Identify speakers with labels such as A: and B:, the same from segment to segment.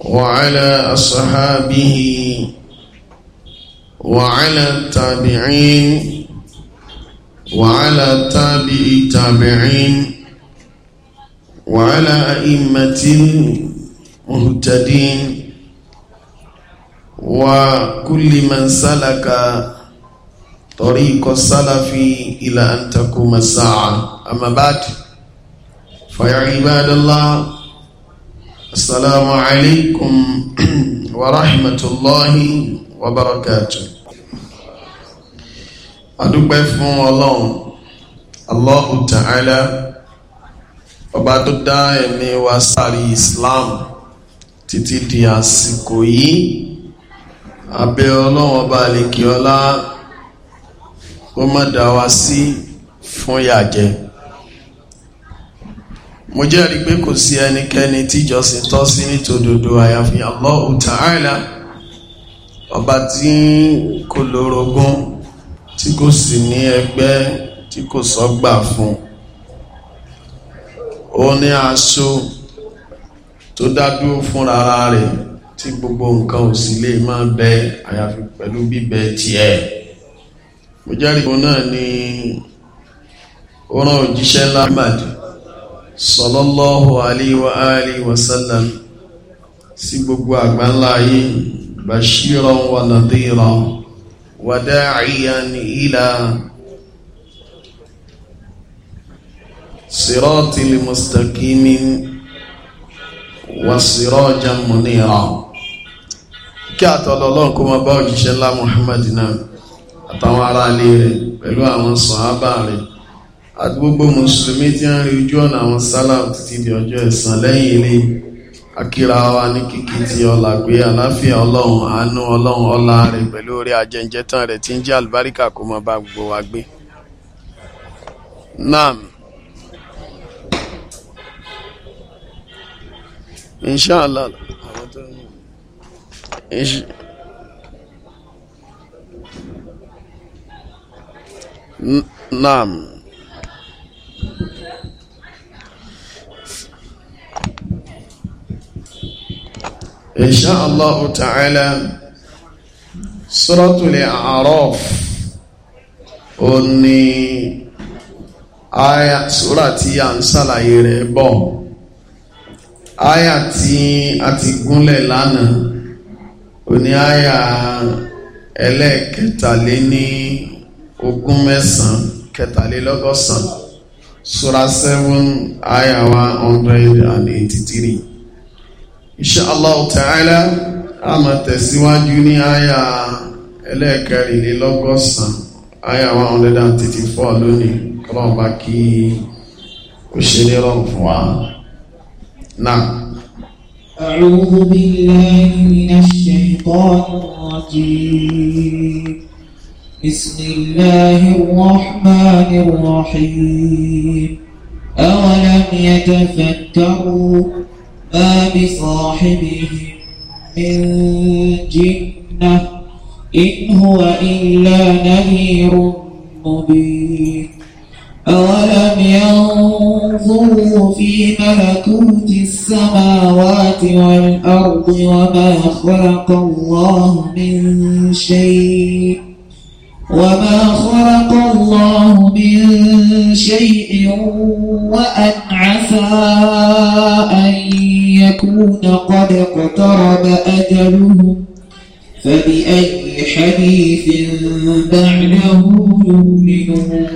A: وعلى أصحابه وعلى
B: التابعين
A: وعلى تابع التابعين وعلى أئمة المهتدين وكل من سلك طريق السلف إلى أن تقوم الساعة أما بعد فيا عباد الله السلام عليكم ورحمة الله وبركاته adúpẹ́ fún ọlọ́run Allahu Ta'ala ọba tó dá ẹ̀mí wa sáàrí Islam títí di àsìkò yìí abẹ́ ọlọ́run ọba àlèkè ọlá ó má dá wa sí fún yàjẹ́ mo jẹ́rìí pé kò sí ẹnikẹ́ni tíjọsìn tọ́ sí nítòdodo àyàfi Allahu Ta'ala ọba tí kò lórogún tí kò sì ní ẹgbẹ́ tí kò sọ́gbà fún ó ní aṣọ tó dádúró fún rárá rẹ̀ tí gbogbo nǹkan ò sì lè máa bẹ àyàfi pẹ̀lú bíbẹ tiẹ̀ mo jẹ́rìí pé náà ni ó rán òjíṣẹ́ ńlá sallallahu alayhi wa alihi wa sallam sí gbogbo àgbáńlá ayé bashiran wa nadira wa da'iyan ila siratil mustaqimin wa sirajan munira kí àtọ̀lọ́ ọlọ́run kó máa bá òjíṣẹ́ ńlá náà àtàwọn aráalé rẹ̀ pẹ̀lú àwọn sàhábà rẹ̀ agbogbo musulmi mùsùlùmí tí ń rí ojú ọ̀nà àwọn sálàm títí di ọjọ́ ẹ̀san lẹ́yìn ilé akíra wa ní kíkí ti ọlà pé àláfíà ọlọ́run àánú ọlọ́run ọlá rẹ̀ pẹ̀lú orí ajẹ́njẹ́tàn rẹ̀ tí ń jẹ́ àlùbáríkà kó gbogbo wa gbé Insha Allah ta'ala Suratul A'raf ó ní àyà sura tí a ń ṣàlàyé rẹ̀ bọ̀ àyà tí a ti gúnlẹ̀ lánàá ó ní àyà ẹlẹ́ẹ̀kẹtàléní ogún mẹ́sàn-án kẹtàlélọ́gọ́sàn-án Surah 7, Ayah 183. Inshallah ta'ala, a máa tẹ̀síwájú ní Ayah ẹlẹ́ẹ̀kẹrìnlélọ́gọ́sàn, Ayah 134 lónìí, kọlọ́ọ̀bá kí ó ṣe ní ọlọ́run fún wa. Náà.
B: أعوذ بالله من الشيطان الرجيم بسم الله الرحمن الرحيم أولم يتفكروا ما بصاحبهم من جنة إن هو إلا نذير مبين أولم ينظروا في ملكوت السماوات والأرض وما خلق الله من شيء وما خلق الله من شيء وأن عسى أن يكون قد اقترب أجلهم فبأي حديث بعده يؤمنون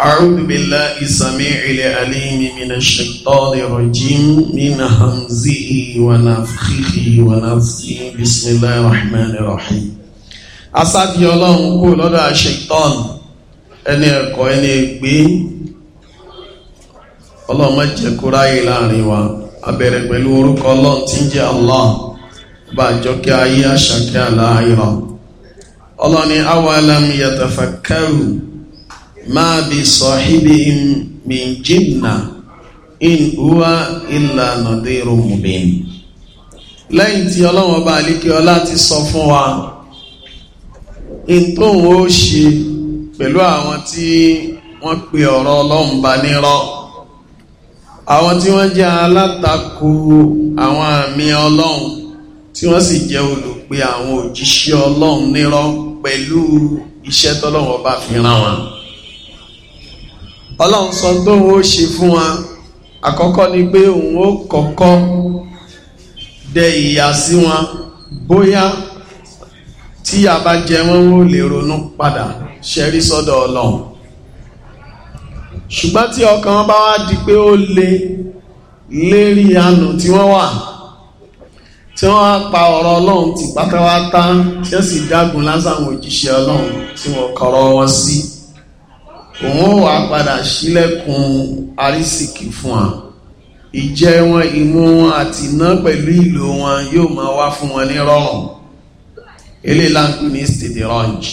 B: أعوذ بالله السميع العليم
A: من الشيطان الرجيم من همزه ونفخه ونفخه بسم الله الرحمن الرحيم asábì ọlọ́run kò lọ́dọ̀ àṣetán ẹni ẹ̀kọ́ ẹni ègbé ọlọ́run má jẹ́ kó ráyè láàrin wa a bẹ̀rẹ̀ pẹ̀lú orúkọ ọlọ́run tí ń jẹ́ Allah bá àjọkẹ́ ayé àṣàkẹ́ àlàáyọ̀ ọlọ́run ni awalam yatafakkaru ma bi sahibihim min jinna in huwa illa nadirun lẹ́yìn tí ọlọ́run ọba àlékè ọlá ti sọ fún wa ìtóhùn ó ṣe pẹ̀lú àwọn tí wọ́n pe ọ̀rọ̀ ọlọ́run bá nírọ́ àwọn tí wọ́n jẹ́ alátakò àwọn àmì ọlọ́run tí wọ́n sì jẹ́ olùpè àwọn òjíṣẹ́ ọlọ́run nírọ́ pẹ̀lú iṣẹ́ tọ́lọ́run ọba fi rán wọn ọlọ́run sọ tóhùn ó ṣe fún wa àkọ́kọ́ ni pé òun ó kọ́kọ́ dẹ ìyà sí wọn bóyá tí a bá jẹ wọ́n ó lè ronú padà ṣẹ́rí sọ́dọ̀ ọlọ́run ṣùgbọ́n tí ọkàn bá wá di pé ó le lérí àánú tí wọ́n wà tí wọ́n á pa ọ̀rọ̀ ọlọ́run tì pátápátá tí wọ́n sì dágun lásàwọn òjíṣẹ́ ọlọ́run tí wọ́n kọ̀rọ̀ wọn sí òun ó wàá padà sílẹ̀kùn arísìkì fún wa ìjẹ wọn ìmú wọn àti iná pẹ̀lú ìlò wọn yóò máa wá fún wọn ní rọrùn eléyìí là ń pè ní istidraj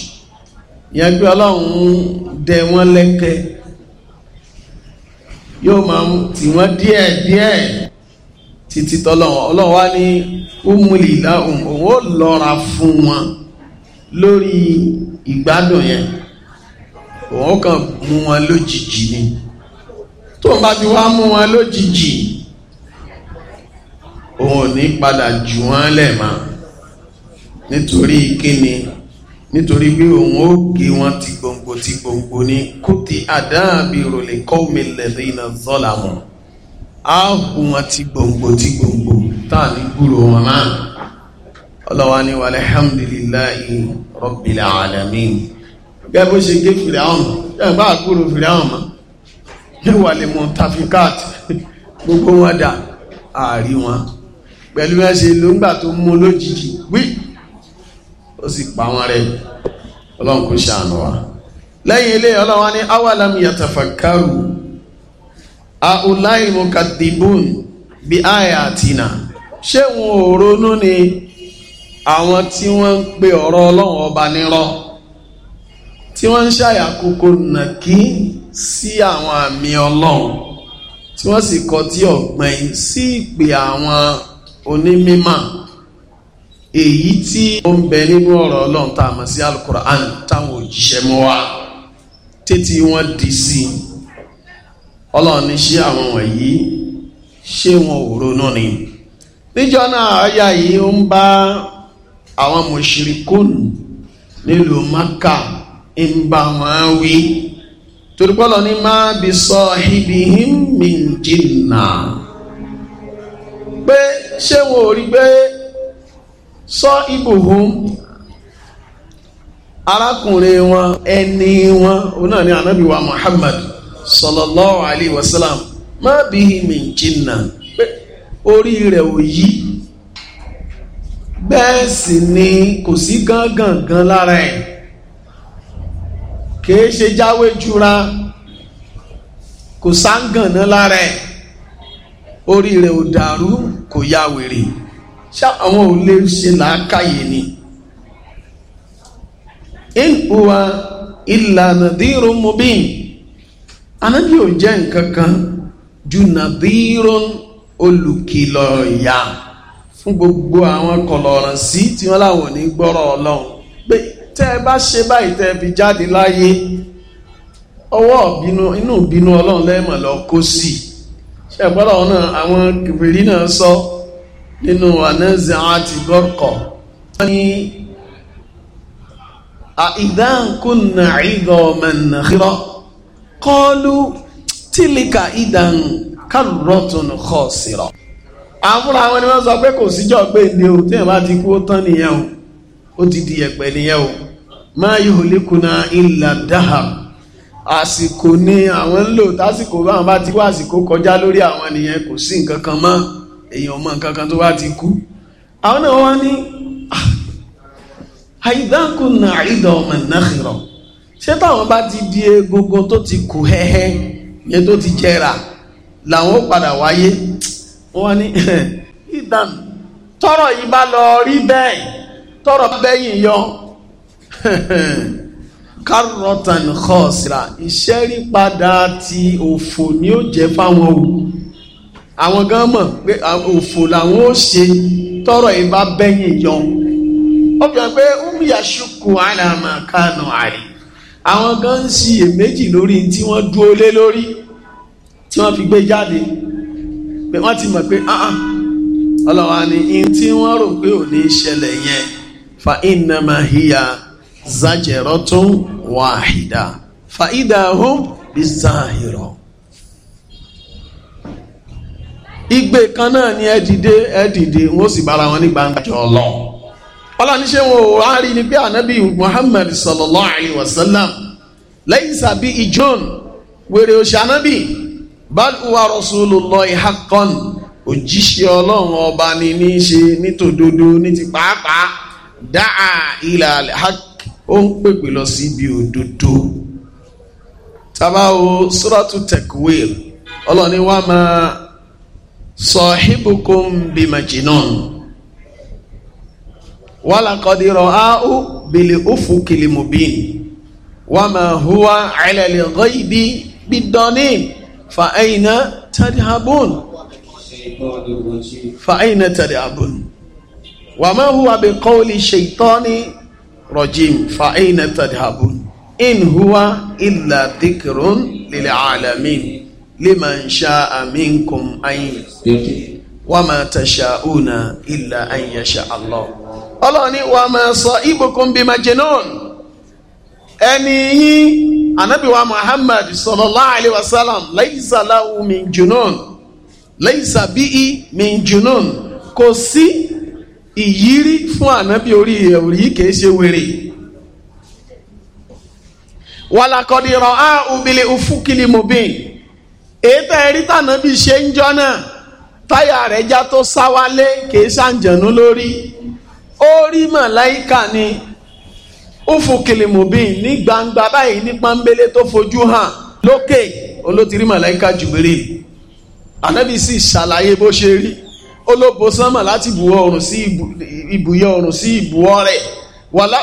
A: ìyẹn pé ọlọ́run dẹ wọ́n lẹ́kẹ́ yóò máa tì wọ́n díẹ̀ díẹ̀ títí tọ́lọ́run ọlọ́run wá ní umuli lahum òun ó lọ́ra fún wọn lórí ìgbádùn yẹn òun kàn mú wọn lójijì ni tó ń bá ti wá mú wọn lójijì òun ò ní padà jù wọ́n lẹ̀ máa nítorí kíni nítorí bí òun ó gé wọn ti gbòǹgbò ti gbòǹgbò ní kúti àdáàbí rọlẹ kọmi lẹdí iná zọlámù á hù wọn ti gbòǹgbò ti gbòǹgbò tá à ní gbúrò wọn náà ọlọ́wà ní walhamdulillahi rabbil alamin gẹ́gẹ́ bó ṣe gé fìràhùn ẹgbà àgbúrò fìràhùn mọ́ níwà lè mọ̀ tafikat gbogbo wọn dà ààrí wọn pẹ̀lú ẹṣe ló ń tó mú lójijì wí ó sì pa wọn rẹ ọlọ́run kò ṣàánú wa lẹ́yìn ilé ọlọ́run ní awalam yatafakkaru aulai mukadibun bi ayatina ṣé wọn ò ronú ni àwọn tí wọ́n ń pe ọ̀rọ̀ ọlọ́run ọba nírọ́ tí wọ́n ń ṣàyàkókò nàkí sí àwọn àmì ọlọ́run tí wọ́n sì kọtí ọ̀gbìn sí ìpè àwọn onímímọ́ èyí tí ó ń bẹ nínú ọ̀rọ̀ ọlọ́run tá a mọ̀ sí alukur'an táwọn òjíṣẹ́ mọ́ wa tètè wọ́n di sí i ọlọ́run ní ṣé àwọn wọ̀nyí ṣé wọn ò ronú ni níjọ́ náà àyà yìí ó ń bá àwọn mùṣírikùn nílùú maka ń bá wọn wí torí ní má bí sọ ibi him jìnnà pé ṣé wọn ò sọ ibùhùn arákùnrin wọn ẹni wọn òun náà ni ànábì wa Muhammad sallallahu alayhi wa sallam má bihi min jinna pé orí rẹ̀ ò yí bẹ́ẹ̀ sì ni kò sí gángan lára ẹ̀ kìí ṣe jáwé jura kò sáǹgànná lára ẹ̀ orí rẹ̀ ò dàrú kò yá wèrè. ṣá àwọn ò lè ṣe làákàyè ni in huwa illa nadhirun mubin anábì ò jẹ́ nǹkan kan ju nadhirun olùkìlọ̀ ìyá fún gbogbo àwọn kọlọ̀ràn sí tí wọ́n láwọn ní gbọ́rọ̀ ọlọ́run pé tẹ́ ẹ bá ṣe báyìí tẹ́ ẹ fi jáde láyé ọwọ́ inú ìbínú ọlọ́run lẹ́mọ̀ lọ kó sí ṣẹ̀gbọ́n náà àwọn kìfìrí náà sọ. So, nínú ànázi'ati gọ́rkọ̀ wọ́n ní idha kunna 'idhaman nakhira qalu tilka idhan karratun khasira àfúnra àwọn ni wọ́n sọ pé kò síjọ́ pé ní o tí ìwà ti kú ó tán nìyẹn o ó ti di ẹ̀pẹ̀ nìyẹn o ma yuhlikuna illa dahar àsìkò ni àwọn ń lò tásìkò báwọn bá ti kó àsìkò kọjá lórí àwọn nìyẹn kò sí nǹkan kan mọ́ èèyàn mọ̀ nǹkan kan tó bá ti kú àwọn náà wọ́n ní ah, àìdánkùnà àìdá ọmọ náà ṣé táwọn bá ti di egungun tó ti kú hẹ́hẹ́ yẹn tó ti jẹrà làwọn ó padà wáyé wọ́n ní ìdán tọ́rọ̀ yìí bá lọ rí bẹ́ẹ̀ tọ́rọ̀ bẹ́yìn yọ kárọ̀tàn kọ́ọ̀sìrà ìṣẹ́rí padà ti òfò ni ó jẹ́ fáwọn òun àwọn gan mọ̀ pé òfò làwọn ó ṣe tọrọ yìí bá bẹ́yìn yọ ó fi hàn pé umiya ṣukù àlàmà kánú àlè àwọn gan ń ṣiyèméjì lórí tí wọ́n dúró lé lórí tí wọ́n fi gbé jáde pé wọ́n ti mọ̀ pé ọlọ́wà ni in tí wọ́n rò pé ò ní ṣẹlẹ̀ yẹn fa innama hiya zajratun wahida fa idahum bizahira. igbe kan náà ni ẹ dìde ẹ dìde wọn ó sì bára wọn ní gbangba jọ lọ ọlọ́ni ṣé wọn ò á rí ni pé ànábì Muhammad sallallahu alayhi wa sallam lẹ́yìn sàbí ijon wèrè òṣànábì balùwà rasulullahi haqqan òjíṣẹ́ ọlọ́run ọba ni ní í ṣe nítòdodo ní ti pàápàá dáa ilà alhaq ó ń pèpè lọ síbi òdodo tabawo suratu takwir ọlọ́ni wa máa sahibukum bi majnun wala qad ra'ahu bil ufuqil mubin wa ma huwa 'ala al ghaibi bidanin fa aina tadhhabun fa aina tadhhabun wa ma huwa bi qawli shaytani rajim fa aina tadhhabun in huwa illa dhikrun lil alamin liman sha'a minkum ayin wa ma tasha'una illa an yasha Allah ọlọ́run ní wa ma sa'ibukum bi majnun ẹni yín anabi wa muhammad sallallahu alayhi wa sallam laysa lahu min junun laysa bihi min junun kò sí ìyírí fún anabi orí ẹ̀rí kìí ṣe wèrè walakọ̀dìrọ̀ á ubìlẹ̀ ufukili mubin. ètò ẹ̀rí bí ṣe ń jọ́ náà táyà rẹ̀ já tó sá wálé kìí ṣàǹjẹ̀nú lórí ó rí màláìkà ni ufukilimobin ní gbangba báyìí ní pọ́nbélé tó fojú hàn lókè olótìrí màláìkà Jibril ànábì sì ṣàlàyé bó ṣe rí láti ibùyọ sí ibùyọ sí rẹ̀ wàlá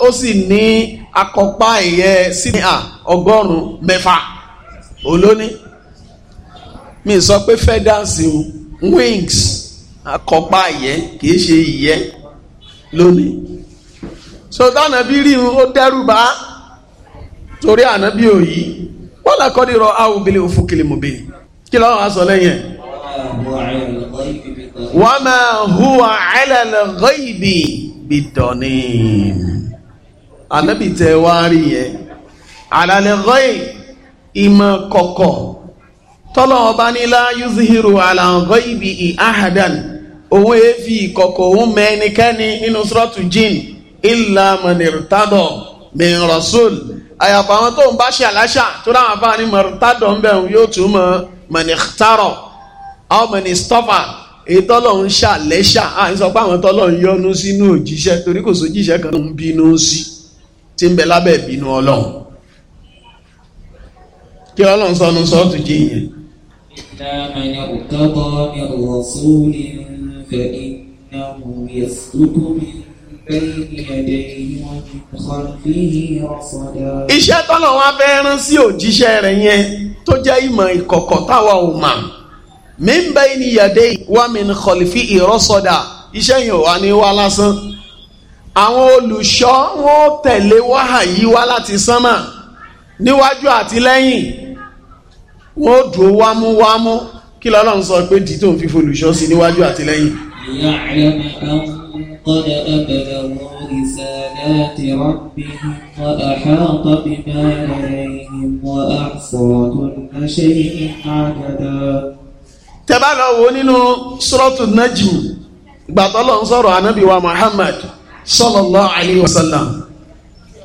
A: ó sì ní akọpa ẹ̀yẹ ọgọ́rùn-ún mẹ́fà. olóní mi sọ pé feathers o wings akọpa ìyẹ́ kì í ṣe ìyẹ́ lónìí sọtá ànábì rí ó dẹ́rù bá torí ànábì òyì wọn là kọ́ dìrọ̀ àwọn obìnrin òfin kìlì mọ̀bí kí lọ́wọ́ aṣọ lẹ́yìn ẹ̀. wọ́n máa hùwà ẹlẹ́lẹ́ gọ́ìbì bìtọ̀nì ànábì tẹ wá rí yẹn àlàlẹ́ gọ́ìbì ìmọ̀ kọ̀kọ̀ tọ́lọ́ ọba nílá yuzihiru àlàǹgọ́ ibi ìhàdàn òun èéfì e ìkọ̀kọ̀ òun mẹ́nikẹ́ni nínú sọ́ọ̀tù jìn ìlà mọ̀nìrìtàdọ̀ mẹ́rọ̀sùl àyàfà àwọn tó ń bá ṣe àláṣà tó dáhùn afáàní mọ̀nìrìtàdọ̀ ń bẹ̀rù yóò tún mọ̀ mọ̀nìtàrọ̀ àwọn mọ̀nìstọ́fà èyí tọ́lọ̀ ń ṣàlẹ́ṣà à ń pé àwọn tọ́lọ̀ ń kí ọlọ́run sọnù sọ́ọ̀tù jí
B: yẹn. ìlànà ìyàwó ní ọ̀rọ̀ sóòlì ń
A: iṣẹ́ tọ́nà wa fẹ́ rán sí òjíṣẹ́ rẹ̀ yẹn tó jẹ́ ìmọ̀ ìkọ̀kọ̀ táwa ò mà mí ń bẹ́ ní yàdé wa min khalifi ìrọ́sọ̀dà iṣẹ́ yẹn wà ní wa lásán àwọn olùṣọ́ wọn tẹ̀lé wáhà yìí wá láti sánmà níwájú àti lẹ́yìn wọ́n ó dúró wámú wámú kí lọ́lọ́run sọ pé tí ń fi folùṣọ́ sí níwájú àti lẹ́yìn.
B: قد ربهم وأحاط بما لديهم وأحصى كل شيء
A: عددا tẹ́ bá lọ wò nínú suratu najm ìgbà t'Ọlọ́run ń sọ̀rọ̀ ànábì wa Muhammad sallallahu alayhi wa sallam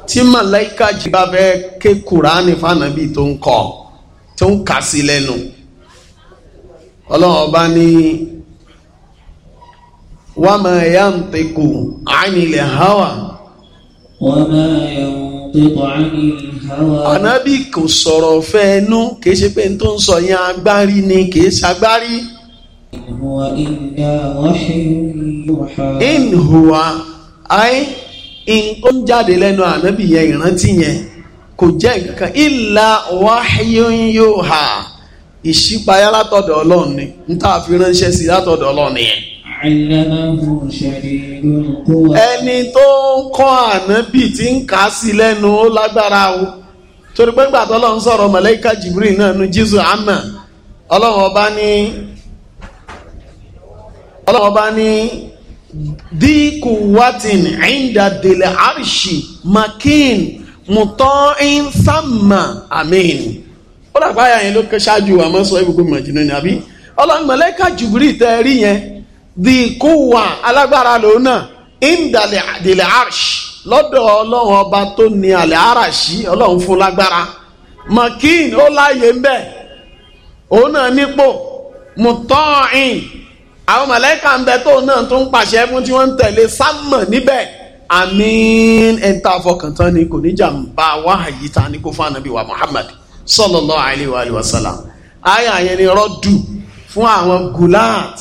A: tí màláíkà jìbá bẹ́ẹ̀ ké kùránì fànàbì tó ń kọ́ tó ń kà sí lẹ́nu ọlọ́run ọba ní wa ma yantiqu anil hawa. wa ma yantiqu anil hawa. ànábì kò sọ̀rọ̀ fẹ́ kìí ṣe pé n tó ń sọ yẹn agbárí ni kìí ṣagbárí. in huwa ayé nǹkan jáde lẹ́nu ànábì yẹn ìrántí yẹn. kò jẹ́ nǹkan ìlà wáyóyóhà ìṣípayá látọ̀dọ̀ ọlọ́run ni n tá a fi ránṣẹ́ sí látọ̀dọ̀ ọlọ́run ẹni tó ń kọ́ ànábì tí ń kà á sí lẹ́nu ó lágbára o torí pé gbàtọ́ ọlọ́run sọ̀rọ̀ mọ̀lẹ́kà Jibril náà nu Jésù àmà ọlọ́run ọba ní ọlọ́run ọba ní díkù wátìn mutọ́ in sáàmà amin ó dàgbà ayà yẹn ló kẹ́ ṣáájú àmọ́ sọ ibùkún mọ̀jìnnà ni àbí ọlọ́mọlẹ́ka jùbìrì tẹ́ rí yẹn di kúwà alágbára lòun náà indalẹ̀ àdìlẹ̀ arṣ lọ́dọ̀ ọlọ́run ọba tó ní alẹ̀ arṣí ọlọ́run fún lágbára makin ó láàyè ń bẹ̀ òun náà nípò mutọ́ in àwọn mọ̀lẹ́ka ń bẹ tóun náà tó ń pàṣẹ fún tí wọ́n ń tẹ̀lé sáàmà níbẹ̀ àmín ẹ̀ńtà àfọkàntán ni kò ní jàǹbá wáhàyí ta ni kó fún ànábì wa Muhammad sallallahu alayhi wa alayhi wa sallam àyà yẹn ni rọ́dù fún àwọn gulat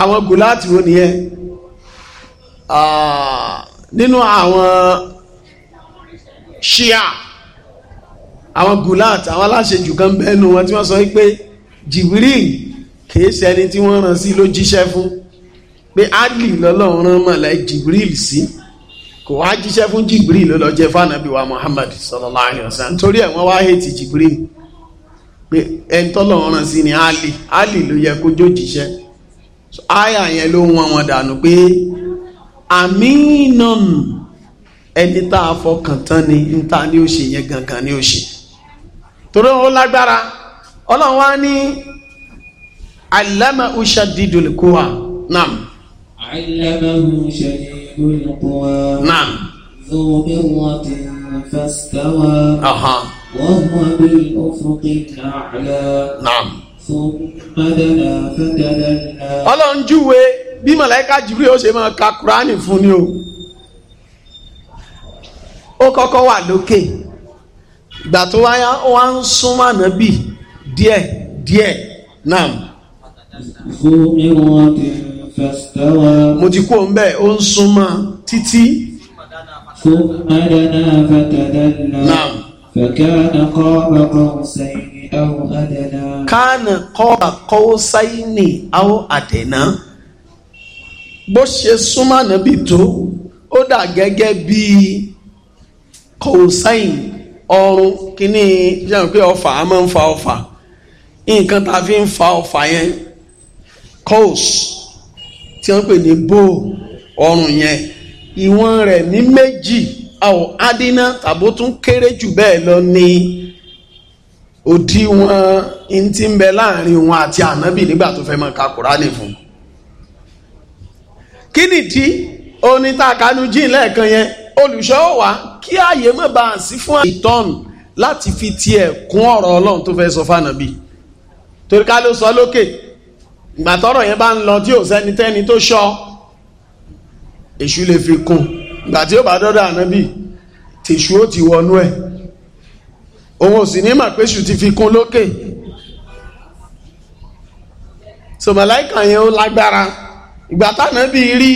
A: àwọn gulat wo nìyẹn nínú àwọn shia àwọn gulat àwọn aláṣejù kan bẹ́ẹ̀ nu wọn tí wọ́n sọ pé Jibril kìí ṣe ẹni tí wọ́n rán sí ló jíṣẹ́ fún pé ali lọ́lọ́run rán mọ̀lẹ́ jibril sí kò wá jíṣẹ́ fún jibril ló lọ jẹ́ fànàbí wa muhammad sallallahu alayhi wa sallam torí ẹ̀ wọ́n wá hẹ́ẹ̀tì jibril pé ẹni tọ́lọ́run rán sí ni ali ali ló yẹ kó jó jíṣẹ́ aya yẹn ló wọ́n wọn dànù pé aminan ẹni tá a fọkàn tán ni níta ni ó ṣe yẹn gangan ni ó ṣe torí ó lágbára ọlọ́run wá ní alama ushadidul quwa
B: naam. علمه شديد القوى نعم ذو مرة فاستوى أها وهو بالأفق الأعلى نعم ثم دنا فتدلى Ọlọ́run júwe
A: bí mọ̀lẹ́kà Jibril ó ṣe máa ka Kúránì fún ni o ó kọ́kọ́ wà lókè ìgbà tó wáyá wá ń súnmọ́ ànábì díẹ̀ díẹ̀ náà. fún mi wọn ti mo ti kú òun bẹ́ẹ̀ ó ń súnmọ́ títí. thumma dana fatadanna fakana qaba qawsayni aw adana. kana qaba qawsayni aw adana bó ṣe súnmọ́ ànábì tó ó dà gẹ́gẹ́ bíi kòsáìn ọrùn kínní jẹun pé ọfà a máa ń fa ọfà nǹkan tá a fi ń fa ọfà yẹn kòs tí wọ́n pè ní bó ọrùn yẹn ìwọ̀n rẹ̀ ní méjì àwọn adínà tàbó tún kéré jù bẹ́ẹ̀ lọ ní òdiwọ̀n in ti ń bẹ láàrin wọn àti ànábì nígbà tó fẹ́ máa ka kùránì fún kí nìdí onítàkánú jíìn lẹ́ẹ̀kan yẹn olùṣọ́ wà kí ààyè má bàa sí fún ìtọ́nù láti fi tiẹ̀ kún ọ̀rọ̀ ọlọ́run tó fẹ́ sọ fún ànábì torí ká ló sọ lókè ìgbà tọ́rọ̀ yẹn bá ń lọ tí ò sẹ́ni tẹ́ni tó sọ èṣù lè fi kún ìgbà tí ó bá dọ́dọ̀ ànábì tèṣù ó ti wọnú ẹ̀ òun ò sì ní mà péṣù ti fi kún lókè sọmọláìkà yẹn ó lágbára ìgbà tánábì rí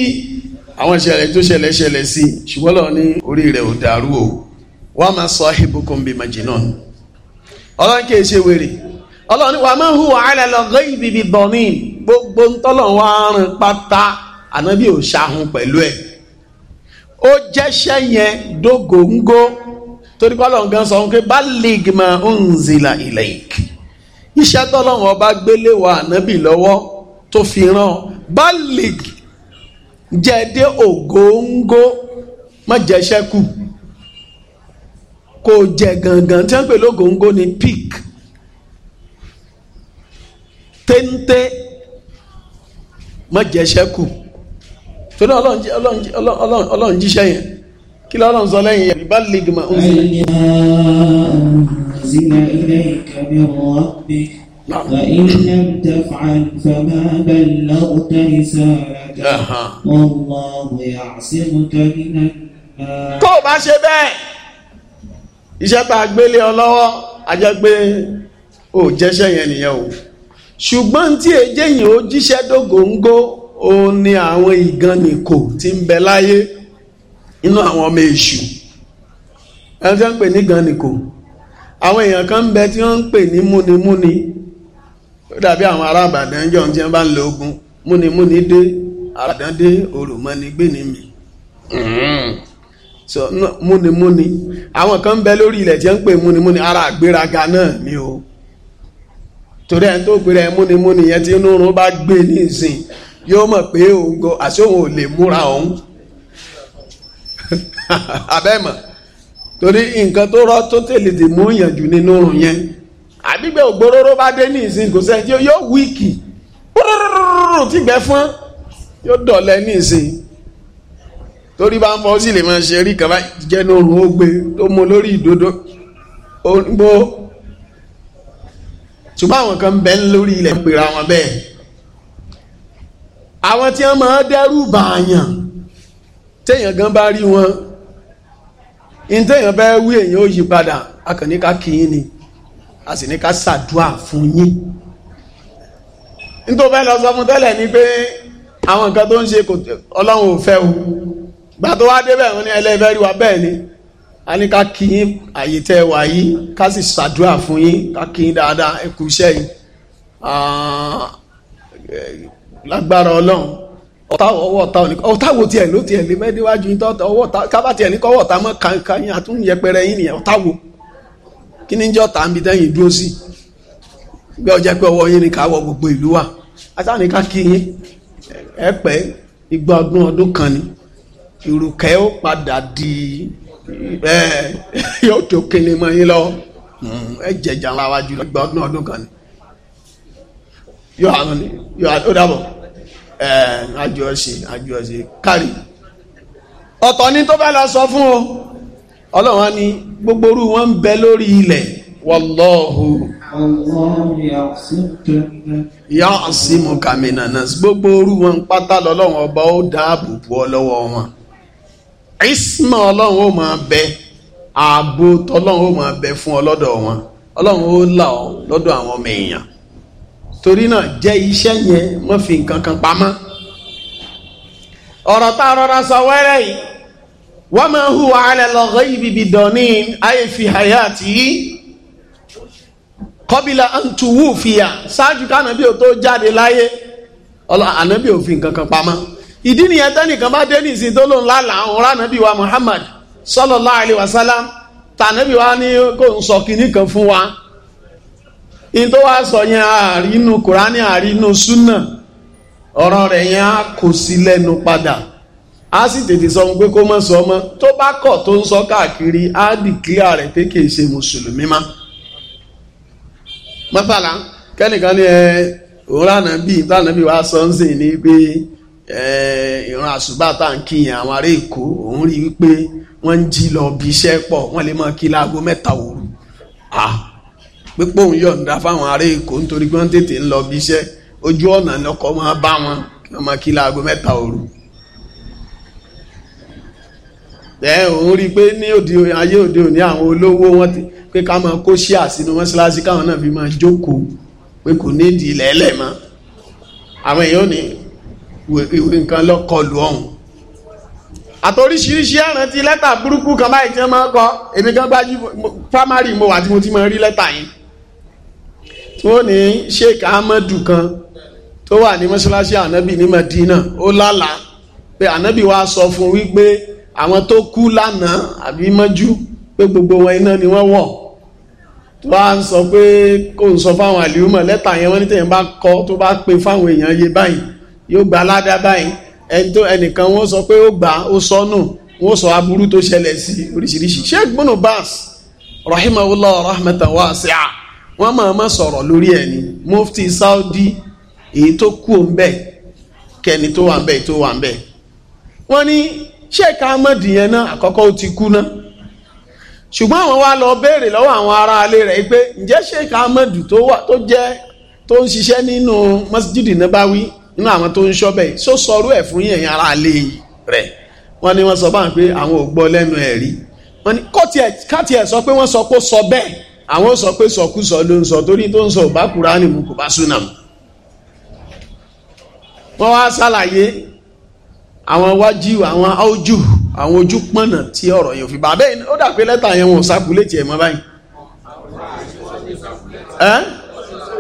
A: àwọn ìṣẹ̀lẹ̀ tó ṣẹlẹ̀ ṣẹlẹ̀ sí ṣùgbọ́n ní orí rẹ̀ ò dàrú o wọ́n á máa sọ ibùkún bíi màjínà ọlọ́run kì í ṣe wèrè ọlọ́run wa máa ń hùwà àìlẹ́lọ́gọ́ ìbìbì bọ̀mí gbogbo ntọ́lọ́run wa rìn pátá ànábì ò ṣahun pẹ̀lú ẹ̀ ó jẹ́ṣẹ́ yẹn dógóńgó torí pé ọlọ́run gan sọ wọn pé balig ma unzila ilaik iṣẹ́ tọ́lọ́run ọba gbélé wa ànábì lọ́wọ́ tó fi rán balig jẹ́dé ògóńgó má jẹ́ṣẹ́ kù kò jẹ́ gangan tí wọ́n pè lógóńgó ní píkì téńté má jẹ́ṣẹ́ kù torí ọlọ́run jíṣẹ́ yẹn kí lọ́run sọ
B: lẹ́yìn yẹn bá lè gbìmọ̀ ó sì. أنزل إليك من ربك فإن لم o bá
A: ṣe bẹ́ẹ̀ iṣẹ́ tá a gbélé ọ lọ́wọ́ a jẹ́ pé o jẹ́ṣẹ́ yẹn nìyẹn o ṣùgbọ́n tí èjèyìn ó jíṣẹ́ dógóńgó òun ni àwọn ìgànnìkò tí ń bẹ láyé nínú àwọn ọmọ èṣù ẹni tí wọ́n ń pè ní ìgànnìkò àwọn èèyàn kan ń bẹ tí wọ́n ń pè ní múnimúni ó dàbí àwọn ará àbàdàn jọ tí wọ́n bá ń lo ogun múnimúni dé àbàdàn dé òròmọ́ni gbé ní mi hmm. so múnimúni àwọn kan ń bẹ lórí ilẹ̀ tí wọ́n ń pè múnimúni ara àgbéraga náà ni o torí ẹni tó pèrè múnimúni yẹn tí inú oorun bá gbé ní ìsìn yóò mọ̀ pé òun gan àti òun ò lè múra òun abẹ́mọ̀ torí nǹkan tó rọ́ tó tèlè dì mú ìyànjú nínú oorun yẹn àbígbẹ́ ògbóróró bá dé ní ìsìn kò sẹ́yìn tí yóò wíìkì rúrúrúrú tí gbẹ fún yóò dọ̀lẹ́ ní ìsìn torí bá ń fọ́ sí lè máa ṣe rí kàbá jẹ́nu oorun ó gbé tó mú lórí ìdodo ó ń gbó ṣùgbọ́n àwọn kan bẹ lórí ilẹ̀ pèrà wọn bẹ́ẹ̀ àwọn tí wọ́n máa dẹ́rù bàyàn téèyàn gan bá rí wọn ní téèyàn bá wí èèyàn ó yí padà a kàn ní ká kí yín ni a sì ní ká ṣàdúà fún yín nítorí bẹ́ẹ̀ lọ sọ fún tẹ́lẹ̀ ni pé àwọn nǹkan tó ń ṣe ọlọ́run ò fẹ́ o gbà tó wá débẹ̀ wọn ní ẹlẹ́fẹ́ rí wa bẹ́ẹ̀ ni a ní ká kí yín àyè tẹ́ wà yìí ká sì ṣàdúrà fún yín ká kí yín dáadáa ẹ kú iṣẹ́ yìí lágbára ọlọ́run ọ̀tá ọwọ́ ọ̀tá òní ọ̀tá wo tiẹ̀ ló tiẹ̀ lé mẹ́díwájú yín tọ́tọ̀ ọwọ́ ọ̀tá kábà tiẹ̀ ní kọ́wọ́ ọ̀tá mọ́ kankan yín àtún yẹpẹrẹ yín nìyẹn ọ̀tá wo kí ni jọ́ tà ń bi tẹ́yìn dúró sí gbé ọjọ́ pé ọwọ́ yín ni káwọ́ gbogbo ìlú wa àtàní ká kí yín ẹ pẹ́ igba ọdún ọdún kan ni ìrùkẹ́ ó padà di ẹ yóò tó mọ yín lọ ẹ jẹjà ńlá wa jùlọ gbọ ọdún ọdún kan ni yóò àánú ni yóò àánú ó ẹ ọ̀tọ̀ ni tó bá lọ sọ fún o ọlọ́run á ní gbogbo orú wọn ń bẹ lórí ilẹ̀ wọlọ́ọ̀hù mu kàmínà náà wọn pátá lọ́lọ́run ọba ó dáàbò ìsìmọ̀ ọlọ́run ó máa bẹ ààbò tọlọ́run ó máa bẹ fún ọ wọn ọlọ́run ó là ọ lọ́dọ̀ àwọn ọmọ èèyàn torí náà jẹ́ iṣẹ́ yẹn fi nǹkan kan pamọ́ ọ̀rọ̀ tá a rọra sọ wẹ́rẹ́ yìí wa ma huwa ala al-ghaybi bidanin ayé fi hayatihi kọ́bílà àǹtúwù fìyà ṣáájú kánàbí ò tó jáde láyé ọlọ́ ànábì ìdí nìyẹn tẹ́nìkan bá dé ní tó wa Muhammad sallallahu alaihi tànàbí wa ní kò ń sọ kan fún wa in tó wá sọ yẹn àrínú kùránì àrínú súnà ọ̀rọ̀ rẹ̀ yẹn á kò sí lẹ́nu padà a sì tètè sọ pé kó mọ̀ sọ ọmọ tó bá kọ̀ tó ń sọ káàkiri á rẹ̀ pé kì í ṣe mùsùlùmí má. mọ́tàlá Eh, ìran àṣùbà tá à ń kíyàn àwọn ará èkó òun rí wípé wọ́n ń jí lọ bí iṣẹ́ pọ̀ wọ́n lè máa kí láago mẹ́ta òru pípọ̀ òun yọ̀ǹda fáwọn ará èkó nítorí pé wọ́n tètè ń lọ bí iṣẹ́ ojú ọ̀nà lọ́kọ̀ máa bá wọn kí wọ́n máa kí láago mẹ́ta òru. ẹ òun rí pé ní òde ayé òde òní àwọn olówó wọn ti pé ká máa kó ṣíà sínú mọ́ṣáláṣí káwọn náà fi máa jókòó pé kò nídìí lẹ́lẹ̀ mọ́ àwọn èèyàn ò nǹkan lọ́kọlù ọ̀hún àtòríṣiríṣi ẹ̀ràn ti lẹ́tà burúkú kan báyìí tí wọ́n máa ń kọ èmi kan gbájú primary mo wà tí mo ti máa rí lẹ́tà yìí tí wọ́n ní Sheikh Ahmadu kan tó wà ní mọ́ṣáláṣí ànábì ní Madina ó lálàá pé ànábì wa sọ fún wípé àwọn tó kú lánàá àbí mọ́jú pé gbogbo wọn iná ni wọ́n wọ̀ tó bá ń sọ pé kò ń sọ fáwọn àlìhùmọ̀ lẹ́tà yẹn wọ́n ní tẹ̀yìn bá kọ tó bá pe fáwọn èèyàn yé báyìí yóò gba aládá báyìí ẹnìkan wọ́n sọ pé ó gbà ó sọnù wọ́n sọ aburú tó ṣẹlẹ̀ sí oríṣiríṣi sheikh bono bass rahimahullah rahmatan wasi'a wọ́n máa ma sọrọ lórí ẹ̀ ní mufti saudi èyí tó kú ń bẹ̀ kẹ́ni tó wà ń bẹ̀ tó wà ń Wọn wọ́n ní sheikh ahmed yẹn náà àkọ́kọ́ ó ti kú náà ṣùgbọ́n àwọn wa lọ béèrè lọ́wọ́ àwọn ará ilé rẹ̀ pé ǹjẹ́ sheikh ahmed tó jẹ́ tó ń ṣiṣẹ́ nínú masjid nabawi nínú àwọn tó ń ṣọ́bẹ̀ yìí só sọrú ẹ̀ fún yẹ̀yìn ara lé rẹ̀ wọ́n ní wọ́n sọ báyìí pé àwọn ò gbọ́ lẹ́nu ẹ̀ rí wọ́n ní káàtì ẹ̀ sọ pé wọ́n sọ pé sọ bẹ́ẹ̀ àwọn sọ pé sọkúsọ ló ń sọ torí tó ń sọ ò bá Kùránì mu kò bá súnà mu wọ́n wá ṣàlàyé àwọn wájú àwọn ojú àwọn ojú pọ̀nà tí ọ̀rọ̀ yóò fi bá bẹ́ẹ̀ ó dà pé lẹ́tà yẹn wọn ò sákúlẹ̀tì ẹ̀ mọ́ báyìí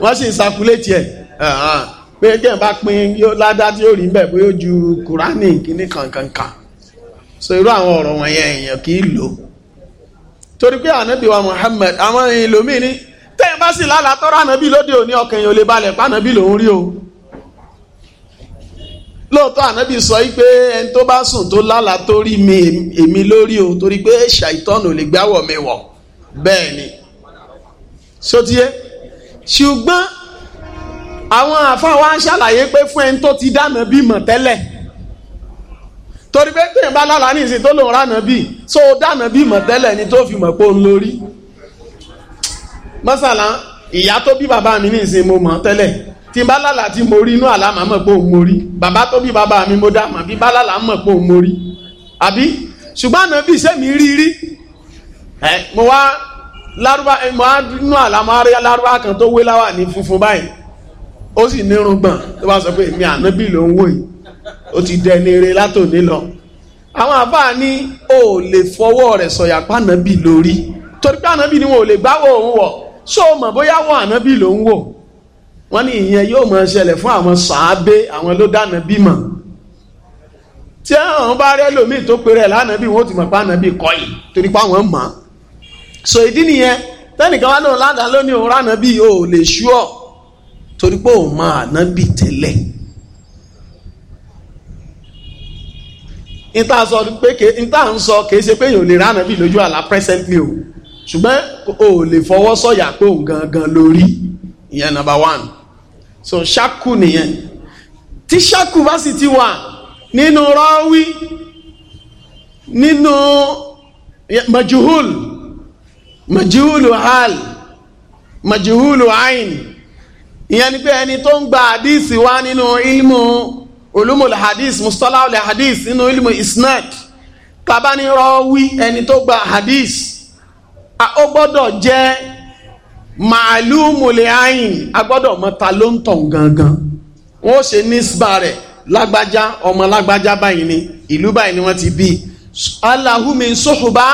A: wọ́n sì ń sákúlẹ̀tì ẹ̀ pé jẹ́ bá pín yóò ládá tí rí bẹ̀ bóyá ó ju kùránì kíní kankankan so irú àwọn ọ̀rọ̀ wọ̀nyẹn èèyàn kì í lò torí pé ànábì wa Muhammad àwọn ìlòmíì ní tẹ́yìn bá sì lálàá tọ́rọ ànábì lóde òní ọkàn èèyàn ò lè balẹ̀ pa ànábì lòún rí o lóòótọ́ ànábì sọ pé ẹni tó bá sùn tó lálàá tó rí mi èmi lórí o torí pé ṣàìtọ́nù ò lè gbáwọ̀ mi wọ̀ bẹ́ẹ̀ ni sotiye ṣùgbọ́n àwọn àfáà wa ń ṣàlàyé pé fún ẹni tó ti dáná bímọ tẹ́lẹ̀ torí pé téèyàn bá lálàá ní ìsìn tó lòun ránà bíi so dáná bímọ tẹ́lẹ̀ ni tó fi mọ̀ pé òun lórí mọ́sàlá ìyá tó bí bàbá mi ní ìsìn mo mọ̀ tẹ́lẹ̀ tí bá lálàá tí mo rí inú àlá màá mọ̀ pé òun mo rí bàbá tó bí bàbá mi mo dá mọ̀ bí bá lálàá mọ̀ pé òun mo rí àbí ṣùgbọ́n àná bíi sẹ́mi rí rí mo wá lárúbá mo wá inú àlá mo wá rí lárúbá kan tó wé láwà ní funfun báyìí ó sì nírun gbọ̀n tó bá sọ pé èmi ànábì ló ń wò yìí ó ti dẹni eré látòní lọ àwọn àbá ní o ò lè fọwọ́ rẹ̀ sọ̀yà pànábì lórí torí pé ànábì ni wọn ò lè gbáwò òun wọ̀ so mọ̀ bóyá wọ ànábì ló ń wò wọ́n ní ìyẹn yóò máa ṣẹlẹ̀ fún àwọn sàábé àwọn ló dá ànábì mọ̀ tí àwọn bá rẹ́ lòmíì tó péré lánàbí wọn ó ti mọ̀ pé ànábì kọ́ yìí torí pé àwọn mọ̀ so ìdí nìyẹn tẹ́nìkan wá lóun ládàá lónìí òun ránàbí o ò lè ṣú ọ̀ torí pé òun máa ànábì tẹ́lẹ̀ níta sọ pé níta ń sọ kìí ṣe pé èèyàn ò lè ránàbì lójú àlá presently o ṣùgbọ́n o ò lè fọwọ́ sọ̀yà pé òun gangan lórí ìyẹn number one so ṣáku nìyẹn tí ṣáku bá sì ti wà nínú rọ́wí nínú majuhul majuhulu hal majuhul ain ìyẹn ni pé ẹni tó ń gba hadith wá nínú ilmu ulumul hadith mustalahul hadith nínú ilmu isnad tabani rọwí ẹni tó gba hadith ó gbọ́dọ̀ jẹ́ màálùmùlẹ̀ ayin a gbọ́dọ̀ mọ ta ló ń tàn gangan wọ́n ó ṣe nísbà rẹ̀ lágbájá ọmọ lágbájá báyìí ni ìlú báyìí ni wọ́n ti bí aláhùnmi sóhùbá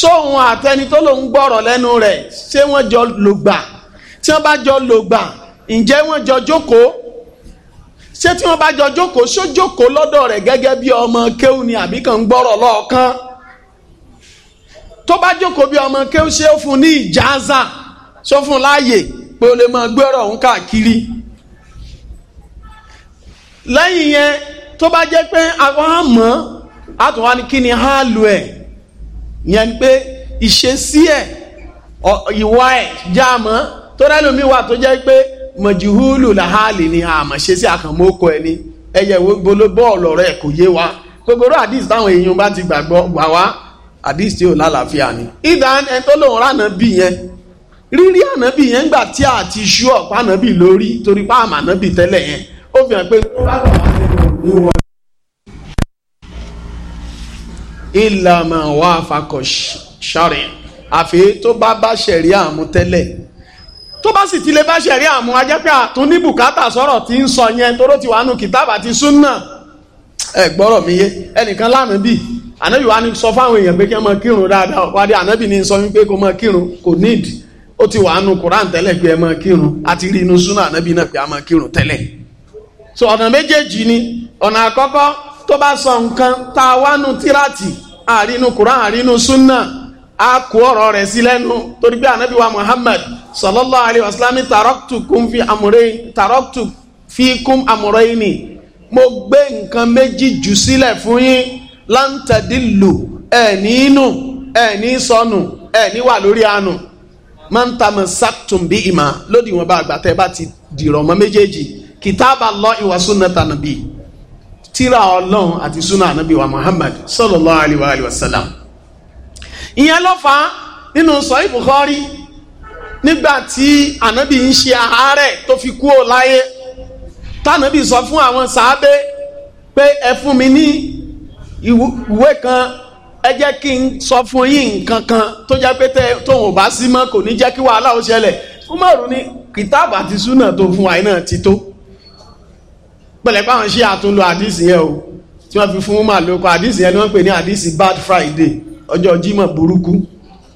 A: sóhun àtẹni tó lòún gbọ́rọ̀ lẹ́nu rẹ̀ ṣé wọ́n jọ lògbà tí wọ́n bá jọ lògbà ǹjẹ́ wọ́n jọ jókòó ṣé tí wọ́n bá jọ jókòó ṣó jókòó lọ́dọ̀ rẹ̀ gẹ́gẹ́ bí ọmọ kéwù ni àbí kan ń gbọ́rọ̀ lọ́ọ̀kan tó bá jókòó bí ọmọ kéwù ṣé ó fún ní ìjáza ṣó fún láàyè pé ó lè máa gbọ́rọ̀ òun káàkiri lẹ́yìn yẹn tó bá jẹ́ pé àwọn àtúnwá ni kí ni hálù ẹ̀ yẹn pé ìṣesí ẹ̀ ìwà ẹ̀ jáàmọ́ tó rẹ́lùmí wà tó jẹ́ pé mọ̀jùhúlù làhálì ni àmọ̀ṣe sí àkànmọ́kọ ẹni ẹyẹ wo bọ́ọ̀lù ọ̀rẹ́ kò yé wa gbogbo àdìs táwọn èèyàn bá ti gbàgbọ́ wà wá àdìs tí ò lálàáfíà ni. ìdá ẹni tó lòun rà ànábì yẹn rírí ànábì yẹn ńgbà tí a ti ṣú ọ̀pá ànábì lórí torí pa àmà ànábì tẹ́lẹ̀ yẹn ó fi hàn pé. ìlànà wa fakọ̀ ṣàrẹ̀ àfi tó bá bá ṣẹ̀rí àmú tẹ́lẹ̀ tó bá sì ti lè bá ṣẹ̀rí àmú ajẹ́pẹ́ àtún ní bùkátà sọ̀rọ̀ tí ń sọ yẹn ti wà nù kìtàbà ti súnà ẹ gbọ́rọ̀ mi yé ẹnìkan lánàá bì ànábì wa ni sọ fáwọn èèyàn pé kí máa kírun dáadáa ni sọ kó máa kírun kò ó ti wà nù kúrán tẹ́lẹ̀ pé ẹ máa àti rí inú ànábì náà pé a máa tẹ́lẹ̀ so ọ̀nà méjèèjì a kó ọ̀rọ̀ rẹ̀ sí lẹ́nu torí pé anabi wa muhammad sallallahu alayhi wa sallam taraktukum fi amurayn taraktu fikum amurayni mo gbé nǹkan méjì jù sílẹ̀ fún yín lan tadillu ẹ̀ ní inú ẹ̀ ní sọnù ẹ̀ ní wà lórí àánú máa ń ta mọ̀ sáktùm bí ìmọ̀ lódì wọn bá àgbà bá ti dìrọ̀ mọ́ méjèèjì kìtàbà lọ ìwà súnà tànàbí tíra ọlọ́run àti súnà ànábì wa muhammad sallallahu alayhi wa sallam ìyẹn ló fà á nínú sọ Bukhari nígbà tí ànábì ń ṣe àárẹ̀ tó fi kú ò láyé tànábì sọ fún àwọn sàábé pé ẹ fún mi ní ìwé kan ẹ jẹ́ kí n sọ fún yín nǹkan kan tó jẹ́ pé tóun ò bá sí mọ́ kò ní jẹ́ kí wàhálà ó ṣẹlẹ̀ Umaru ní kìtáàbù àti súnà tó fún wa ti tó pẹ̀lẹ́pẹ́ àwọn ṣe àtúnlò àdìsí yẹn o tí wọ́n fi fún Umaru àdìsí yẹn ni wọ́n pè ní àdìsí bad Friday ọjọ́ jímọ̀ burúkú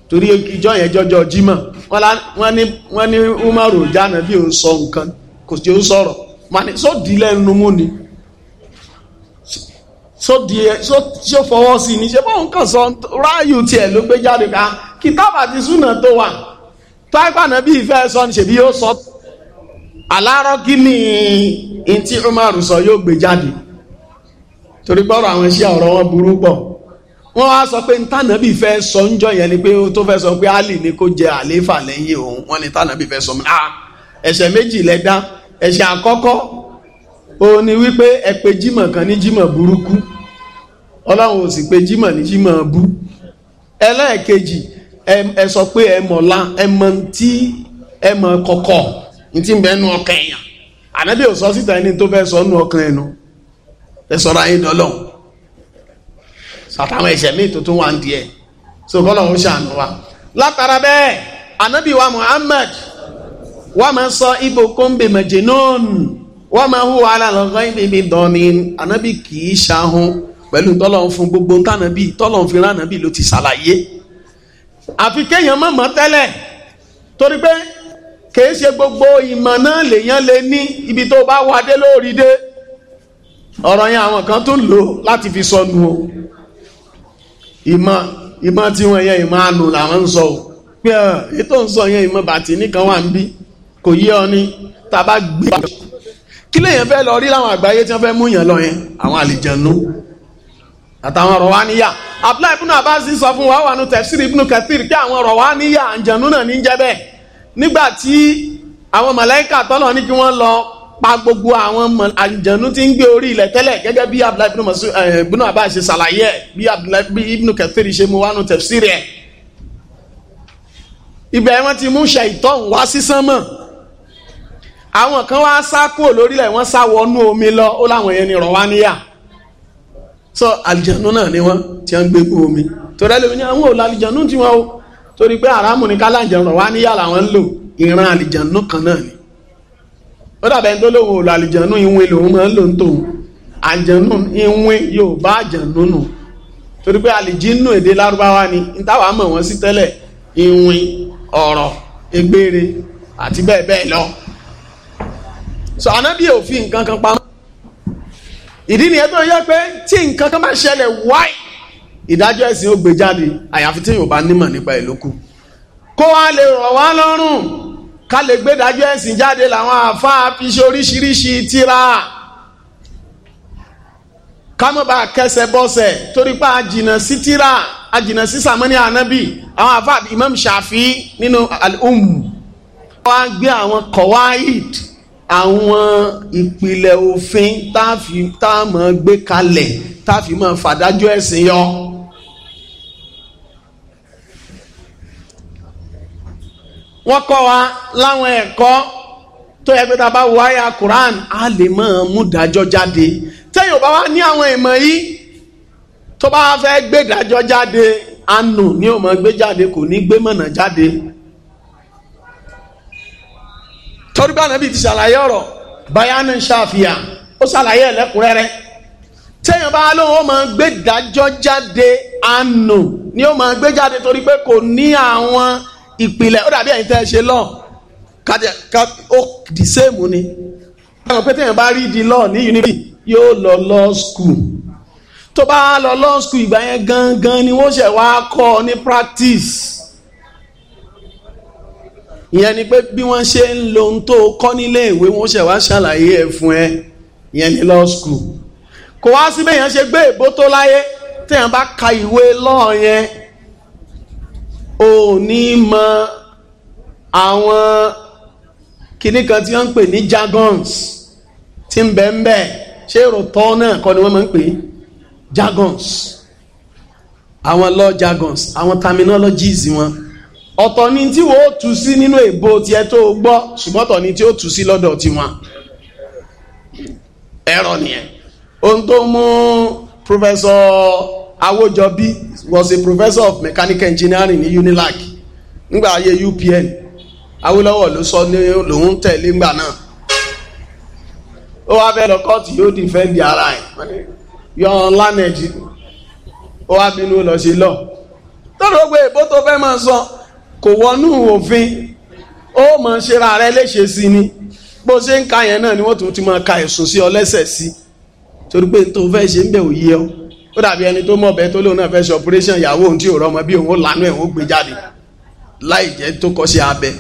A: torí ìjọ yẹn jọjọ jímọ̀ wọ́n ní umaru jana bí o sọ nǹkan kò tí ó sọ̀rọ̀ ma ní só di lẹ́nu mú ni só fọwọ́ sí ni ṣe bóun kàn sọ ráàyù tiẹ̀ ló gbé jáde ká kìtàbà ti súnà tó wà táìpà náà bí ìfẹ́ sọ ní ṣèbí yóò sọ alárọ́ kí ni in tí umaru sọ yóò gbé jáde torí gbọ́rọ̀ àwọn iṣẹ́ ọ̀rọ̀ wọn burú pọ̀ wọ́n wá sọ pé ntànàbí fẹ́ sọ ń jọ yẹn ni pé tó fẹ́ sọ pé ali ni kó jẹ àlééfà lẹ́yìn òun wọ́n ní ntànàbí fẹ́ sọ ah ẹ̀ṣẹ̀ méjì lẹ́dá ẹ̀ṣẹ̀ àkọ́kọ́ òun ni wípé ẹ pe jímọ̀ kan ní jímọ̀ burúkú ọlọ́run ò sì pe jímọ̀ ní jímọ̀ bú ẹlẹ́ẹ̀kejì ẹ sọ pé ẹ mọ̀ la ẹ mọ̀ ntí ẹ mọ̀ kọ̀kọ̀ ntí bẹ́ẹ̀ nu ọkàn èèyàn ànábì ò sọ síta ẹni tó fẹ́ sọ nu ọkàn ẹ̀ nu ẹ sọ̀rọ̀ ayé dọ́lọ́hùn àtàwọn ẹ̀ṣẹ̀ míì tó tún wà ń díẹ̀ so bọ́lá òun ṣàánú wa látara bẹ́ẹ̀ anabi wa muhammad wa ma sọ ibo kóńbè mẹjẹnón wa ma hu wàhálà lọ́gọ́ ibi mi anabi kì í ṣahun pẹ̀lú tọ́lọ̀ fún gbogbo ntànàbí tọ́lọ̀ fún ránàbí ló ti ṣàlàyé àfi kéèyàn má mọ̀ tẹ́lẹ̀ torí pé kìí ṣe gbogbo ìmọ̀ náà lèèyàn lè ní ibi tó bá wá dé lórí dé ọ̀rọ̀ yẹn àwọn kan tún lò láti fi sọnù o ìmọ̀ ìmọ̀ tí wọ́n yẹ ìmọ̀ ànù làwọn ń sọ pé ètò ń sọ yẹn ìmọ̀ bàtì nìkan wà ń bí kò yé ọ ní tàbá gbé e. kí lèyàn fẹ́ lọ rí láwọn àgbáyé tí wọ́n fẹ́ mú yàn lọ yẹn àwọn àlìjẹ̀nú àtàwọn ọ̀rọ̀ wa níyà Abdullahi ibùnú abasi sọ fún wa wà nù tafsir ibùnú kathir pé àwọn ọ̀rọ̀ wa níyà àǹjẹ̀nú náà ní jẹ́ bẹ́ẹ̀ nígbà tí àwọn màláíkà tọ́lọ̀ ní kí wọ́n lọ pa gbogbo àwọn àjànú tí ń gbé orí ilẹ̀ tẹ́lẹ̀ gẹ́gẹ́ bí abdullahi ibn masu eh, ibn abbas ṣe ṣàlàyé ẹ̀ bí abdullahi ibn kathir ṣe mu wánu tafsir ẹ̀. ibẹ̀ wọ́n ti mú ṣàìtọ́n wá sísán mọ̀ àwọn kan wá sá kúrò lórílẹ̀ wọ́n sá wọnú omi lọ ó láwọn yẹn ni rọ̀ wá níyà sọ àlìjànú náà ni wọ́n ti ń gbé omi torí ẹlẹ́mi ni àwọn ò lọ àlìjànú tiwọn o torí pé àràmù ni kálá àjẹrò wá níyà làwọn ń lò ìran àlìjànú kan náà ni ó dàbẹ̀ tó lówó olùàlìjànú ìwé lòun máa ń lò ń tòun àjànú ìwé yóò bá àjànú nù torí pé àlìjínú èdè lárúbáwá ni nítawà mọ̀ wọ́n sí tẹ́lẹ̀ ìwìn ọ̀rọ̀ egbére àti bẹ́ẹ̀ bẹ́ẹ̀ lọ so anábì òfin nǹkan kan pamọ́ ìdí nìyẹn tó yẹ pé tí nǹkan kan bá ṣẹlẹ̀ wáì ìdájọ́ ẹ̀sìn ó gbé jáde àyàfi tí yóò bá nímọ̀ nípa ìlókù kó wá lè rọ̀ wá lọ́rùn ká lè gbé dájú ẹ̀sìn jáde làwọn àáfàá fi ṣe oríṣiríṣi tírà ká má bá kẹsẹ̀ bọ́sẹ̀ torí pé àjìnà sí tírà àjìnà sí sàmọ́ní ànábì àwọn àáfàá Imam Shafi nínú al-Umm wọ́n á gbé àwọn kọ̀wáìd àwọn ìpìlẹ̀ òfin tá a fi tá a máa gbé kalẹ̀ tá a fi máa fàdájọ́ ẹ̀sìn yọ. wọ́n kọ́ wa láwọn ẹ̀kọ́ tó yẹ pé tá a bá wo àyà Quran a lè máa mú dájọ́ jáde tẹ́yìn ò bá wá ní àwọn ìmọ̀ yìí tó bá fẹ́ gbé dájọ́ jáde anù ni ò mọ̀ gbé jáde kò ní gbé mọ̀nà jáde torí bá nàbí ti ṣàlàyé ọ̀rọ̀ bayanu ṣàfihàn ó ṣàlàyé ẹ̀lẹ́kùnrẹ́rẹ́ tẹ́yìn bá lóun ó máa gbé dájọ́ jáde anù ni ó máa gbé jáde torí pé kò ní àwọn ìpìlẹ̀ ó dàbí ẹ̀yin tẹ́ ẹ ṣe lọ́ọ̀ kájà ká ó di sẹ́ẹ̀mù ni ẹ̀rọ pété yẹn bá rí di lọ́ọ̀ ní unity yóò lọ law school tó bá lọ law school ìgbà yẹn gangan ni wọ́n ṣẹ̀ wá kọ́ ní practice ìyẹn ni pé bí wọ́n ṣe ń lo ohun tó kọ́ nílé ìwé wọ́n ṣẹ̀ wá ṣàlàyé ẹ̀ fún ẹ ìyẹn ni law school kò wá síbẹ̀ yẹn ṣe gbé ìbò tó láyé téèyàn bá ka ìwé lọ́ọ̀ yẹn ò ní mọ àwọn kìnnì kan tí wọ́n ń pè ní jargons tí ń bẹ ń bẹ ṣé rotọ́ náà kọ́ ni wọ́n máa ń pè jargons àwọn law jargons àwọn terminologies wọn ọ̀tọ̀ ni tí wọ́n ó tú sí nínú èbó tiẹ̀ tó gbọ́ ṣùgbọ́n ọ̀tọ̀ ni tí ó tú sí lọ́dọ̀ tiwọn ẹ̀rọ nìyẹn ohun tó mú professor Awojobi was a professor of mechanical engineering ní UNILAG nígbà ayé UPN Awólọ́wọ̀ ló sọ ní lòun tẹ̀lé ńgbà náà ó wá fẹ́ lọ kóòtù yóò dìfẹ́ǹdì ara ẹ̀ yọ unlearned ó wá bínú lọ sí lọ tọ́lọ́ gbé èbó tó fẹ́ máa sọ kò wọnú òfin ó mọ̀ ṣera rẹ léṣe sí ni bó ṣe ń ka yẹn náà ni wọ́n tún ti máa ka ẹ̀sùn sí ọ lẹ́sẹ̀ sí torí pé tó fẹ́ ṣe ń bẹ̀ òye ọ ó dàbí ẹni tó mọ̀bẹ tó lóun náà fẹ́ ṣe operation ìyàwó ohun tí ò rọmọ bí òun ó lànà ẹ̀ ń gbé jáde láì jẹ́ tó kọ́ sí abẹ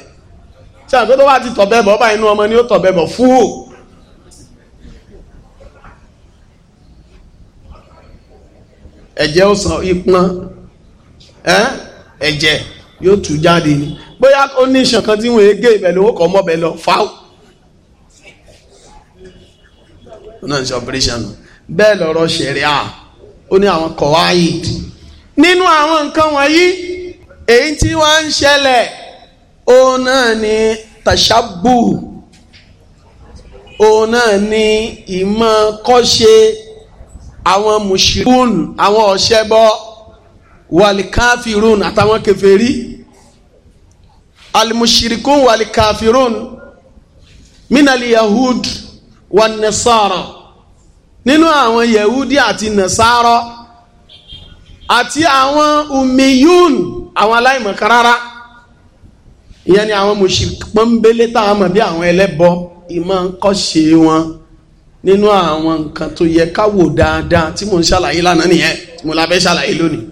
A: ṣé àgbẹ̀ tó bá ti tọ̀bẹ̀ bọ̀ inú ọmọ ni ó tọ̀bẹ̀ bọ̀ ẹ̀jẹ̀ ó sàn ẹ̀jẹ̀ yóò ni bóyá kan tí gé ibẹ̀ lówó kọ́ lọ náà ń ṣe operation bẹ́ẹ̀ lọ́rọ̀ ṣẹ̀rí à ó ní àwọn kọ̀wáìd nínú àwọn nǹkan wọ̀nyí èyí tí wọ́n ń ṣẹlẹ̀ òun náà ni tàṣàbù òun náà ni ìmọ̀ kọ́ṣe àwọn mùṣírùn àwọn ọ̀ṣẹ́bọ wàlíkáfírùn àtàwọn kèfèrí alimushirikun walikafirun minali yahud wa nasara nínú àwọn yẹ̀wúdí àti nàṣàrọ̀ àti àwọn umiyun àwọn aláìmọ̀kan rárá ìyẹn ni àwọn mùsùlùmí táwọn mọ̀ bí àwọn ẹlẹ́bọ ìmọ̀ ńkọ́ṣe wọn nínú àwọn nǹkan tó yẹ ká wò dáadáa tí mo ń ṣàlàyé lánàá nìyẹn tí mo lábẹ́ ṣàlàyé lónìí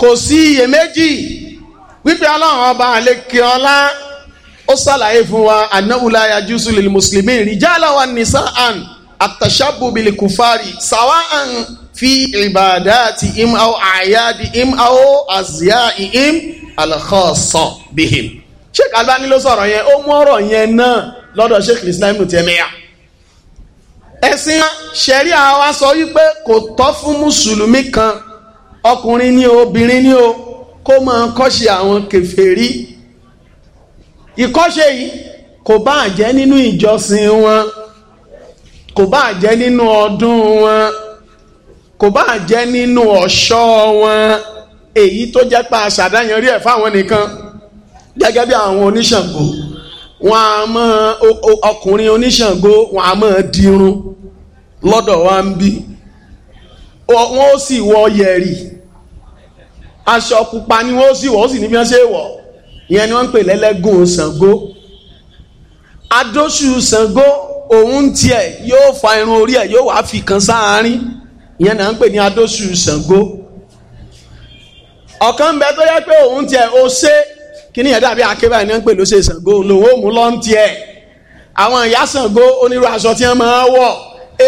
A: kò sí iyèméjì wípé ọlọ́run ọba àlekè ọlá ó ṣàlàyé fún wa anáwó láyà jùsùlì mùsùlùmí rìjálà wa nìṣàn àtàṣàbù bìlì kùfárì sàwá àn fi ìbàdà àti im àwọ àyàdì im àwọ àzíyá im alakọ́sọ̀ bìhìm. sheikh albani ló sọ̀rọ̀ yẹn ó mú ọ̀rọ̀ yẹn náà lọ́dọ̀ sheikh islam ibn tẹ́míyà. ẹ̀sìn ṣẹ̀ríà wa sọ wípé kò tọ́ fún mùsùlùmí kan ọkùnrin ni obìnrin ni o kó máa kọ́ṣe àwọn kèfèrí ìkọ́ṣe yìí kò bá jẹ́ nínú ìjọsìn wọn kò bá jẹ́ nínú ọdún wọn kò bá jẹ́ nínú ọ̀ṣọ́ wọn èyí tó jẹ́ pa àṣàdáyanrí ẹ̀ fáwọn nìkan gẹ́gẹ́ bí àwọn oníṣàngó wọn a mọ ọkùnrin oníṣàngó wọn a mọ dirun lọ́dọ̀ wa ń bí wọn ó sì wọ yẹ̀rì aṣọ pupa ni wọn ó sì wọ ó sì ní bí wọn ṣe wọ ìyẹn ni wọn ń pè lẹ́lẹ́gùn Ṣàngó adóṣù Ṣàngó òun tiẹ̀ yóò fa irun orí ẹ̀ yóò wá fi kan sáárín ìyẹn náà ń pè ní adóṣù Ṣàngó ọ̀kan ń bẹ tó yẹ pé òun tiẹ̀ ó ṣe kíní yẹn dàbí akébà ni wọ́n ń pè lóṣè Ṣàngó lòun ò mú lọ́n tiẹ̀ àwọn ìyá Ṣàngó onírú aṣọ tí wọ́n máa ń wọ̀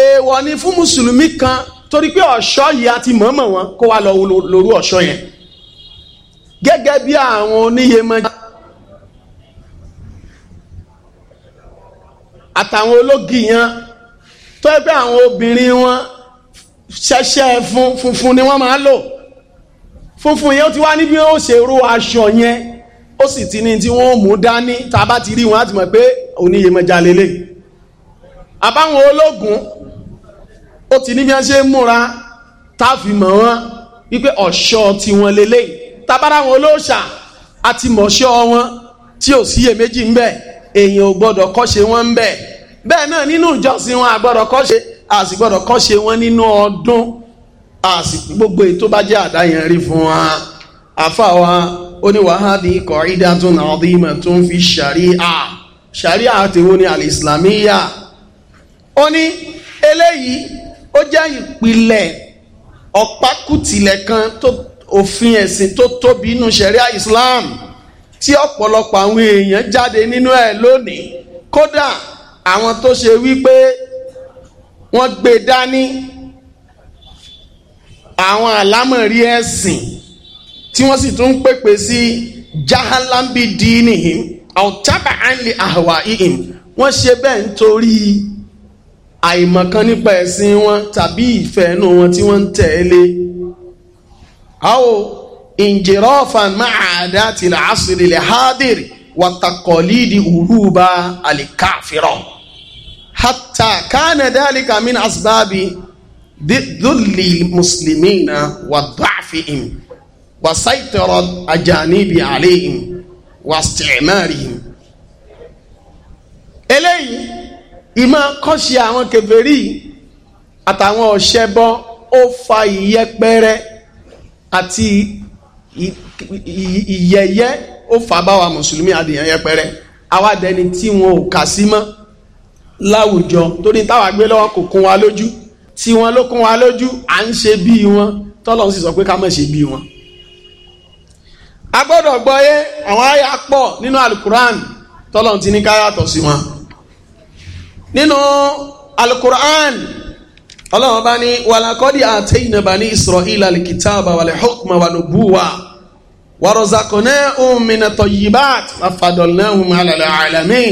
A: èèwọ̀ ni fún mùsùlùmí kan torí pé ọ̀ṣọ́ yìí àti mọ̀ọ́mọ̀ wọn kó wá lọ lóru ọ̀ṣọ́ yẹn gẹ́gẹ́ bí àwọn oníyemọ̀já àtàwọn ológìyàn tó yẹ pé àwọn obìnrin wọn ṣẹṣẹ fún funfun ni wọ́n máa ń lò funfun yẹn ó ti wá ní bí wọ́n ṣe ró aṣọ yẹn ó sì ti ní tí wọ́n mú dání tá a bá ti rí wọn á ti mọ̀ pé oníyèméjà lélẹ̀ àbáwọn ológun ó ti ní bí ṣe ń múra tá a fi mọ̀ wọ́n wípé ọ̀ṣọ́ tiwọn lélẹ̀ tá a bá dáwọn olóòṣà àti mọ̀ṣọ́ wọn tí ò síyèméjì ń bẹ èèyàn ò gbọ́dọ̀ kọ́ṣe wọn ń bẹ̀ bẹ́ẹ̀ náà nínú ìjọsìn wọn àgbọ́dọ̀ kọ́ṣe àsì gbọ́dọ̀ kọ́ṣe wọn nínú ọdún àsìkò gbogbo ètò bá jẹ́ àdáyẹn rí fún wa àfa wa ó ní wàhálì ikọ̀ ìdá tó ìmọ̀ tó ń fi ṣàríà ṣàríà àtẹwò ní alìsìlámíyà ó ní eléyìí ó jẹ́ ìpìlẹ̀ ọ̀pákùtìlẹ̀ kan tó òfin ẹ̀sìn tó tóbi nínú ṣàríà Islam tí ọ̀pọ̀lọpọ̀ àwọn èèyàn jáde nínú ẹ̀ lónìí kódà àwọn tó ṣe wípé wọ́n gbé dání àwọn àlámọ̀rí ẹ̀sìn tí wọ́n sì tún pèpè sí jahalambi dinihim ọ̀tábà ànlẹ̀ àhàwà ihim wọ́n ṣe bẹ́ẹ̀ nítorí àìmọ̀kan nípa ẹ̀sìn wọn tàbí ìfẹ́ inú wọn tí wọ́n ń tẹ̀lé. àwọn injirofan maada tila asiri le hadiri watakọlidi uruba alikafiro hata kana dalika min asbabi dhulli muslimina wa dhafihim wa saitara ajanibi alayhim wa istimarihim eléyìí ìmọ̀ kọ́ṣe àwọn kèfèrí àtàwọn ọ̀ṣẹ́bọ ó fa ìyẹpẹrẹ àti ìyẹyẹ ó fà báwa mùsùlùmí adìyàn yẹpẹrẹ àwa dẹni tí wọn ò kà sí mọ́ láwùjọ torí táwa gbé lọ́wọ́ kò kún wa lójú tí wọn ló kún wa lójú à ń ṣe bí wọn tọ́lọ́run sì sọ pé ká má ṣe bí wọn. a gbọ́dọ̀ gbọ́ yé àwọn àyà pọ̀ nínú alukuran tọ́lọ́run ti ní ká yàtọ̀ sí wọn. nínú alukuran ọlọ́run bá ní wàlàkọ́dí àtẹ̀yìnà bani isra'ila alikitaba wàlẹ̀ hukma wà nubuwa wàrọ̀zàkọ̀nà òmìnà tọ̀yìbàt àfàdọ̀lnà òmìnà àlàlẹ̀ àlàmì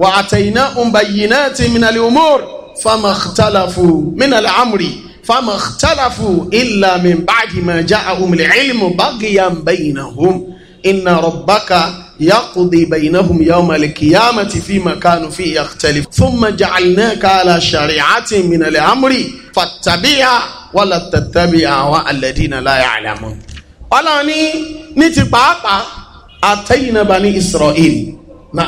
A: wà àtẹ̀yìnà òmìnà ti mìnàlẹ̀ òmòr fama tàlàfù mìnàlẹ̀ àmùrì fama tàlàfù ìlà mìnbàgìmà já àhùmìlẹ̀ ìlmù bàgìyà bẹ̀yìnà hùm ìnà rọ̀bàkà يقضي بينهم يوم القيامة فيما كانوا فيه يختلف ثم جعلناك على شريعة من الأمر فاتبعها ولا تتبع أهواء الذين لا يعلمون ولا ني ní أتينا بني إسرائيل bani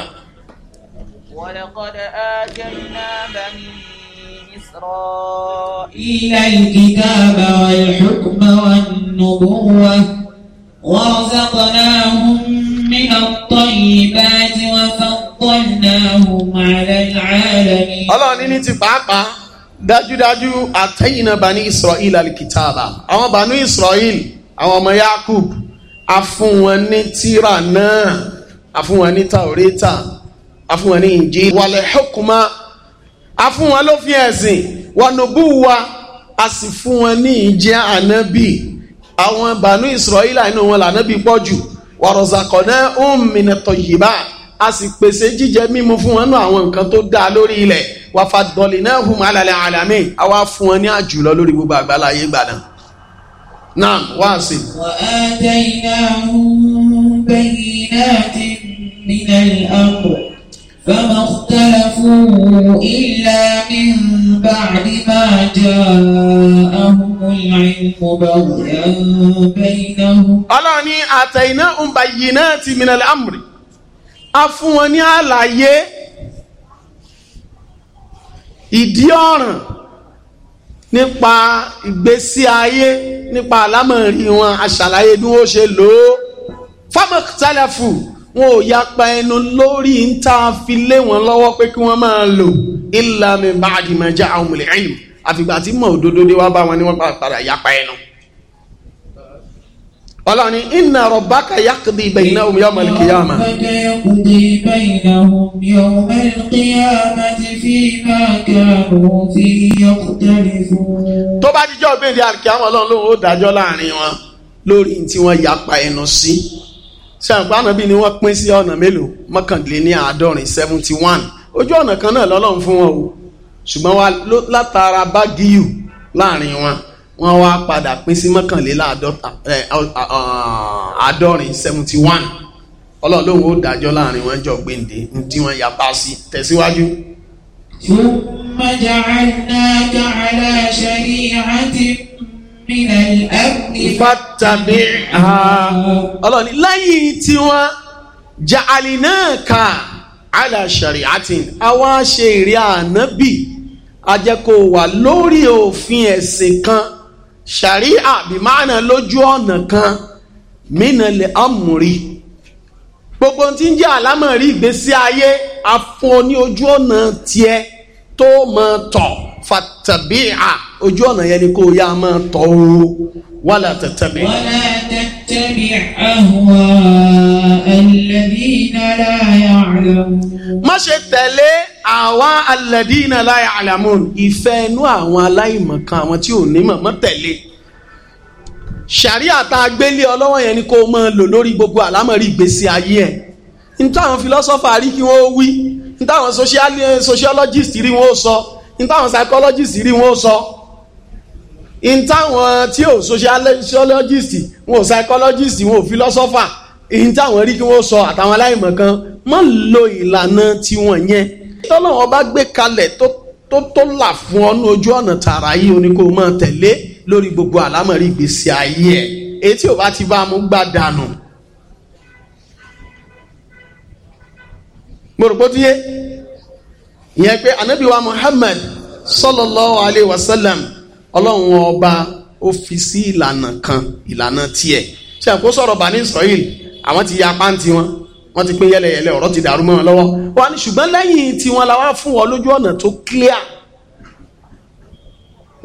A: ولقد آتينا
B: بني إسرائيل الكتاب والحكم والنبوة ورزقناهم من الطيبات وفضلناهم على العالمين Ọlọ́run ní ti pàápàá dájúdájú àtẹ̀yìnà
A: bani Israel alikitaaba àwọn bani Israel àwọn ọmọ Yakub afún wọn ní tírà náà afún wọn ní taureta afún wọn ní Injil wàlẹ̀ hukuma afún wọn ló fi ẹ̀sìn wọnùbúwa a sì fún wọn ní ìjẹ́ ànábì àwọn bànú Israẹli inú wọn lànábì pọ̀ jù wàrọ̀sàkọ̀nẹ́ òmìnirítọ̀ yìí bá a sì pèsè jíjẹ mímu fún wọn nú àwọn nǹkan tó dáa lórí ilẹ̀ wàfà dọ̀lì náà hùm alàlẹ́ àlàmì àwa fún wọn ní àjùlọ lórí gbogbo àgbáláyé gbàdán. náà wá sí.
B: wà á dẹ́yìn náà ń bẹ́yìn náà ti nílẹ̀ àpò. فما اختلفوا إلا من بعد ما جاءهم العلم بغيا بينهم
A: Allah ní أتيناهم بينات من الأمر a fún wọn ní àlàyé ìdí ọ̀ràn nípa ìgbésí ayé nípa àlámọ̀rí wọn aṣàlàyé bí wọ́n ṣe lò ó fámọ́kítálẹ́fù wọn ò yapa ẹnu lórí ń tá a fi lé wọn lọ́wọ́ pé kí wọ́n máa lò illa min ba'di ma ja'ahum al-'ilm àfìgbà tí mọ̀ òdodo dé wá bá wọn ni wọ́n padà yapa ẹnu. Ọlọ́run ni inna rabbaka yaqdi baynahum yawm al-qiyamah. Rabbaka
B: yaqdi baynahum yawm al-qiyamati fima kanu fihi yakhtalifun.
A: tó bá dijọ́ gbèdé àkíyàmọ́ ọlọ́run ló ń dájọ́ láàrin wọn lórí tí wọ́n yapa ẹnu sí ṣàǹpá ànábì ni wọ́n pín sí ọ̀nà mélòó mọ́kànléníàádọ́rin seventy one ojú ọ̀nà kan náà lọ́lọ́run fún wọn o ṣùgbọ́n wa látara bá gíyù láàrin wọn wọ́n wá padà pín sí mọ́kànléláàádọ́ta àádọ́rin seventy one ọlọ́run ó dájọ́ láàrin wọn jọ gbèǹde tí wọ́n yapa sí tẹ̀síwájú.
B: ثم جعلناك على شريعة fatabiha
A: ọlọ́ni lẹ́yìn tí wọ́n ja'alinaka ala shari'atin àwa ṣe ìrìn ànábì ajẹ́kọ̀ wà lórí òfin ẹ̀sìn kan ṣàríà bí máàna lójú ọ̀nà kan mínàlẹ̀ amúrí gbogbo tí ń jẹ́ àlámọ̀rí ìgbésí ayé afọ́ ní ojú ọ̀nà tiẹ̀ tó mọ̀ tọ̀ fatabi'a ojú ọ̀nà yẹn ni kó o yá máa tọ́ o wala tatabi.
B: wala tattabi ahwa alladhina la ya'lamun. má ṣe
A: tẹ̀lé àwa alladhina la ya'lamun ìfẹ́ inú àwọn aláìmọ̀kan àwọn tí ò ní mọ̀ mọ́ tẹ̀lé ṣàríà tá a gbélé ọlọ́wọ́ yẹn ni kó máa lò lórí gbogbo àlámọ̀rí ìgbésí ayé ẹ̀ ní táwọn fìlọ́sọ́fà rí kí wọ́n wí ní táwọn sociologist rí wọ́n sọ n táwọn psychologist rí wọn sọ n táwọn tí o sociologist wọn ò psychologist wọn ò philosopher n táwọn rí kí wọn sọ àtàwọn aláìmọ̀ kan má lo ìlànà tiwọn yẹn tọ́lọ́wọ́n bá gbé kalẹ̀ tó tó tó là fún ọ ní ojú ọ̀nà tààrà yìí o ní kó máa tẹ̀lé lórí gbogbo àlámọ̀rí ìgbésí ayé ẹ̀ èyí tí ò bá ti bá mú gbà dànù. mo rò pé ó ti yé ìyẹn pé anabi wa muhammad sallallahu alayhi wa sallam ọlọ́run ọba ó fi sí ìlànà kan ìlànà tiẹ̀ ṣe àpò sọ̀rọ̀ bani israel àwọn ti ya pàǹtí wọn wọ́n ti pín yẹlẹyẹlẹ ọ̀rọ̀ ti dàrú mọ́ wọn lọ́wọ́ wọn ni ṣùgbọ́n lẹ́yìn tiwọn la wá fún wọn lójú ọ̀nà tó clear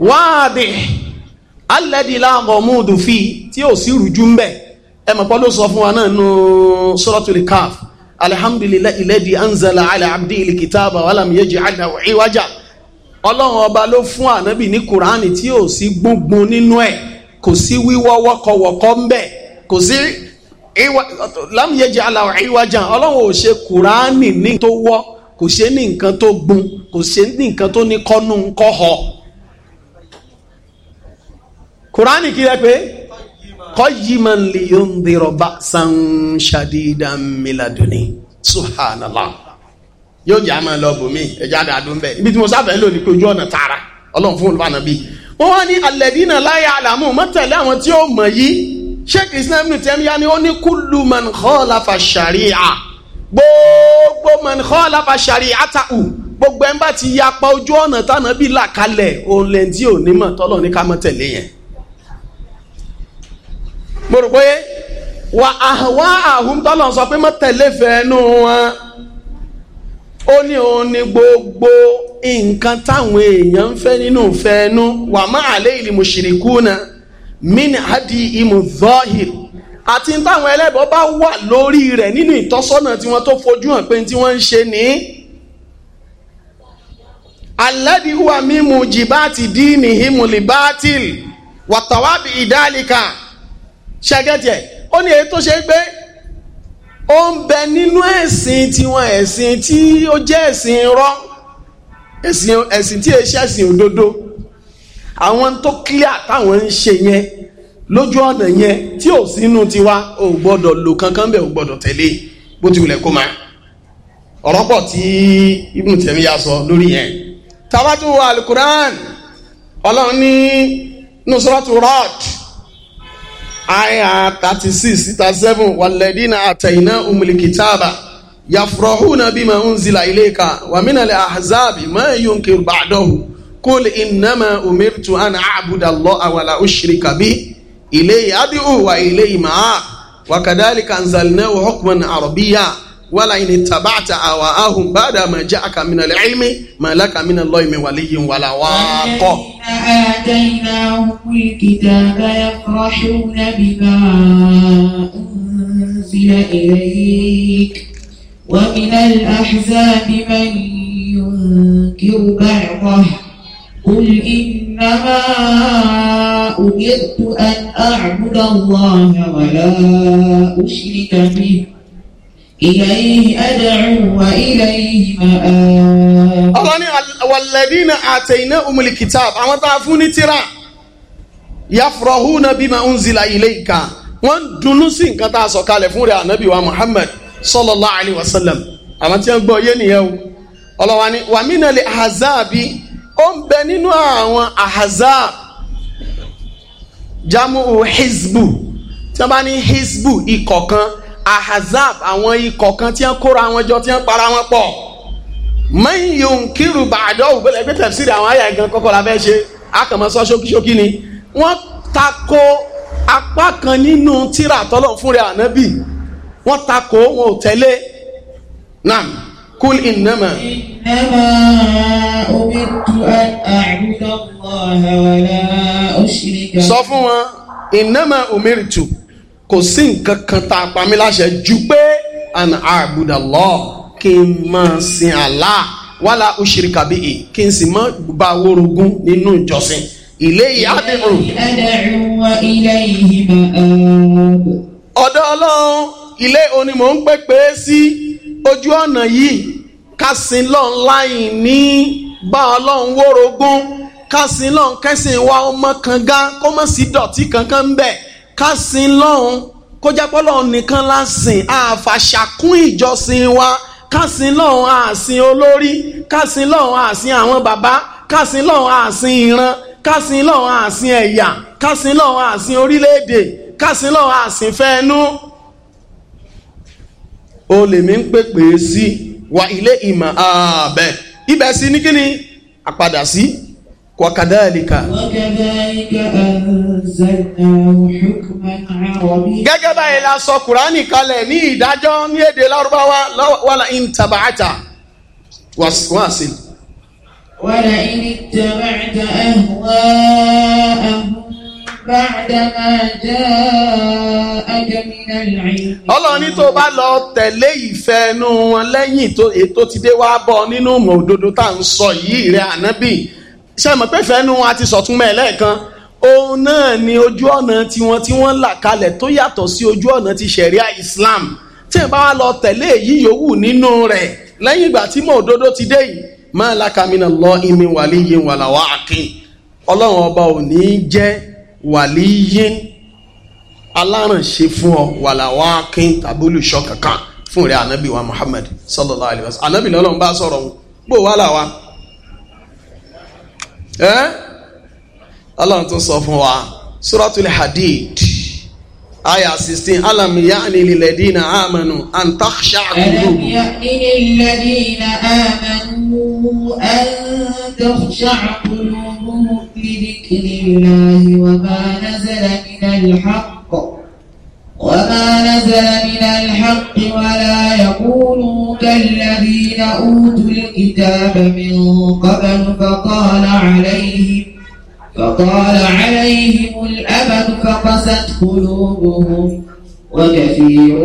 A: wáàdì alẹ́dì láàmọ̀ múdù fi tí ò sí rújú ń bẹ̀ ẹ mọ̀ pọ́ ló sọ fún wa náà nù suratul kaf alihamdulilayi ilẹ̀dì anzala ala abdi ilikitaba walam yeji ala iwaja ọlọ́run ọba ló fún ànábì ní kuraani tí ò sí gbóngbón nínú ẹ̀ kò sí wíwọ́ wọ́kọ̀wọ́kọ́ ń bẹ̀ kò sí lam yeji ala iwaja ọlọ́run ò ṣe kuraani ní tó wọ́ kò ṣe ní nǹkan tó gbun kò ṣe ní nǹkan tó ní kọ́nú kọ́họ. kuraani kí lẹ pé qayiman liyundhira ba'san shadidan min laduni subhanallah yóò jẹ́ àmọ́ lọ bòmí ẹ̀já dàdú ń bẹ̀ ibi tí mo sábẹ̀ ń lò ní ojú ọ̀nà tààrà ọlọ́run fún olùbánà bíi wọ́n wá ní alladina la ya'lamu mọ́tẹ̀lẹ́ àwọn tí ó mọ̀ yìí sheikh islam ibn tẹ́míyá ni ó ní kullu man khalafa sharia gbogbo man khalafa shari'atahu gbogbo ẹ̀ ń bá ti yapa ojú ọ̀nà tánà bíi làkàlẹ̀ òun lẹ́ntì òní mọ̀ tọ́lọ́ ní ká mọ́tẹ̀lẹ́ yẹn mo rò pé wà àwa àhúntọ́lọ̀ sọ pé mọ́ tẹ̀lé fẹ́ẹ́nu wọn ó ní òun gbogbo nǹkan táwọn èèyàn ń fẹ́ nínú fẹ́ẹ́nu wà má àlẹ́ ìlú mushrikuna min hadi imu zọ́hìl àti táwọn ẹlẹ́bọ̀ bá wà lórí rẹ̀ nínú ìtọ́sọ́nà tí wọ́n tó fojú hàn pé tí wọ́n ń ṣe ní jìbáàtì dínì wàtàwábì ṣẹ́gẹ́tì ẹ̀ ó ní èyí tó ṣe pé ó ń bẹ nínú ẹ̀sìn tiwọn ẹ̀sìn tí ó jẹ́ ẹ̀sìn irọ́ ẹ̀sìn tí èṣẹ́ ẹ̀sìn òdodo àwọn tó clear táwọn ń ṣe yẹn lójú ọ̀nà yẹn tí ò sínú tiwa ò gbọ́dọ̀ lò kankan bẹ́ẹ̀ ò gbọ́dọ̀ tẹ̀lé bó ti wulẹ̀ kó máa ọ̀rọ̀ pọ̀ tí Ibn Taymiyyah sọ lórí yẹn tabatu alukuran ọlọ́run ní nusratu rọ́ọ̀tù aya thirty six thirty seven waladina atayina umulikitaba yafrohuna bima unzila ilayka waminale ahzabi ma yunkiru ba'dahu kul innama umirtu an a'budu allah wala ushrika bi ilayhi ad'u wa ilayhi ma'a wa kadhalika anzalnahu hukman arabiyya. wala in tabata ahwaahum baada ma jaaka min alilmi ma laka min allahi min waliyyin wala waqa
B: atainahum alkitaba yafrahuna bima unzila ilayk wa min alahzabi man yunkiru ba'dahu قل إنما أمرت أن أعبد الله ولا أشرك به إليه أدعو وإليه مآب
A: Allah ni والذين آتيناهم الكتاب àwọn tá a fún ní tírà yafrahuna bima unzila ilayka wọ́n ń dunnú sí nǹkan tá a sọ kalẹ̀ fún rẹ̀ ànábì wa Muhammad sallallahu alayhi wa sallam àwọn tí wọ́n gbọ́ yé nìyẹn o ọlọ́wà ni wa mina li ahazabi ó ń bẹ nínú àwọn ahazab jamu hizbu tí wọ́n bá ní hizbu ikọ̀ kan ahazab àwọn ikọ̀ kan tí wọ́n kóra wọn jọ tí wọ́n para wọn pọ̀ mẹ́yìn kírù bàdọ́ òbẹ̀lẹ̀ pé àwọn àyà ìgan kọ́kọ́ la fẹ́ ṣe àkànmọ́sọ ṣókíṣókí ni wọ́n tako apá kan nínú tírà tọ́lọ̀ fúnra ànábì wọ́n tako wọn ò tẹ́lẹ̀ náà kúl ìnámà.
B: ìnámà omi tu àbúdọ̀
A: wọ̀ ọ̀hẹ́wẹ̀lẹ́ ó ṣì ní ga. sọ fún wọn ìnámà omi tù kò sí nǹkan kan tá a pa mí láṣẹ ju pé an abudallah kí n máa sin Allah wàlá òṣèrìkà bí i kí n sì má bá worogún nínú ìjọsìn ilé ìyá mi rùn. ọ̀dọ̀ ọlọ́run ilé oní mò ń pèpè sí ojú ọ̀nà yìí ká sin lọ́n láì ní bá ọlọ́run worogún ká sin lọ́n kẹ́sìn wa ọmọ kànga kó má sí dọ̀tí kankan ń ká sin lọ́hùn kó jẹ́ pé lọ́hùn nìkan la sìn àfàṣàkún ìjọsìn wa ká sin lọ́hùn àsìn olórí ká sin lọ́hùn àsìn àwọn bàbá ká sin lọ́hùn àsìn ìran ká sin lọ́hùn àsìn ẹ̀yà ká sin lọ́hùn àsìn orílẹ̀-èdè ká sin lọ́hùn àsìn fẹ́ẹ́nú. o lèmi ń pèpè sí wa ilé ìmọ̀ ààbẹ̀ ibẹ̀ sí ní kíni àpadà sí. Si wakadhalika.
B: gẹ́gẹ́ báyìí la sọ
A: kùránì kalẹ̀ ní ìdájọ́ ní èdè lárúbáwá wàlà ìntàbàtà wàásì. wàlà
B: ìntàbàtà ahwa ahwa
A: ọlọ́run ní tó bá lọ tẹ̀lé ìfẹ́ ẹnu wọn lẹ́yìn ètò ti dé wá bọ̀ nínú òdodo tá à ń sọ yìí rẹ̀ ànábì ṣe mọ̀ pé fẹ́ẹ́ nu wọn àti sọ̀tún mẹ́ẹ̀ lẹ́ẹ̀kan òun náà ni ojú ọ̀nà tiwọn tí wọ́n là kalẹ̀ tó yàtọ̀ sí ojú ọ̀nà ti ṣẹ̀ríà Islam tí ìbá wa lọ tẹ̀lé èyí yòówù nínú rẹ̀ lẹ́yìn ìgbà tí mò òdodo ti dé yìí máa lákàmínà lọ ìmí wàlíyìn wàlàwà àkìn ọlọ́run ọba ò ní jẹ́ wàlíyìn alárànṣe fún ọ wàlàwà àkìn tàbí olùṣọ́ kankan fún rẹ̀ ànábì wa Muhammad sallallahu alayhi wa sallam ànábì lọ́lọ́run bá sọ̀rọ̀ wọn gbọ́ wàlàwà. Allah tún sọ fún wa suratul hadid aya 16 alam lil ladina amanu an takhsha qulubuhum. alam
B: yaani liladina amanu an takhsha qulubuhum li lidikirillahi wa ma nazala min al haqq wa ma nazala min al haqq wa la yakunu. ربك الذين أوتوا الكتاب من قبل فطال عليهم فطال عليهم الأمد فقست قلوبهم وكثير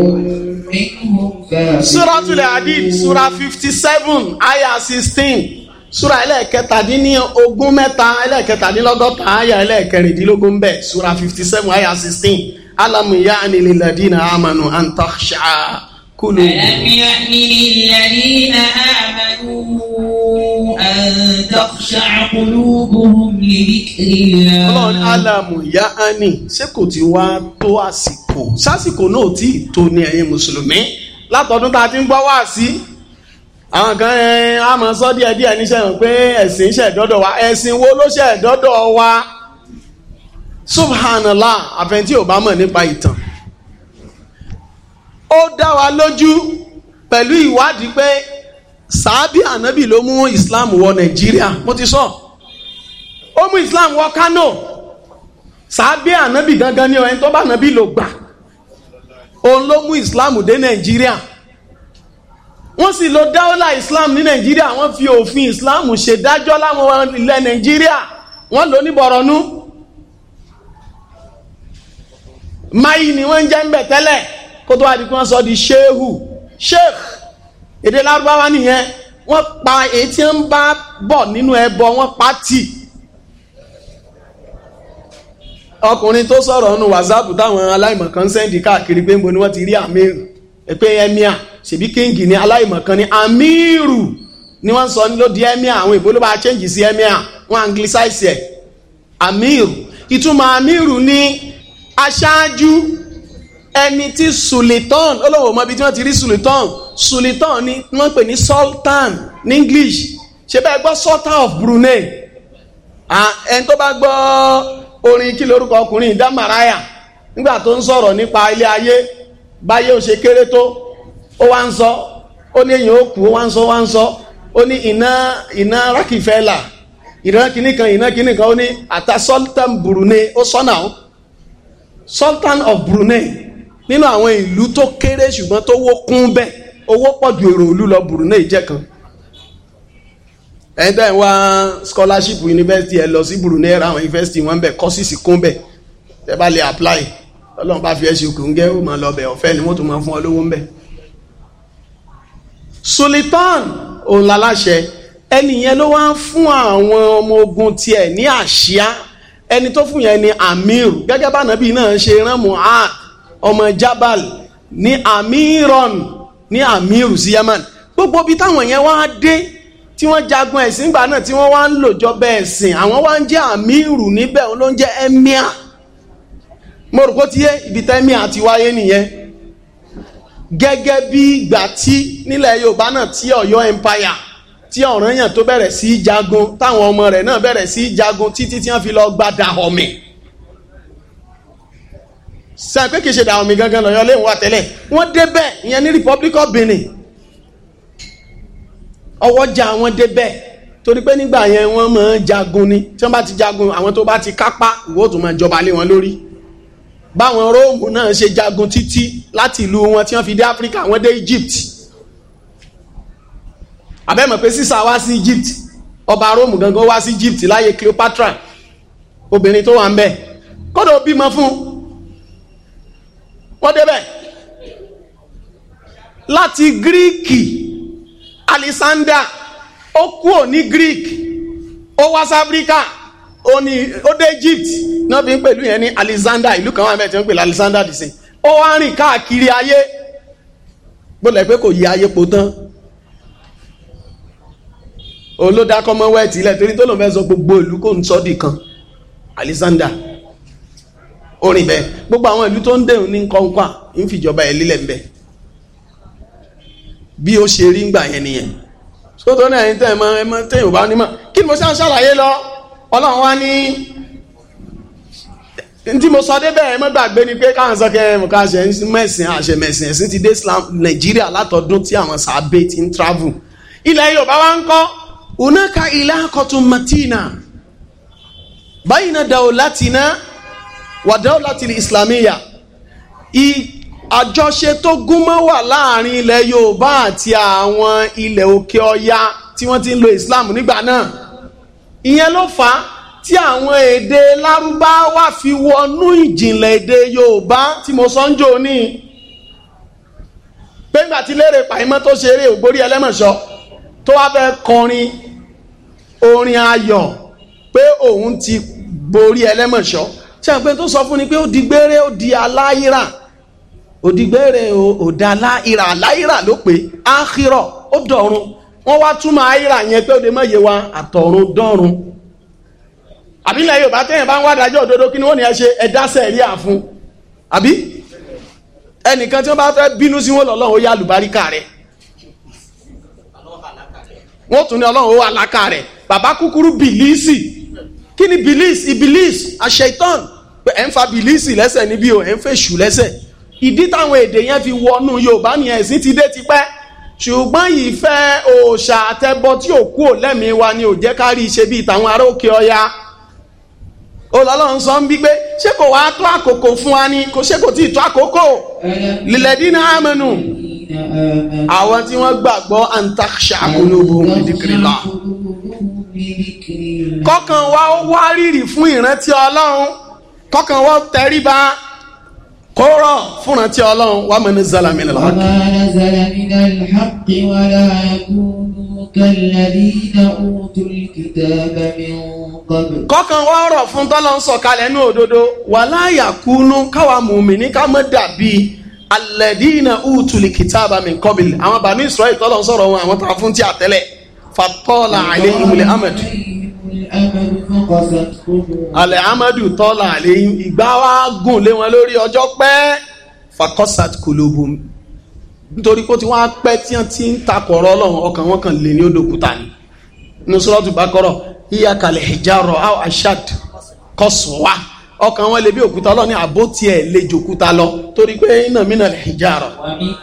B: منهم فاسقون سورة العديد سورة
A: 57 آية 16 súra ẹlẹ́ẹ̀kẹtàdínní ogún mẹ́ta ẹlẹ́ẹ̀kẹtàdínlọ́gọ́ta àyà ẹlẹ́ẹ̀kẹrìndínlógún bẹ́ẹ̀ súra fifty seven àyà sixteen alamu yaani lilladina amanu antaksha كلوا ألم
B: يأمن الذين آمنوا أن تخشع قلوبهم لذكر الله
A: ọlọ́run alamu ya ani ṣé kò ti wá tó àsìkò sásìkò náà tí ì tó ní ẹ̀yin mùsùlùmí látọdún tá a ti ń gbọ́ wá sí àwọn kan ẹ á mọ sọ díẹ̀ díẹ̀ níṣẹ́ hàn pé ẹ̀sìn ṣẹ̀dọ́dọ̀ wa ẹ̀sìn wo ló ṣẹ̀dọ́dọ̀ wa subhanallah àfẹn ò bá mọ̀ nípa ìtàn ó dá wa lójú pẹ̀lú ìwádìí pé sàábì ànábì ló mú Islam wọ Nàìjíríà mo ti sọ ó mú Islam wọ Kánò sàábì ànábì gangan ni ẹni tó bá ànábì lò gbà òun ló mú Islam dé Nàìjíríà wọ́n sì lo dáwọ́là Islam ní Nàìjíríà wọ́n fi òfin Islam ṣèdájọ́ láwọn ilẹ̀ Nàìjíríà wọ́n lò ní Bọ̀rọ̀nú máyì ni wọ́n ń jẹ́ ń bẹ̀ tẹ́lẹ̀ kó tó wá di pé wọ́n sọ di shehu sheikh èdè lárúbáwá nìyẹn wọ́n pa èyí tí ń bá bọ̀ nínú ẹbọ wọ́n pa tì ọkùnrin tó sọ̀rọ̀ nínú wàsáàpù táwọn aláìmọ̀kan sẹ́ndì káàkiri pé mo ni wọ́n ti rí àmírù pé ẹ̀míà ṣèbí kíngì ni aláìmọ̀kan ni àmírù ni wọ́n sọ ní ló di ẹ̀míà àwọn ìbò ló bá chẹ́ǹgì sí ẹ̀míà wọ́n anglicize ẹ̀ àmírù ìtumọ̀ àmírù ni aṣáájú ẹni tí sultan olówó mọ ibi tí wọ́n ti rí sultan sultan ni wọ́n pè ní sultan ní english ṣe bẹ́ẹ̀ gbọ́ sultan of brunei ẹni tó bá gbọ́ orin kí lórúkọ ọkùnrin ìdámàráyà nígbà tó ń sọ̀rọ̀ nípa ilé ayé báyé ò ṣe kéré tó ó wá ń sọ ó ní èyàn ó kú ó wá ń sọ ó wá ń sọ ó ní iná iná rákìfẹ́là ìran kìíní kan ìran kìíní kan ó ní ata sultan brunei ó sọ náà sultan of brunei nínú àwọn ìlú tó kéré ṣùgbọ́n tó wó kún bẹ́ẹ̀ owó pọ̀ ju èrò ìlú lọ Brunei jẹ́ kan ẹ̀yin tẹ́ wá scholarship university ẹ lọ sí Brunei ra àwọn university wọn bẹ̀ kọ́sìsì kún bẹ̀ tẹ́ bá lè apply ọlọ́run bá fi ẹ́ ṣe kòńgẹ́ ó máa lọ bẹ̀ ọ̀fẹ́ ni wọ́n tún máa fún ọ lówó ń bẹ̀. Sultan òun láláṣẹ ẹni yẹn ló wá ń fún àwọn ọmọ ogun tiẹ̀ ní àṣìá ẹni tó fún yẹn ni Amir gẹ́gẹ́ bá nàbí náà ṣe rán Mu'ad ọmọ Jabal ní amiron ní amiru sí Yemen gbogbo ibi táwọn yẹn wá dé tí wọ́n jagun ẹ̀sìn gbà náà tí wọ́n wá ń lòjọ bẹ́ẹ̀ sìn àwọn wá ń jẹ́ amiru níbẹ̀ òun ló ń jẹ́ emir mo rò kó ti yé ibi tẹ́mí àti wáyé nìyẹn gẹ́gẹ́ bí ìgbà tí nílẹ̀ Yorùbá náà tí Ọ̀yọ́ empire tí Ọ̀rànyàn tó bẹ̀rẹ̀ sí í jagun táwọn ọmọ rẹ̀ náà bẹ̀rẹ̀ sí í jagun títí tí wọ́n fi lọ gbadà ọ̀mìn sàn pé kì í ṣe dàwọn mi gangan lọ́yọ́ léwu wa tẹ́lẹ̀ wọ́n débẹ̀ ìyẹn ní Republic of Benin ọwọ́jà wọn débẹ̀ torí pé nígbà yẹn wọ́n máa jagun ni tí wọ́n bá ti jagun àwọn tó bá ti kápá ìwọ́ tó máa jọba lé wọn lórí báwọn Róòmù náà ṣe jagun títí láti ìlú wọn tí wọ́n fi dé Áfíríkà wọ́n dé Egypt abẹ́mọ̀ pé sísá wá sí Egypt ọba Róòmù gangan wá sí Egypt láyé Cleopatra obìnrin tó wà ń bẹ̀ kọ́dọ̀ bímọ fún un wọ́n débẹ̀ láti gíríìkì alexander ó kúrò ní greek ó wá sáfíríkà ó ní ó dé egypt náà fi ń pèlú yẹn ní alexander ìlú kan wà mẹ́tẹ̀ẹ́ ń pèlú alexander dìse ó wá rìn káàkiri ayé gbọ́dọ̀ pé kò yí ayé po tán olódà commonwealth ilẹ̀ torí tó lòun fẹ́ sọ gbogbo ìlú kò ń sọ́dì kan alexander orin bẹ́ẹ̀ gbogbo àwọn ìlú tó ń dẹ̀hùn ní kọ́ńkà ń fìjọba ẹ̀ lílẹ̀ ń bẹ̀ bí ó ṣe rí ngbà yẹn nìyẹn sótó náà ẹni tẹ́ ẹ̀ mọ ẹ mọ tẹ́ ẹ̀ ò bá ní mọ̀ kí ni mo ṣe ń ṣàlàyé lọ ọlọ́run wá ní ntí mo sọ débẹ̀ ẹ mọ́ gbàgbé ni pé káwọn sọ kẹ́ mo ká ṣe mẹ́sìn àṣẹ mẹ́sìn ẹ̀sìn ti dé nàìjíríà látọdún tí àwọn sàábé ti ń travel ilẹ̀ yorùbá wa ń kọ́ unaka ilé akọ̀tún matina báyìí náà dàó láti náà wàdáwùlátì islamiyà àjọṣe tó gúnmọ́ wà láàrin ilẹ̀ yorùbá àti àwọn ilẹ̀ òkè ọya tí wọ́n ti ń lo islam nígbà náà ìyẹn ló fà á tí àwọn èdè lárúbáwá fi wọnú ìjìnlẹ̀ èdè yorùbá tí mo sọ ń jò ní pé ńgbà tí lérè pàìmọ́ tó ṣe eré ògbórí ẹlẹ́mọ̀ṣọ́ tó wá fẹ́ kọrin orin ayọ̀ pé òun ti borí ẹlẹ́mọ̀ṣọ́ ṣàpẹ́ tó sọ fún ni pé ó di gbére ó di aláìrà ó di gbére ó da aláìrà aláìrà ló pé áhírọ̀ ó dọ̀run wọ́n wá túmọ̀ áhírà yẹn pé ó lè mọ̀ yé wa àtọ̀run dọ̀run àbí ilẹ̀ Yorùbá tẹ́yìn bá ń wádàájọ́ òdodo kí ni wọ́n ní ẹ ṣe ẹ̀dá sẹ̀ríà fún àbí ẹnìkan tí wọ́n bá fẹ́ bínú sí wọn lọ́lọ́run ó yá àlùbáríkà rẹ̀ wọ́n tún ní ọlọ́run ó wà rẹ̀ bàbá kúkúrú bìlíìsì kí ni bìlíìsì ìbìlíìsì àṣẹ ìtọ́nù pé ẹ̀ ń fa bìlísì lẹ́sẹ̀ níbí o ẹ̀ ń fèṣù lẹ́sẹ̀ ìdí táwọn èdè yẹn fi wọnú yorùbá nìyẹn ẹ̀sìn ti dé tipẹ́ ṣùgbọ́n ìfẹ́ òòṣà àtẹbọ tí ò kú ò lẹ́mìí wa ni ò jẹ́ ká rí i ṣe bíi tàwọn ará òkè ọya olọ́lọ́run sọ ń bí pé ṣé kò wá tó àkókò fún wa ni kò ṣé kò tí ì tó àkókò lílẹ̀ dínà àmọ́nù àwọn tí wọ́n gbàgbọ́ antaxia kolobo ìdíkìrìlá kọ́kàn wa ó wá rírì fún ìrántí ọlọ́run kọ́kàn wọ́n tẹríba kóró fúnra tí ọlọ́run wà mọ́ ní zalamina lọ́kì. wà
B: á zalamina lọ́kì wà láàkúndùn kẹlẹ́dínà òtún
A: kìtàbà
B: mi kọ́bẹ̀. kọ́kàn wọ́n rọ̀ fún tọ́lọ́ ń sọ̀kalẹ̀
A: ní òdodo wà láàyà kúnú káwa mùmíní ká mọ́ dàbí alẹ́dínà òtún kìtàbà mi kọ́bẹ̀. àwọn bàbá Israẹli tọ́lọ́ ń sọ̀rọ̀ wọn àwọn tó a fún
B: fatọ́lá àlẹ́ ìmùlẹ̀ amẹ́dù
A: alẹ́ amadu tọ́lá àléyìn ìgbà wa gùn lé wọn lórí ọjọ́ pẹ́ fakọ́sat kolobo nítorí pé tí wọ́n á pẹ́ tí wọ́n ti ń takọ̀rọ̀ ọlọ́run ọkàn wọn kàn lè ní odòkúta ni nusrọ́tù bá kọ́rọ̀ yíyá kalẹ̀ hijarọ̀ aw ashad kọ́sùwà ọkàn wọn lè bí òkúta lọ ní àbó tiẹ̀ lè jòkúta lọ torí pé iná mìíràn lè hijara.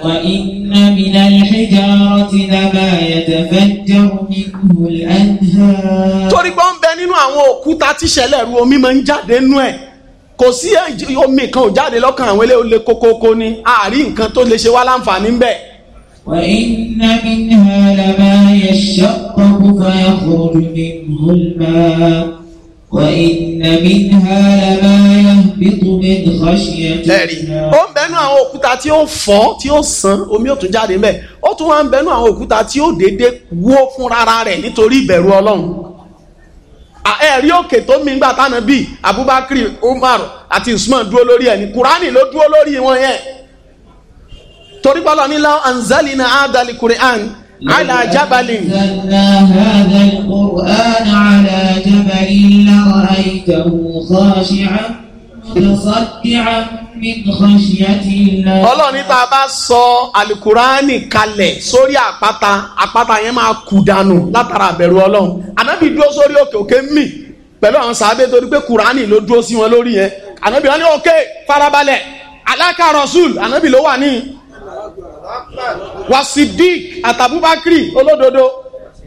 B: wà iná mìíràn lè hijara ti dábàá ẹ̀dẹ̀fẹ́ jẹ́ omi kùn
A: ẹ̀dẹ̀. torí pé ó ń bẹ nínú àwọn òkúta tíṣẹ̀lẹ̀ ru omi máa ń jáde nú ẹ̀ kò sí omi kan ò jáde lọ́kàn àwọn ilé olè kókókó ni àárí nǹkan tó lè
B: ṣe wá láǹfààní ń bẹ. wà iná mìíràn lè máa yẹ ṣọ́pọ̀ وإن منها لما يهبط من خشية ẹ̀rí
A: ó ń bẹ́nu àwọn òkúta tí ó fọ́ tí ó sàn omi ó tún jáde mẹ́ ó tún wá ń bẹ́nu àwọn òkúta tí ó dédé wó fún rárá rẹ̀ nítorí ìbẹ̀rù ọlọ́run ẹ̀rí òkè tó mi gbà tánà bíi Abubakar Umar àti Usman dúró lórí ẹ̀ ní Kúránì ló dúró lórí wọn yẹn torí pálọ̀ nílá anzalina adali Quran على جبل هذا
B: القرآن على جبل لرأيته خاشعا متصدعا من خشية الله ọlọ́run
A: ní tá a bá sọ alukuraani kalẹ̀ sórí àpáta àpáta yẹn máa kú dànù látara àbẹ̀rù ọlọ́run ànábì dúró sórí òkè òkè mì pẹ̀lú àwọn sàábé torí pé kuraani ló dúró sí wọn lórí yẹn ànábì wọn ní òkè farabalẹ̀ aláka rasul ànábì ló wà ní wasidik àtàbúbákírì olódodo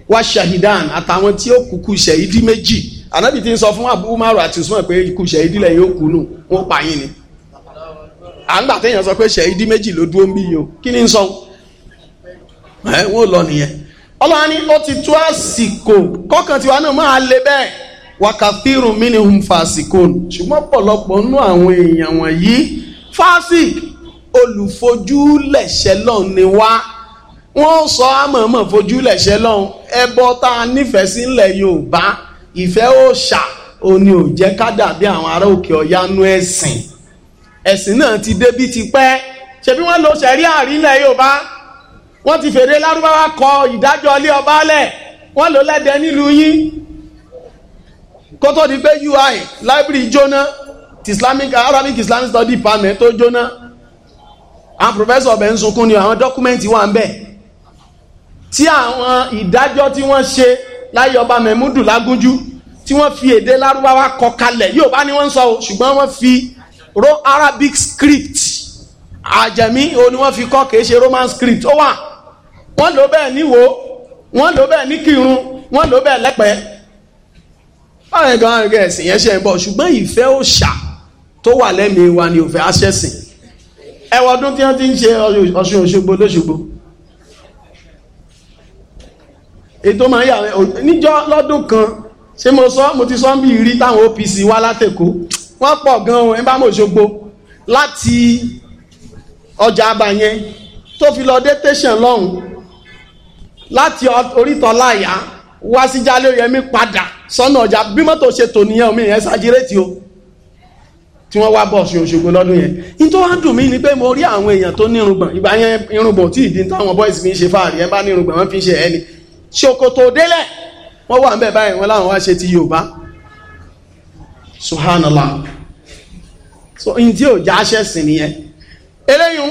A: wa shahidan àtàwọn tí ó kúkú ṣẹ̀yídí méjì ànábì tí ń sọ fún abu umaru àti usman pé ikú ṣẹ̀yídí lẹ́yìn ó kú nù wọ́n pa yín ni à ń gbà téèyàn sọ pé ṣẹ̀yídí méjì ló dúró ń bí yìí o kí ni ń sọ ẹ wọ́n lọ nìyẹn ọlọ́run ni ó ti tó àsìkò kọ́kàn tiwa náà máa le bẹ́ẹ̀ wákàtírùn mí ni hùn fàásìkò ṣùgbọ́n pọ̀lọpọ̀ nú àwọn èèyàn wọ̀nyí fásìkò olùfojúlẹ̀ṣẹ̀ lọ́hùn ni wá wọ́n sọ àmọ̀mọ̀ fojúlẹ̀ṣẹ̀ lọ́hùn ẹbọ tá a nífẹ̀ẹ́ sí ńlẹ̀ Yorùbá ìfẹ́ òòṣà òní ò jẹ́ ká dàbí àwọn ará òkè ọ̀yá nú ẹ̀sìn ẹ̀sìn náà ti débi ti pẹ́ ṣebí wọ́n lo ṣẹ̀rí àrílẹ̀ Yorùbá wọ́n ti fèrè lárúbáwá kọ ìdájọ́ ilé ọba lẹ̀ wọ́n lò lẹ́dẹ̀ nílùú yín kó tó pé UI library jóná ti Islamic Arabic Islamic Study panel tó jóná àwọn professor ọbẹ̀ ń sunkún ni àwọn dọ́kúmẹ́ntì wà ń bẹ̀ tí àwọn ìdájọ́ tí wọ́n ṣe láyé ọba mẹ́múdù lágúnjú tí wọ́n fi èdè lárúbáwá kọ kalẹ̀ yóò bá ní wọ́n sọ o ṣùgbọ́n wọ́n fi ro arabic script àjẹmí o ni wọ́n fi kọ́ kìí ṣe roman script ó wà wọ́n lò bẹ́ẹ̀ ní wo wọ́n lò bẹ́ẹ̀ ní kírun wọ́n lò bẹ́ẹ̀ lẹ́pẹ́ báwọn ẹ̀gbọ́n ẹ̀sìn yẹn ṣe ń bọ̀ ṣùgbọ́n ìfẹ́ òòṣà tó wà lẹ́mìí wa ni òfẹ́ àṣẹ̀sìn ẹwọ ọdún tí wọ́n ti ń ṣe Ọ̀ṣun Òṣogbo lóṣogbo ètò máa ń yà níjọ́ lọ́dún kan ṣé mo sọ mo ti sọ ń bí rí táwọn OPC wá látẹ̀kọ́ wọ́n pọ̀ gan-an ẹ bá mọ̀ Òṣogbo láti ọjà abàyẹn tó fi lọ dé tẹ̀sán lọ́hùn láti orítọ́ láyà wá sí jálẹ̀ yẹmí padà sọ́nà ọjà bí mọ́tò ṣe tò nìyẹn omi yẹn ṣàjírètì o. tí wọ́n wá bọ̀ ṣe Òṣogbo lọ́dún yẹn ní tó wá dùn mí ni pé mo rí àwọn èèyàn tó nírùngbọ̀n ìgbà yẹn tí ìdí táwọn fi ń ṣe fáàrí ẹ bá nírùngbọ̀n wọ́n fi ṣe ẹni ṣòkòtò wọ́n wà ń wọ́n láwọn wá ti Yorùbá so n tí ò nìyẹn eléyìí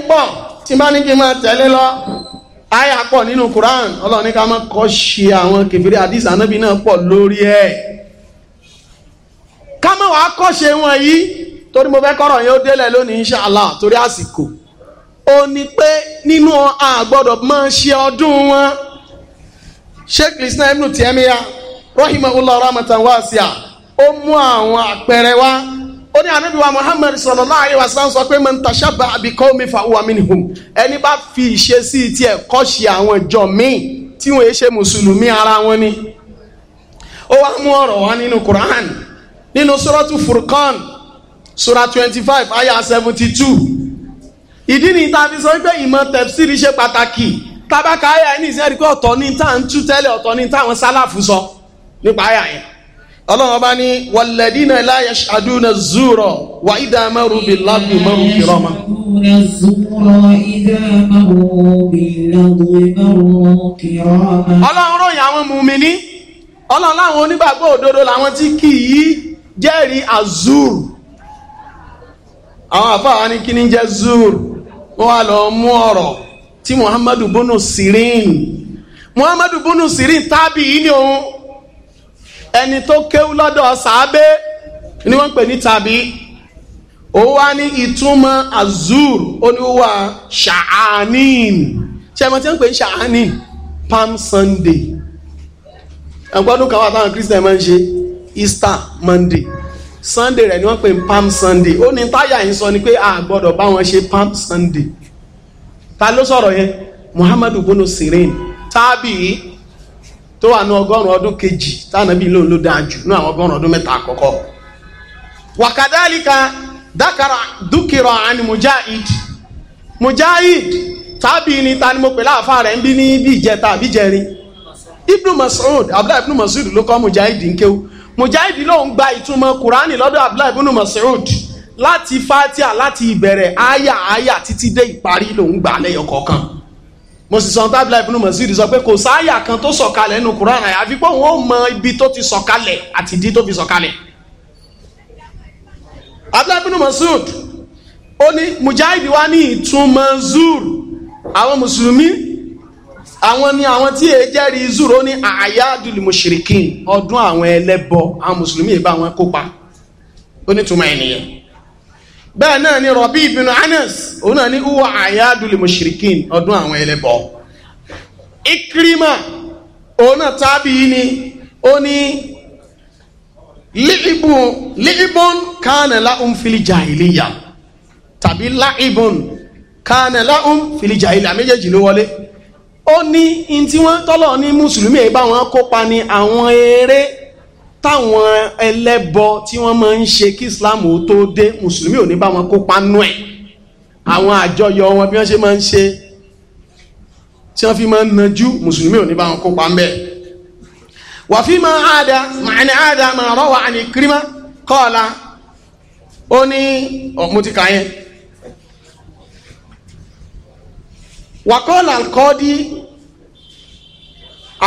A: ń pọ torí mo fẹ́ kọ́rọ̀ yẹn ó délẹ̀ lónìí inṣàlá torí àsìkò ó ní pé nínú àgbọ́dọ̀ máa ṣe ọdún wọn sheikh lisna ibnu tiẹ́míyà rahimahullah rahmatan wasi'a ó mú àwọn àpẹẹrẹ wá ó ní ànábìwá muhammed sallallahu alaihi wasallam sọ pé man mi bi qawmin fa huwa minhum ẹni bá fi ìṣesí tiẹ̀ kọ́ṣe àwọn ìjọ míì tí wọ́n ṣe mùsùlùmí ara wọn ni ó wá mú ọ̀rọ̀ wá nínú quran nínú suratu Furkan sura twenty five aya seventy two ìdí ni tá a fi sọ pé ìmọ̀ tẹ̀síìrì ṣe pàtàkì tábàkà aya ẹni ìṣe rí pé ọ̀tọ̀ ní tá à ń tú tẹ́lẹ̀ ọ̀tọ̀ ní táwọn sálàfù sọ nípa aya yẹn ọlọ́run ọba ní walladina la yashaduna zura wa idha maru billahi maru kirama.
B: ọlọ́run ròyìn àwọn mùmíní
A: ọlọ́run láwọn onígbàgbọ́ òdodo làwọn tí kì í jẹ́rìí azur àwọn àfáà ní kíní jẹ́ zur wọ́n wá lọ mú ọ̀rọ̀ tí muhammadu bono sirin muhammadu bono sirin tábì yìí ni òun ẹni tó kéwú lọ́dọ̀ sàábé ni wọ́n ń pè ní tàbí òun wá ní ìtumọ̀ azur oníwà ṣàánìn ṣe mọ̀ tí wọ́n ń pè ní ṣàánìn palm sunday ẹ̀gbọ́dún kan wà táwọn christian máa ń ṣe easter monday sunday rẹ̀ ni wọ́n pe ní palm sunday ó ní táyà yìí sọ ni pé a gbọ́dọ̀ bá wọn ṣe palm sunday ta ló sọ̀rọ̀ yẹn muhammadu bono sirin tábì tó wà ní ọgọ́rùn-ún ọdún kejì tánàbí lóun ló dáa jù ní àwọn ọgọ́rùn-ún ọdún mẹ́ta àkọ́kọ́ wàkàdálíkà dákàrà dúkìrọ̀ àni mujahid mujahid tábì ni ta ni mo pè láàfáà rẹ̀ ń bí ní bí ìjẹta àbí jẹrin ibnu mas'ud abdullahi ibnu mas'ud ló kọ́ mujahid ń mujahid lòun gba ìtumọ̀ kùránì lọ́dọ̀ abdullahi ibn mas'ud láti fatia láti ìbẹ̀rẹ̀ aya aya títí dé ìparí lòun gbà lẹ́yọ kọ̀ọ̀kan mo sì sọ abdullahi ibn mas'ud sọ pé kò sáàyà kan tó sọ̀kalẹ̀ nínú kùránì àyàfi pé òun ó mọ ibi tó ti sọ̀kalẹ̀ àti ìdí tó fi sọ̀kalẹ̀ abdullahi ibn mas'ud ó ní mujahid wa ní ìtumọ̀ zur àwọn mùsùlùmí àwọn ni àwọn tí èé jẹ́rìí zuro ní àyádùlù mushrikin ọdún àwọn ẹlẹ́bọ àwọn mùsùlùmí ìbá wọn kópa ó ènìyàn bẹ́ẹ̀ náà ni rọ̀bí ibn Anas òun náà ní uwa àyádùlù mushrikin ọdún àwọn ẹlẹ́bọ Ikrima òun náà tábìí ni ó ní li'ibun li'ibun kana la'um fili jahiliya tàbí la'ibun kana la'um fili jahiliya méjèèjì ló wọlé ó ní in tí wọ́n tọ́lọ̀ ní mùsùlùmí ẹ̀ bá wọn kópa ní àwọn eré táwọn ẹlẹ́bọ tí wọ́n máa ń ṣe kí islam tó dé mùsùlùmí ò ní bá wọn kópa nú ẹ̀ àwọn àjọyọ̀ wọn bí wọ́n ṣe máa ń ṣe tí wọ́n fi máa ń najú mùsùlùmí ò ní bá wọn kópa ń bẹ̀. wàfí máa àdá màá àdá màá rọ́wà àní kírímà kọ́ọ̀la ó ní ọ̀mùtìkà yẹn. wàkọ́lá kọ́ọ́dí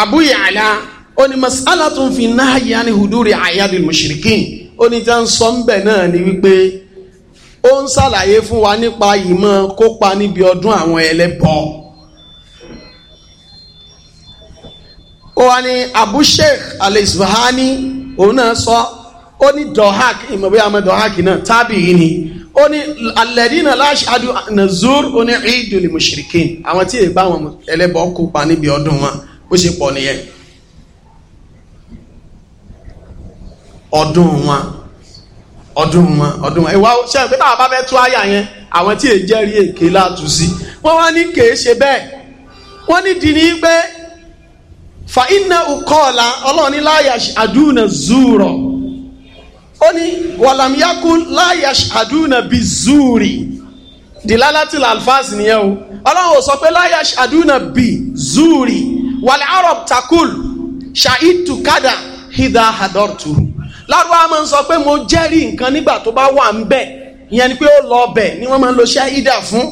A: Abu Ya'la ó ní masala tó ń fi nahyi ani huduri ayadil mushrikin ó ní tí wọ́n sọ ń bẹ̀ náà ni wípé ó ń ṣàlàyé fún wa nípa ìmọ̀ kópa níbi ọdún àwọn ẹlẹ́bọ. ó wá ní Abu Sheikh al-Isfahani òun náà sọ. So, ó ní náà ni ó ní alẹ́dínà láṣáájú nàzúr ó ní ìdùn ní mushrikin àwọn tí èyí wọn ẹlẹ́bọ̀ kópa níbi ọdún wọn bó pọ̀ nìyẹn ọdún wọn ọdún wọn ọdún wọn ìwà ṣe pé táwọn bá fẹ́ tú àyà yẹn àwọn tí èké látú sí wọ́n wá ní kèé ṣe bẹ́ẹ̀ wọ́n ní dì ní pé fa iná ukọ́ọ̀la ọlọ́ọ̀ni láyà ó ní wàlàmíyákú láyà àdúnà bíi zúùrì dìlálátì làlfàs nìyẹn o ọlọ́run ò sọ pé láyà àdúnà bíi zúùrì wàlẹ̀ arab takul ṣàìtù kádà hídà àdọ́rtùrù lárúbá máa ń sọ pé mo jẹ́rìí nǹkan nígbà tó bá wà ń bẹ̀ ìyẹn ni pé ó lọ bẹ̀ ni wọ́n máa ń lo ṣáídà fún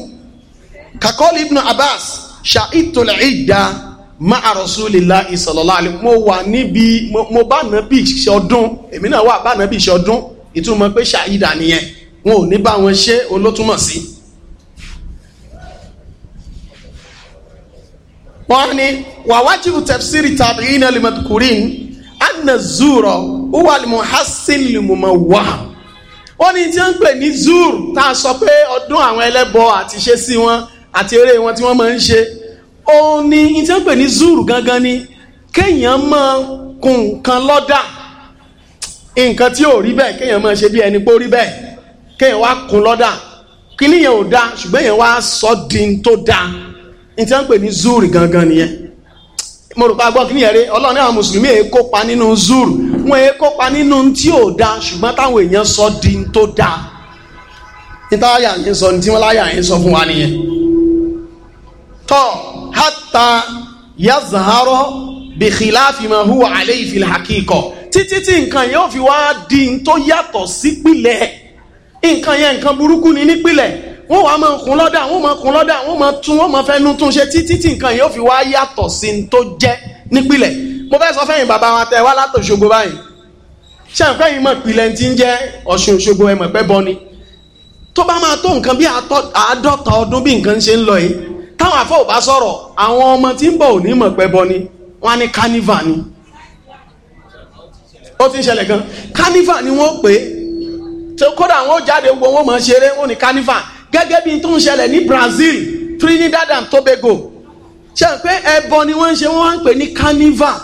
A: kakọ́lì ibn abbas ṣàìtù làìdá ma a ìsọ̀lọ́lá àlè mo wà níbi mo bá nàbì ṣọdún èmi náà wà bá nàbì ṣọdún ìtumọ̀ pé ṣàyídà nìyẹn wọn ò ní bá wọn ṣe olótúmọ̀ sí. wọ́n ní wàwájú tafsiri tàbí iná limadkurin anna zuro huwa limuhassin limumawah wọ́n ní tí wọ́n ń pè ní zur tá a sọ pé ọdún àwọn ẹlẹ́bọ àti ṣe sí wọn àti eré wọn tí wọ́n máa ń ṣe òun ni ní tí wọ́n pè ní zuru gangan ni kéèyàn máa kun nǹkan lọ́dà nǹkan tí ò rí bẹ́ẹ̀ kéèyàn máa ṣe bí ẹni pé ó rí bẹ́ẹ̀ kéèyàn wá kun lọ́dà kíní yẹn ò da ṣùgbọ́n èèyàn wá sọ di n tó da ní tí wọ́n pè ní zuru gangan nìyẹn mo rò pa gbọ́ kíní yẹn rí ọlọ́run àwọn mùsùlùmí èé kópa nínú zuru wọn èé kópa nínú tí ò da ṣùgbọ́n táwọn èèyàn sọ di n tó da ní àyà yẹn sọ ní tí wọ́n láyà yẹn sọ fún wa nìyẹn tọ́ọ̀ hatta yazharo bi khilafi ma huwa alayhi fil haqiqa títí tí nǹkan yẹn ó fi wá di n tó yàtọ̀ sípìlẹ̀ nǹkan yẹn nǹkan burúkú ni nípìlẹ̀ wọ́n wàá máa kún lọ́dà wọ́n máa kún lọ́dà wọ́n máa tún wọ́n máa fẹnu tún ṣe títí tí nǹkan yẹn ó fi wá yàtọ̀ sí n tó jẹ́ nípìlẹ̀ mo fẹ́ sọ fẹ́yìn bàbá wa tẹ wá látòṣogbo báyìí ṣàǹfẹ́yìn mọ̀ pìlẹ̀ ti ń jẹ́ Ọ̀ṣun Òṣogbo ẹ̀mọ̀ pẹ́ bọ́ ni tó bá máa tó nǹkan bí àádọ́ta ọdún bí nǹkan ṣe ń lọ táwọn àfọ ò bá sọ̀rọ̀ àwọn ọmọ tí ń bọ̀ ò ní mọ̀ bọ ni wọ́n á ní carnival ni ó ti ń ṣẹlẹ̀ gan carnival ni wọ́n pè é kódà wọ́n jáde gbogbo wọn mọ̀ ṣeré wọ́n ní carnival gẹ́gẹ́ bí tó ń ṣẹlẹ̀ ní Brazil Trinidad and Tobago ṣe pé ẹbọ ni wọ́n ń ṣe wọ́n ń pè ní carnival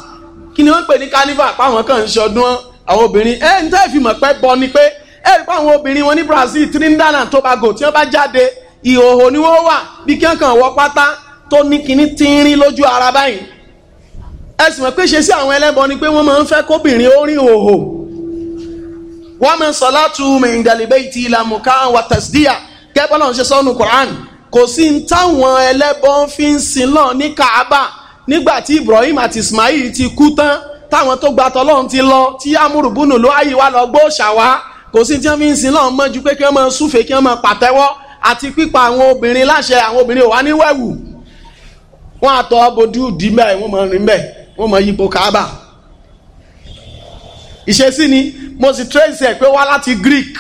A: kí ni wọ́n ń pè ní carnival páwọn kan ń ṣọdún àwọn obìnrin ẹ ń tẹ́ ìfimọ̀ pẹ́ bọ ni pé ẹ rí páwọn obìnrin wọn ní Brazil Trinidad and Tobago tí wọ́n bá jáde ìhòhò ni wọ́n wà bí kí wọ́n kàn wọ́ pátá tó ní kinní tínrín lójú ara báyìí ẹ sì mọ̀ pé ṣe sí àwọn ẹlẹ́bọn ni pé wọ́n máa ń fẹ́ kóbìnrin ó rí ìhòhò wọ́n máa ń sọ láti mẹ̀ǹdàlẹ́bẹ̀ ìtì ìlàmù káwọn wà tẹ̀sídíà kẹ́bọ́lá ṣe sọ́nù Qur'an kò sí ní táwọn ẹlẹ́bọn fi ń sin lọ ní Kaaba nígbà tí Ibrahim àti Ismail ti kú tán táwọn tó gba tọ́lọ́run ti lọ tí amúrùbúnù ló ayé wa lọ gbó ṣàwá kò sí tí wọ́n fi ń sin lọ́ọ̀ mọ́jú pé kí wọ́n máa súfèé kí wọ́n máa pàtẹ́wọ́ àti pípa àwọn obìnrin láṣẹ àwọn obìnrin ò wá ní wẹ̀wù wọ́n àtọ bojú dì mẹ́ wọ́n mọ̀ rìn mẹ́ wọ́n mọ̀ yípo káábà ìṣesí ni mo sì trace ẹ̀ pé wá láti Greek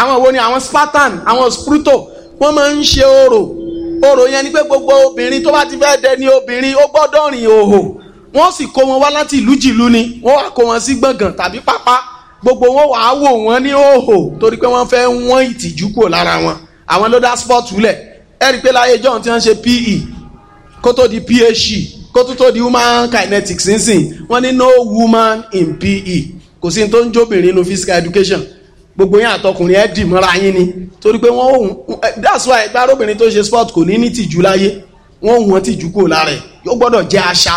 A: àwọn wo ni àwọn Spartan àwọn Spruto wọ́n máa ń ṣe orò orò yẹn ni pé gbogbo obìnrin tó bá ti fẹ́ dẹni obìnrin ó gbọ́dọ̀ rìn òhò wọ́n sì kó wọn wá láti ìlú jìlú ni wọ́n wá kó wọn sí gbọ̀ngàn tàbí pápá gbogbo wọn wàá wò wọ́n ní òhò torí pé wọ́n fẹ́ wọ́n ìtìjú kúrò lára wọn àwọn ló dá sport lẹ̀ ẹ rí i pé láyé john ti ń ṣe PE kó tó di PhD e, kó tó tó di human kinetics nísìn wọ́n ní no woman in PE kò sí tó ń jóbìnrin nínú physical education gbogbo yín àtọkùnrin ẹ dì mọ́ra yín ni torí pé wọ́n òun that's why ẹgbẹ́ arúbìnrin tó ṣe sport kò ní ní tìjú láyé wọ́n òun wọn tìjú kúrò lára ẹ̀ yóò gbọ́dọ̀ jẹ́ àṣà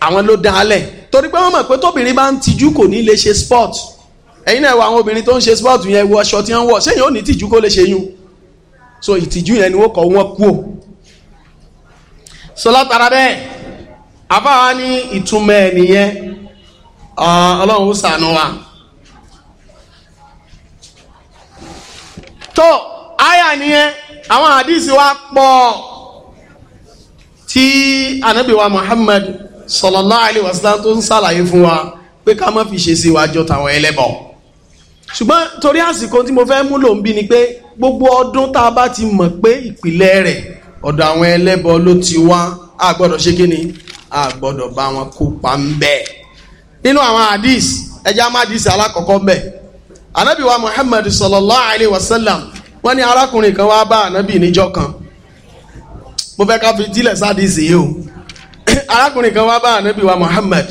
A: àwọn ló dá lẹ̀ torí pé wọ́n mọ̀ pé tóbìnrin bá ń tijú kò ní lè ṣe sport ẹ̀yin náà wọ àwọn obìnrin tó ń ṣe sport yẹn wọ aṣọ tí wọ́n wọ̀ ṣéyìn ò ní tìjú kó lè ṣe yún so ìtìjú yẹn ni wọ́n kọ́ wọn kú o so látara bẹ́ẹ̀ àbáwá ní ìtumọ̀ ẹ̀ nìyẹn ọlọ́run ó ṣàánú wa. tó àyà nìyẹn àwọn àdìsí wa pọ̀ tí ànábì wa Muhammad sallallahu alaihi wasallam tó ń ṣàlàyé fún wa pé ká má fi ṣe sí iwájú tàwọn ẹlẹbọ. ṣùgbọ́n torí àsìkò tí mo fẹ́ mú lò bí ni pé gbogbo ọdún tá a bá ti mọ̀ pé ìpìlẹ̀ rẹ̀ ọ̀dọ̀ àwọn ẹlẹ́bọ ló ti wá a gbọ́dọ̀ ṣe kí ni a gbọ́dọ̀ bá wọn kópa ń bẹ̀ nínú àwọn hadith ẹja má hadith alákọ̀ọ́kọ́ ń bẹ̀ anabi wa muhammad sallallahu alaihi wasallam wọ́n arákùnrin kan wá bá anabi níjọ́ kan mo fẹ́ ká fi dílẹ̀ sáà dìísì yìí o arákùnrin kan wá bá ànábì wa Muhammad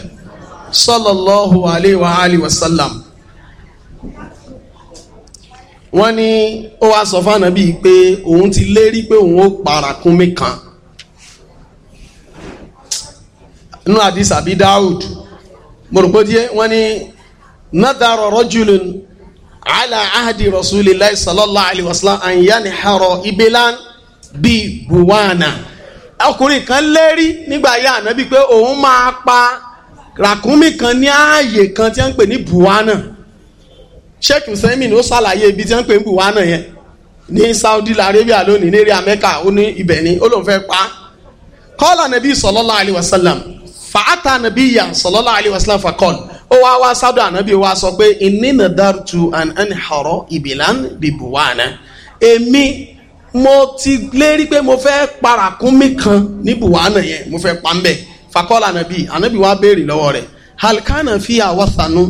A: sallallahu alayhi wa alihi wa sallam wọ́n ní ó wá sọ fún ànábì pé òun ti lérí pé òun ó parakúnmí kan nínú àdìs àbí Dáúd mọ̀rùpọ̀díẹ́ wọ́n ní nadara rajulun ala ahdi rasulillahi sallallahu alayhi wa sallam an yanhara ibilan bi buwana ọkùnrin kan lérí nígbà yá ànábì pé òun máa pa ràkúnmí kan ní ààyè kan tí wọ́n ń pè ní buwana sheikh hussein ó ṣàlàyé ibi tí wọ́n ń pè ní buwana yẹn ní saudi arabia lónìí ní eré amẹ́ka ó ní ibẹ̀ ni ó lóun fẹ́ pa á kọ́lá nàbí sallallahu alayhi wa sallam fàátà nàbí yà sallallahu alayhi wa sallam fàkọ́l ó wá wá sádọ̀ ànábì wá sọ pé inni nadartu an anhara ibilan bibuwana èmi mo ti lérí pé mo fẹ́ parakúnmí kan ní buhana yẹn mo fẹ́ pa mbẹ́ fakọ́lá ànábì ànábì wa béèrè lọ́wọ́ rẹ̀ alikana fi àwọ̀sánú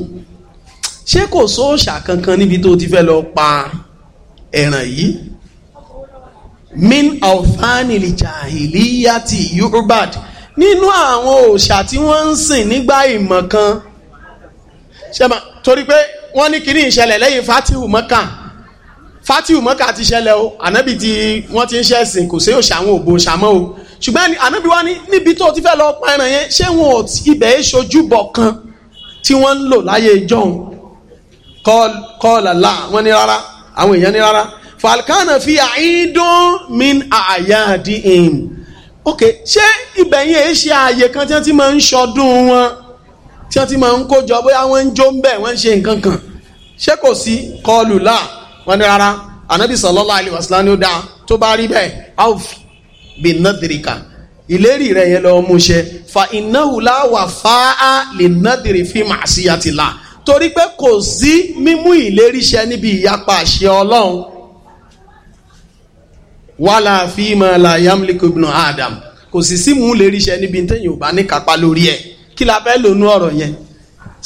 A: ṣé kò sóòṣà kankan níbi tó ti fẹ́ lọ pa ẹ̀ràn yìí min alfanil jahiliyati yorùbád nínú àwọn òòṣà tí wọ́n ń sìn nígbà ìmọ̀ kan ṣe ma torí pé wọ́n ní kíní ìṣẹ̀lẹ̀ lẹ́yìn fatihu mọ́kàn fatiu mọ́kà ti ṣẹlẹ̀ o ànábì tí wọ́n ti ń ṣe ẹ̀sìn kò sí òṣà àwọn òbò ṣàmọ́ o ṣùgbọ́n ànábì wa ní níbi tó ti fẹ́ lọ pa ẹran yẹn ṣé wọn ò ibẹ̀ ẹ́ ṣojúbọ kan tí wọ́n ń lò láyé ìjọ́un kọ́ọ̀lá wọn ní rárá àwọn èèyàn ní rárá falkana fi àìdùn min àyàdì in ok ṣé ibẹ̀ yẹn ẹ ṣe ààyè kan tí wọ́n ti máa ń ṣọdún wọn tí wọ́n ti máa ń kójọ bóyá wọ́n ń jó ń bẹ̀ wọ́n ń ṣe nǹkan kan ṣé kò sí kọ́ọ̀lù láà wọ́n ní rárá anabi sallallahu alaihi wasallam ni ó dáa tó bá rí bẹ́ẹ̀ auf bin nadirika ìlérí rẹ̀ yẹn lọ mú ṣe fa innahu la wafa'a lin nadiri fi ma'siyatillah torí pé kò sí mímú ìlérí ṣẹ níbi ìyapa àṣẹ Ọlọ́run wàhálà fíìmọ̀ la yamliku ibnu adam kò sì sí mú lérí ṣẹ níbi téèyàn ò ní kápá lórí ẹ̀ kí la fẹ́ lónú ọ̀rọ̀ yẹn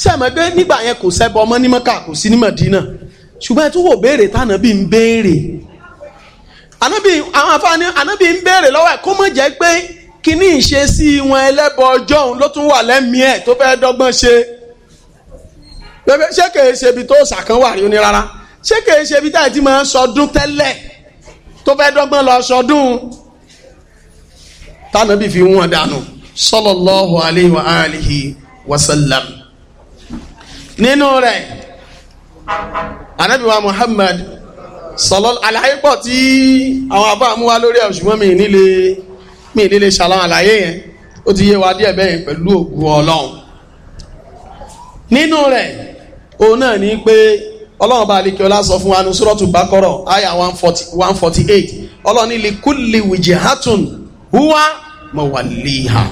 A: sẹ́mi pé nígbà yẹn kò sẹ́bọ ọmọ ní Mẹ́kà kò sí ní Mẹ̀dínà ṣùgbọ́n ẹ tún wò béèrè tànàbí ń béèrè ànábì àwọn afáàní ànábì ń béèrè lọ́wọ́ ẹ̀ kó mọ̀ jẹ́ pé kíní ìṣesí wọn ẹlẹ́bọ ọjọ́ òun ló tún wà lẹ́mìí ẹ̀ tó fẹ́ dọ́gbọ́n ṣe ṣé kèé ṣe ibi tó ṣàkán wà rí ó ní rárá ṣé kèé ṣe ibi táyì tí máa ń sọdún tẹ́lẹ̀ tó fẹ́ dọ́gbọ́n lọ sọdún tànàbí fi wọn dànù sallallahu alayhi wa sallam nínú rẹ̀ anabi wa muhammad sọlọ àlàyé pọ̀ tí àwọn àbá amúwá lórí ẹ̀ ṣùgbọ́n mi nílé mi nílé ṣàlọ́ àlàyé yẹn ó ti yé wa díẹ̀ bẹ́ẹ̀ pẹ̀lú ògùn ọlọ́run nínú rẹ̀ òun náà ní pé ọlọ́run bá alikẹ́ ọlá sọ fún wa ní sọ́rọ́tù bákọ́rọ̀ àyà one forty eight ọlọ́run ní likuli wijihatun huwa mawaliha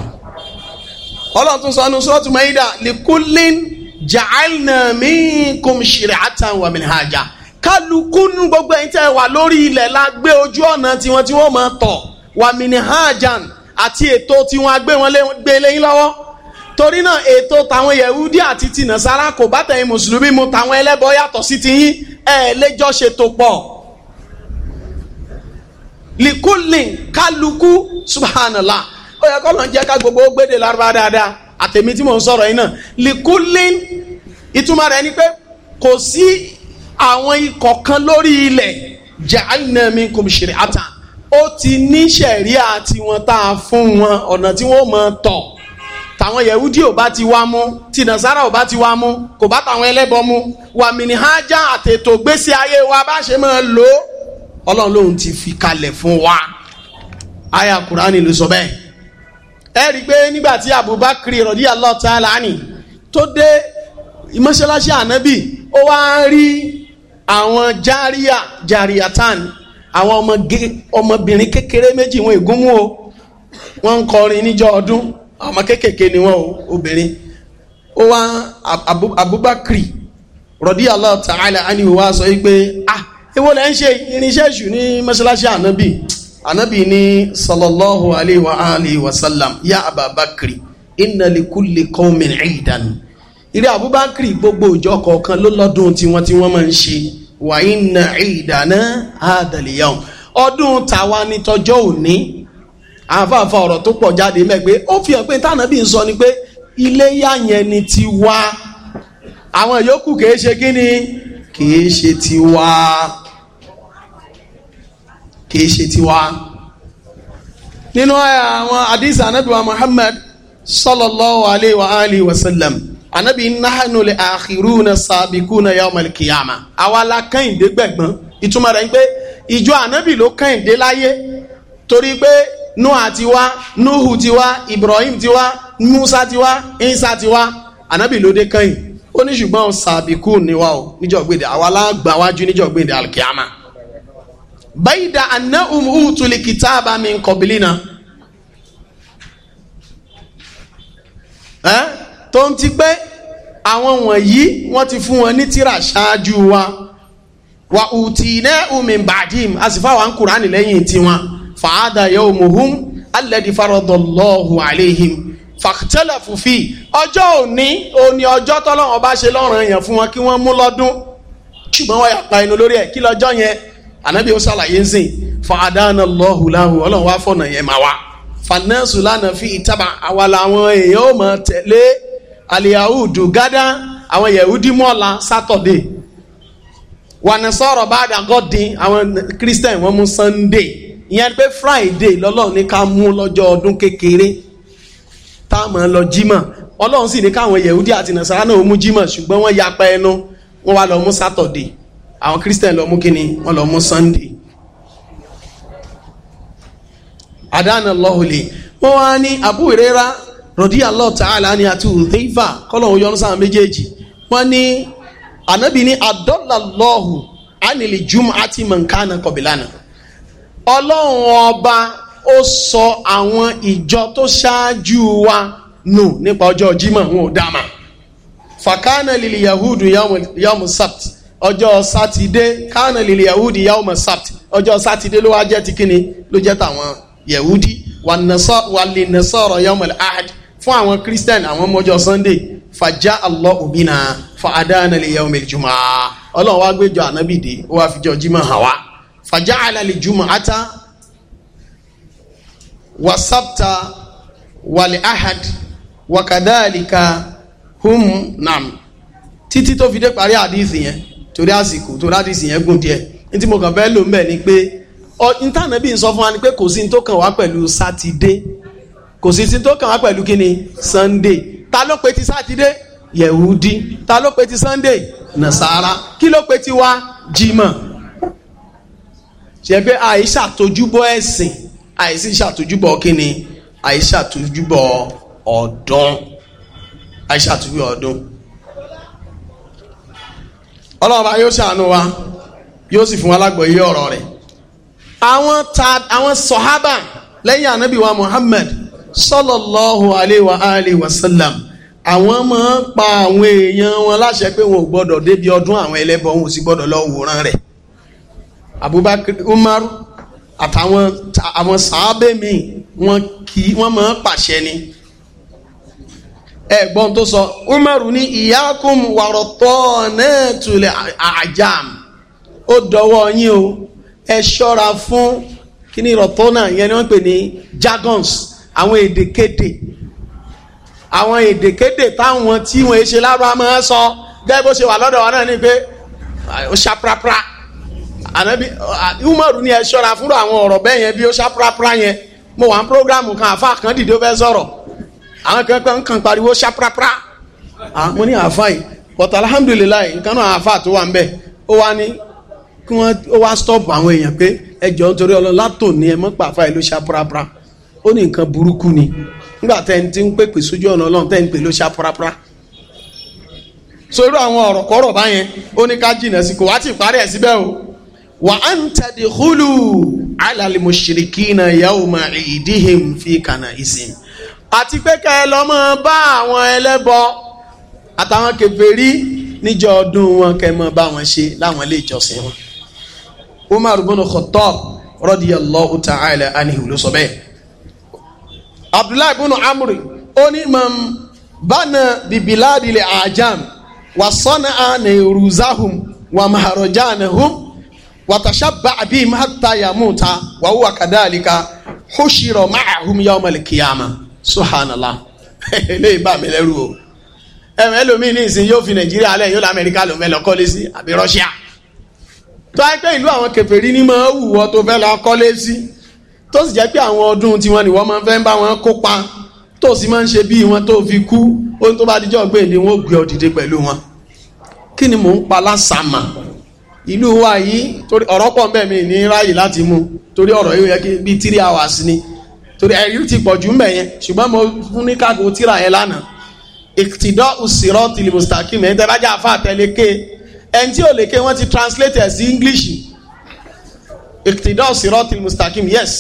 A: ọlọ́run tún sọ ní sọ́rọ́tù likulin ja'alna minkum shir'atan wa minhaja kálukú nu gbogbo ẹ̀yin tẹ́ wà lórí ilẹ̀ la gbé ojú ọ̀nà tiwọn tí wọ́n máa tọ̀ wa minhajan àti ètò tiwọn agbé wọn gbé lẹ́yìn lọ́wọ́ torí náà ètò tàwọn yẹ̀wúdí àti ti nàṣàrà kò bá tẹ̀yìn mùsùlùmí mu tàwọn ẹlẹ́bọ yàtọ̀ sí ti ẹ̀ lẹ́jọ́ ṣètò pọ̀ likulin kálukú subhanallah ó yẹ kọ́ lọ́n jẹ́ ká gbogbo ó gbéde lárúbá dáadáa àtẹ̀mí tí mò ń sọ̀rọ̀ yìí náà likulin ìtumọ̀ rẹ̀ ni pé kò sí àwọn ikọ̀ kan lórí ilẹ̀ ja'alna minkum shir'atan ó ti ní ṣẹ̀ríà tiwọn tá a fún wọn ọ̀nà tí wọ́n mọ̀ tọ̀ tàwọn yẹ̀wúdí ò bá ti wá mú tí nàzárà ò bá ti wá mú kò bá tàwọn ẹlẹ́bọ mú wà mìíní há àtètò gbèsè ayé wa bá ṣe máa lò ó ọlọ́run lòun ti fi kalẹ̀ fún wa aya kùránì ló sọ bẹ́ẹ̀ ẹ rí i pé nígbà tí Abubakar rọ̀dí Allah ta'ala ni tó dé mọ́ṣáláṣí ànábì ó wá rí àwọn járíà járíàtàn àwọn ọmọbìnrin kékeré méjì wọn ìgúnmú o wọ́n ń kọrin níjọ́ ọdún ọmọ kékèké ni wọ́n obìnrin ó wá Abubakar rọ̀dí Allah ta'ala ni wọ́n wá sọ wípé ah Ewo lẹ́ ń ṣe irinṣẹ́ èṣù ní mọ́ṣáláṣí ànábì anabi ni sallallahu alayhi wa alihi wa sallam ya ababakiri inna li kulli qawmin idan ire abubakiri gbogbo ìjọ kọ̀ọ̀kan ló lọ́dún tiwọn tí wọ́n máa ń ṣe wa inna idana hadal yawm ọdún tàwa ni tọjọ́ òní àfààfà ọ̀rọ̀ tó pọ̀ jáde mẹ́gbẹ́ ó fi hàn pé tànàbí ń sọ ni pé iléyà yẹn ni ti wá àwọn yòókù kìí ṣe kí ni kìí ṣe ti wá kìí ṣe tiwa nínú àwọn àdìsí anábìwá Muhammad sallallahu alayhi wa alihi wa sallam anabi nahanu le akhiru na sabiku na yawma al-qiyama àwa la kẹ́hìndé gbẹ̀gbọ́n ìtumọ̀ rẹ̀ ń pé ìjọ anabi ló kẹ́hìndé láyé torí pé noah ti wá nuhu ti wá ibrahim ti wá musa ti wá isa ti wá anabi ló dé kẹ́hìn ó ní ṣùgbọ́n sabiku ni wa o níjọ́ gbèdé àwa la gbà wájú níjọ́ gbèdé al baida ana umu utuli kitaaba min kọbilina ẹ eh? tó ń ti pé àwọn wọ̀nyí wọ́n ti fún wọn ní tírà ṣáájú wa wa uti iná umi bàdìm a sì fáwọn kuraani lẹ́yìn tiwọn fàádà yẹ omuhum alẹ́dí faradọ́lọ́hu aleihim fàtẹ́lẹ̀ fùfì ọjọ́ òní òní ọjọ́ tọ́lọ́wọ́n bá ṣe lọ́rùn yẹn fún wọn kí wọ́n mú lọ́dún ṣùgbọ́n wọ́n yà pa inú lórí ẹ̀ kí lọ́jọ́ yẹn ànábì ó ṣàlàyé ń sìn fàdánà lọ́hùláhù ọlọ́run wá fọ̀nà yẹn mà wá fanẹ́sù lánàá fi ìtaba àwa làwọn èèyàn ó máa tẹ̀lé aliyahudu gádá àwọn yahudi mọ́la sátọ̀dé wàna sọ̀rọ̀ bá dàgọ́dín àwọn christian wọ́n mú sunday ìyẹn pé friday lọ́lọ́run ní ká mú lọ́jọ́ ọdún kékeré táwọn lọ jímọ̀ ọlọ́run sì ní káwọn yahudi àti nasara náà mú jímọ̀ ṣùgbọ́n wọ́n yapa ẹnu wọ́n wá lọ mú sátọ̀dé àwọn christian lọ mú kíni wọ́n lọ mú sunday adana lọ́hùlẹ̀ wọ́n wá ní abu ìrera rọ̀dí allah ta'ala ni àti uzeifa kọ́lọ̀hún yọ́nú sáà méjèèjì wọ́n ní anabi ní adọ́làlọ́hù anìlì jùmọ̀ àti mọ̀nkánà kọ̀bìlánà ọlọ́run ọba ó sọ àwọn ìjọ tó ṣáájú wa nù nípa ọjọ́ jimá wọn ò dáa fàkánà lili yahudu yawmu sabt ọjọ́ sátidé kánà lílẹ̀ yahudi yahoma sabt ọjọ́ sátidé ló wá jẹ́ ti kíni ló jẹ́ tàwọn yahudi wàlẹ̀ nasọ̀rọ̀ yahoma ahad fún àwọn christian àwọn mọ́jọ́ sunday fàjà allah obìnà fàdánà lílẹ̀ yahoma ìjùmọ̀ ọlọ́run wá gbẹ́jọ ànábìdé ó wá fìjọ jimá hàn wá fàjà àlàlẹ̀ jùmọ̀ ata wà sabta wàlẹ̀ ahad wàkàdálìkà hum nam títí tó fi dé parí àdìsí yẹn torí àsìkò torí àdìsí yẹn gùn díẹ̀ ní mo kàn fẹ́ lò ń bẹ̀ ni pé ìtànà bí n sọ fún wa ni pé kò sí ní tó kàn wá pẹ̀lú sátidé kò sí ní tó kàn wá pẹ̀lú kíni sunday ta ló pe ti sátidé yẹ̀wúdí ta ló pe ti sunday nàṣàrà kí ló pe ti wá jimọ̀ ṣe pé àìsà tójúbọ ẹ̀sìn àìsí ṣàtójúbọ kíni àìsà tójúbọ ọdún àìsà tójúbọ ọdún ọlọ́run bá yóò ṣàánú wa yóò sì fún wa lágbọ̀ọ́yé ọ̀rọ̀ rẹ̀ àwọn ta àwọn sọ̀hábà lẹ́yìn ànábì wa Muhammad sallallahu alayhi wa alihi sallam àwọn máa ń pa àwọn èèyàn wọn láṣẹ pé wọn ò gbọ́dọ̀ débi ọdún àwọn ẹlẹ́bọ wọn ò sì gbọ́dọ̀ lọ wòran rẹ̀ Abubakar Umar àtàwọn àwọn sàábẹ́ mi wọn kì í wọn máa ń pàṣẹ ni ẹ̀gbọ́n tó sọ umaru ní ìyákùn wàrọ̀tọ́ náà tulẹ̀ àjàm ó dọwọ́ yín o ẹ ṣọ́ra fún kíní rọ̀tọ́ náà yẹn ni wọ́n pè ní jargons àwọn èdèkéde àwọn èdèkéde táwọn tí wọ́n ṣe lára máa sọ gẹ́gẹ́ bó ṣe wà lọ́dọ̀ wa náà ni pé ó ṣaprapra ànábi umaru ní ẹ ṣọ́ra fún àwọn ọ̀rọ̀ bẹ́ẹ̀ yẹn bí ó ṣaprapra yẹn mo wà ní programu kan àfa kan dìde ó fẹ́ sọ̀rọ̀ àwọn kankan kan pariwo ṣaprapra mo ní àáfà yìí but alhamdulilayi nǹkan náà àáfà tó wà ń bẹ ó wá ní kí wọ́n ó wá stop àwọn èèyàn pé ẹjọ́ nítorí ọlọ́run látòní ẹ mọ́pà àáfà yìí ló ṣaprapra ó ní nǹkan burúkú ni nígbà tẹ́ ń ti ń pèpè sójú ọ̀nà ọlọ́run tẹ́ ń pè ló ṣaprapra so àwọn ọ̀rọ̀ kọ́rọ̀ báyẹn ó ní ká jìnà sí kò wá ti parí ẹ̀ síbẹ̀ o wà á ń tẹ̀dí húlù alàlìmọ̀ṣirikí na yawma ìdíhìm àti pé ká ẹ lọ máa bá àwọn ẹlẹ́bọ àtàwọn kèfèrí níjọ ọdún wọn kẹ́ máa bá wọn ṣe láwọn ilé ìjọsìn wọn. Umar bin Khattab radiyallahu ta'ala anhu ló sọ bẹ́ẹ̀. Abdullahi bin Amri ó ní mọ̀ bánà bìbìláàdì sọ́nà àná ìrùzáhùn wà màrọ̀jánahùn wà tàṣàbà àbí màtàyàmùta wà wúwà kàdáàlíkà hóṣìrọ̀ máàhùn yawmal qiyamah sùhánàlá eléyìí bà mí lẹ́rù o ẹ̀mẹ́ ẹlòmíì ní ìsìn yóò fi nàìjíríà lẹ̀ yóò lọ amẹ́ríkà ló mẹ́ lọ kọ́lé sí àbí rọ́ṣíà tó á pé ìlú àwọn kèfèrí ní máa wù wọ́ tó fẹ́ lọ kọ́lé sí tó sì jẹ́ pé àwọn ọdún tiwọn ni wọ́n máa fẹ́ ń bá wọn kópa tó sì máa ń ṣe bí wọn tó fi kú ohun tó bá dijọ́ pé ni wọ́n gbé ọ dìde pẹ̀lú wọn kí ni mò ń pa lásàmà ìlú wa yìí torí ọ̀rọ̀ pọ̀ mbẹ́ ní ráyè láti mú torí ọ̀rọ̀ yóò yẹ kí bíi three hours ni torí ẹ̀rí ti pọ̀ jù ń bẹ̀ yẹn ṣùgbọ́n mo fún ní kágo tíra yẹn lánàá ìtìdọ́ òsìrọ́ tìlì mùsítàkì mẹ́rin tẹ́ bá jẹ́ àfa àtẹ̀lékè ẹni tí ò lè ké wọ́n ti translate ẹ̀ sí English ìtìdọ́ òsìrọ́ tìlì mùsítàkì yes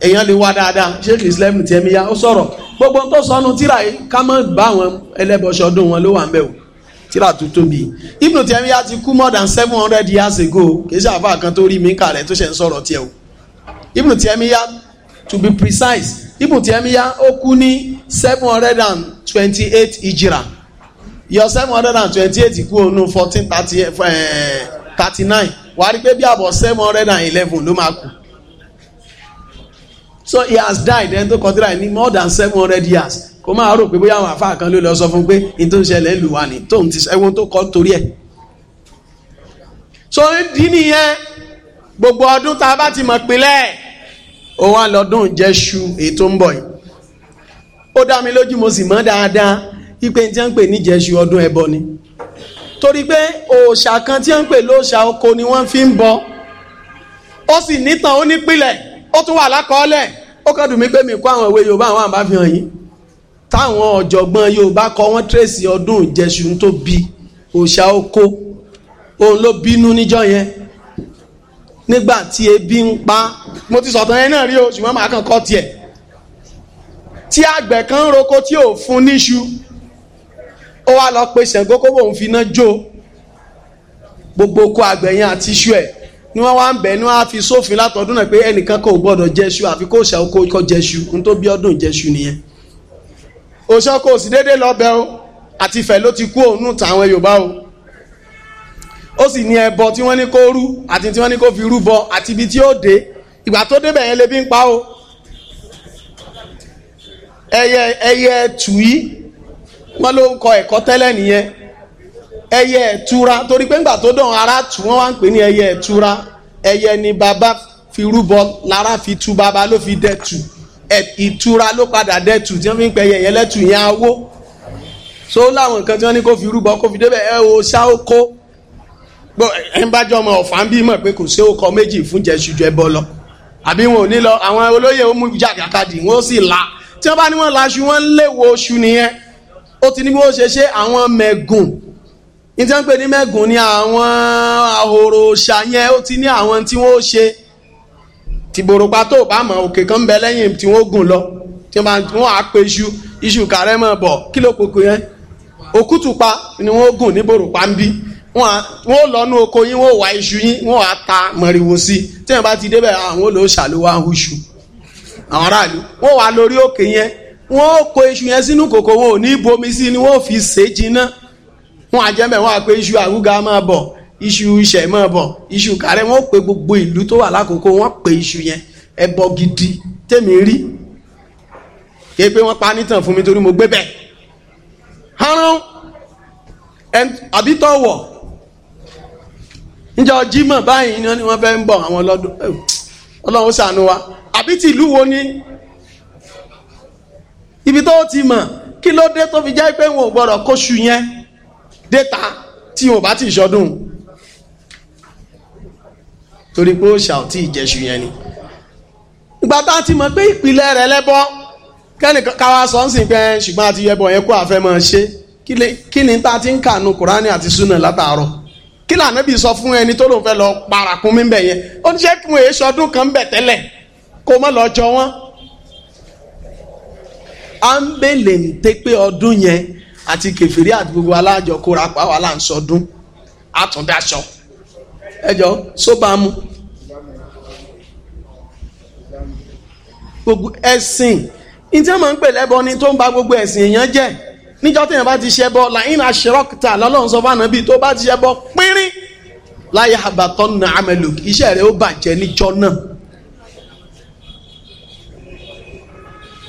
A: èèyàn lè wá dáadáa sheikh islam tiẹ̀ mi ya ó sọ̀rọ̀ gbogbo tó sọnù tíra yìí ká má bá àwọn ẹlẹ́bọ̀ṣọdún wọn ló wà ń bẹ̀ o tíra tó tóbi Ibn Taymiyyah ti kú more than seven hundred years ago kì í ṣe àfa kan tó rí mi kàlẹ̀ tó ṣe ń sọ̀rọ̀ tiẹ̀ o Ibn Taymiyyah to be precise ibù tí ẹ̀mí yá ó kú ní seven hundred and twenty-eight ìjìrà yọ seven hundred and twenty-eight kú òun fourteen eh, thirty-nine wàá rí pé bí àbọ̀ seven hundred and eleven ló máa kù so he has died ẹni tó kọtíra ní more than seven hundred years kó máa rò pé bóyá àwọn àfáà kan ló lọ sọ fún pé ní tó ń ṣẹlẹ̀ ń lù wá ní tóun ti ẹ̀wọ̀n tó kọ́ torí ẹ̀ so ìdí nìyẹn gbogbo ọdún tá a bá ti mọ̀ pínlẹ̀ ó wá lọ́dún jẹ́ṣu èyí tó ń bọ̀ yìí ó dá mi lójú mo sì mọ̀ dáadáa ipe tí wọ́n ń pè ní jẹ́ṣu ọdún ẹbọ ni torí pé òòṣà kan tí wọ́n ń pè lóòṣà oko ni wọ́n fi ń bọ ó sì nítàn ó nípìlẹ̀ ó tún wà lákọọ́lẹ̀ ó kàn dùn mí pé mi kó àwọn ìwé Yorùbá àwọn àbá fi táwọn ọ̀jọ̀gbọ́n Yorùbá kọ wọ́n tírèsì ọdún ìjẹ́ṣu tó bí òòṣà oko òun ló bínú níjọ́ yẹn nígbà tí ebi ń pa mo ti sọ̀tàn yẹn náà rí o ṣùgbọ́n màá kàn kọ́ tiẹ̀ tí àgbẹ̀ kan ń roko tí ò fún níṣu ó wá lọ pe Ṣàngó kó bóun fi iná jó gbogbo oko àgbẹ̀ yẹn àti iṣu ẹ̀ ni wọ́n wá ń bẹ̀ ni wọ́n á fi sófin látọdún náà pé ẹnìkan kò gbọ́dọ̀ jẹ́ṣu àfi kó ṣe oko kó jẹ́ṣu n tó bí ọdún jẹ́ṣu nìyẹn òṣèkò òsì déédéé lọ bẹ o àti ìfẹ́ ló ti kú òun nù tàwọn Yorùbá o ó sì ní ẹbọ tí wọ́n ní kó rú àti tí wọ́n ní kó fi rú bọ àti ibi tí ó dé ìgbà tó débẹ̀ yẹn lè bí ń pa o ẹyẹ ẹyẹ tùyí wọ́n ló ń kọ ẹ̀kọ́ tẹ́lẹ̀ nìyẹn ẹyẹ ẹtura torí pé ńgbà tó dàn ara tù wọ́n wá ń pè ní ẹyẹ ẹtura ẹyẹ ni bàbá fi rúbọ lára fi tu bàbá ló fi dẹtù ìtura ló padà dẹtù tí wọ́n fi ń pẹ ẹyẹ lẹtù yẹn awó so láwọn nǹkan tí wọ́n ní kó fi rúbọ kó fi débẹ̀ ẹ o ṣá ó kó gbọ́ ẹn bá jọ ọmọ ọ̀fà ń bí mọ̀ pé kò sí ọkọ méjì fún jẹ̀ṣu jẹ bọ́ lọ àbí wọn ò ní lọ àwọn olóyè ó mú jàkàkadì wọn ó sì la tí wọ́n bá ní wọ́n laṣu wọ́n ń léwo oṣù nìyẹn ó ti ní bí wọ́n ṣe ṣe àwọn mẹ̀gùn ní tí wọ́n pè ní mẹ̀gùn ni àwọn ahoro ṣàyẹn ó ti ní àwọn tí wọ́n ó ṣe tìbòròpá tó bá mọ̀ òkè kan bẹ lẹ́yìn tí wọ́n gùn lọ tí wọ́n á pe iṣu iṣu kàrẹ́ mọ̀ bọ̀ kí wọ́n lọ nú oko yín wọ́n wá iṣu yín wọ́n wá ta mọ̀rìwò sí tí wọ́n bá ti débẹ̀ àwọn olóò ṣàlùwà iṣu àwọn aráàlú wọ́n wá lórí òkè yẹn wọ́n kó iṣu yẹn sínú kòkò wọn ò ní bomi sí ni wọ́n fi ṣe jiná wọ́n àjẹmẹ̀ wọ́n àpé iṣu àrúgà máa bọ̀ iṣu iṣẹ̀ máa bọ̀ iṣu kàrẹ́ wọ́n pe gbogbo ìlú tó wà lákòókò wọ́n pe iṣu yẹn ẹbọ gidi tèmi rí kéé pé wọ́n pa nítàn fún mi torí mo gbé bẹ́ẹ̀ hánrán àbítọ̀wọ̀ níjọ́ Jímọ̀ báyìí ni wọ́n fẹ́ ń bọ̀ àwọn ọlọ́dún Ọlọ́run ṣàánú wa àbí ti ìlú wo ni ibi tó ti mọ̀ kí ló dé tó fi jẹ́ pé wọn ò gbọ́dọ̀ kóṣù yẹn déta tí wọn bá ti ṣọdún torí pé ó ṣà ò tí ì jẹṣu yẹn ni ìgbà tá a ti mọ̀ pé ìpìlẹ̀ rẹ̀ lẹ́bọ kẹ́nìkan káwa sọ ń sìn pé ṣùgbọ́n àti yẹbọ yẹn kó àfẹ́ mọ̀ ṣe kí ni tá a ti ń kà nu àti Súnà látàárọ̀. kí lànà bí sọ fún ẹni tó lòun fẹ́ lọ parakun mi bẹ̀ yẹn ó ní ṣé kí wọ́n èso ọdún kan bẹ̀ tẹ́lẹ̀ kó má lọ jọ wọ́n. à ń bèlè ń té pé ọdún yẹn àti kẹfìrí àti gbogbo alájọ kóra pa wà sọdún ni tó ń gbogbo ẹ̀sìn èèyàn jẹ́ níjọ́ téèyàn bá ti ṣe bọ́ làyín aṣèrọ́kìtà lọ́lọ́run sọ fún ànábì tó bá ti ṣe bọ́ pínrín láyé àbàtọ́ nà àmẹ́lò iṣẹ́ rẹ̀ ó bàjẹ́ níjọ́ náà.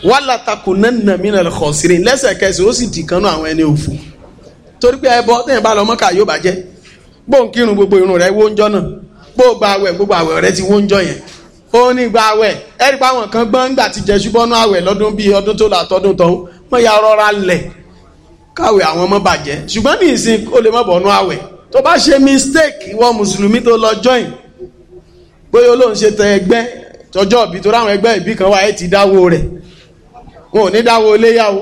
A: wàhálà takò nánà mìíràn kọ̀ sírin lẹ́sẹ̀kẹsẹ̀ ó sì dìkanú àwọn ẹni òfò torí pé ẹbọ téèyàn bá lọ mọ́kà yóò bàjẹ́ bó ń kírun gbogbo irun rẹ̀ wó ń jọ́ náà bó gba àwẹ̀ gbogbo àwẹ̀ rẹ̀ ti wó yẹn ó ní gba àwẹ̀ ẹ̀rí pa àwọn kan gbọ́n gbà ti jẹ́ ṣubọ́nú àwẹ̀ lọ́dún bíi ọdún tó là tọdún tọ́hún wọ́n ya rọra lẹ̀ káwé àwọn ọmọ bàjẹ́ ṣùgbọ́n ní ìsìn ó lè má bọ̀nú àwẹ̀ tó bá ṣe mistake ìwọ mùsùlùmí tó lọ join bóyá olóhùn ṣe tẹ ẹgbẹ́ tọjọ́ òbí tó ráwọn ẹgbẹ́ ìbí kan wà ẹ́ ti dáwó rẹ̀ wọn ò ní dáwó léyàwó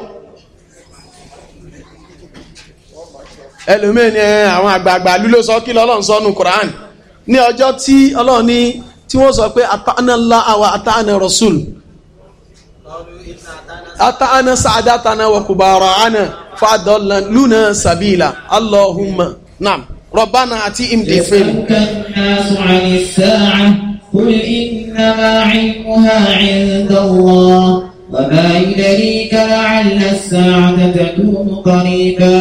A: ẹlòmíì ni àwọn àgbààgbà lú sọ kí lọ́lọ́run sọ nu Quran ní ọjọ́ tí Ọlọ́run ní tí wọ́n sọ pé àtàánà Allah àwa àtàánà Rasul أطعنا سعداتنا وكبارعنا فأضلنا سبيلا اللهم نعم ربنا أتيهم
B: بفعل الناس عن الساعة قل إنما علمها عند الله وما يدريك لعل الساعة تكون قريبا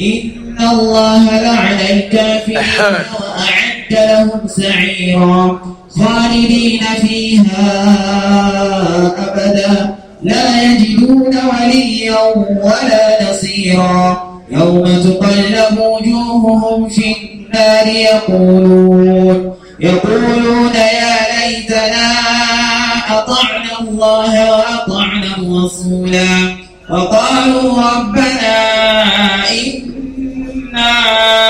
B: إن الله لعن الكافرين وأعد لهم سعيرا خالدين فيها أبدا لا يجدون وليا ولا نصيرا يوم تقلب وجوههم في النار يقولون يقولون يا ليتنا أطعنا الله وأطعنا الرسولا وقالوا ربنا إنا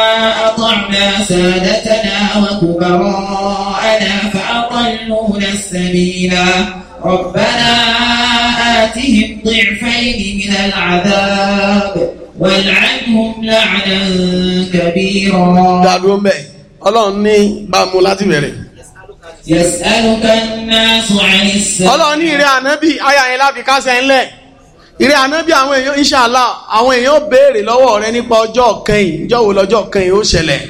B: سادتنا وكبراءنا فأضلونا السبيلا ربنا آتهم ضعفين من العذاب والعنهم لعنا كبيرا دعوهم به
A: ọlọ́run ní bámu láti bẹ̀rẹ̀. ọlọ́run ní ìrẹ́ ànábì ayé àyẹ̀ láfi kásẹ̀ ńlẹ̀ ìrẹ́ ànábì àwọn èèyàn inṣàlá àwọn èèyàn béèrè lọ́wọ́ rẹ nípa ọjọ́ kẹyìn ìjọ́wò lọ́jọ́ kẹyìn ó ṣẹlẹ̀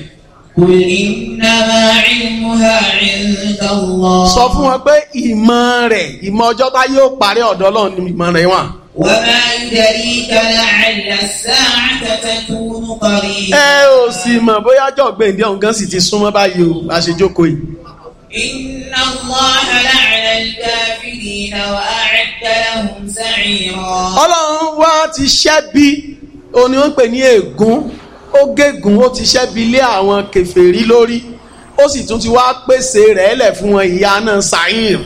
A: Qul
B: innama ilmuha inda Allah. Sọ fún wọn pé ìmọ̀
A: rẹ̀ ìmọ̀ ọjọ́ tá yóò parí ọ̀dọ̀ Ọlọ́run ni ìmọ̀ rẹ̀ wà. Wa
B: ma yudrika la'alla as-sa'ata takunu
A: qariba. Ẹ ò sì mọ̀ bóyá jọ̀gbìn ìdí ọ̀hún gan sì ti súnmọ́ báyìí o, àṣejókòó yìí.
B: Inna Allah la'ana al-kafirina wa a'adda lahum sa'ira.
A: Ọlọ́run wá ti ṣẹ́bi, òun ni wọ́n ń pè ní ègún ó gégùn ó ti ṣẹ́bi lé àwọn kèfèrí lórí ó sì tún ti wá pèsè rẹ̀ lẹ̀ fún wọn ìyà náà sàyìn.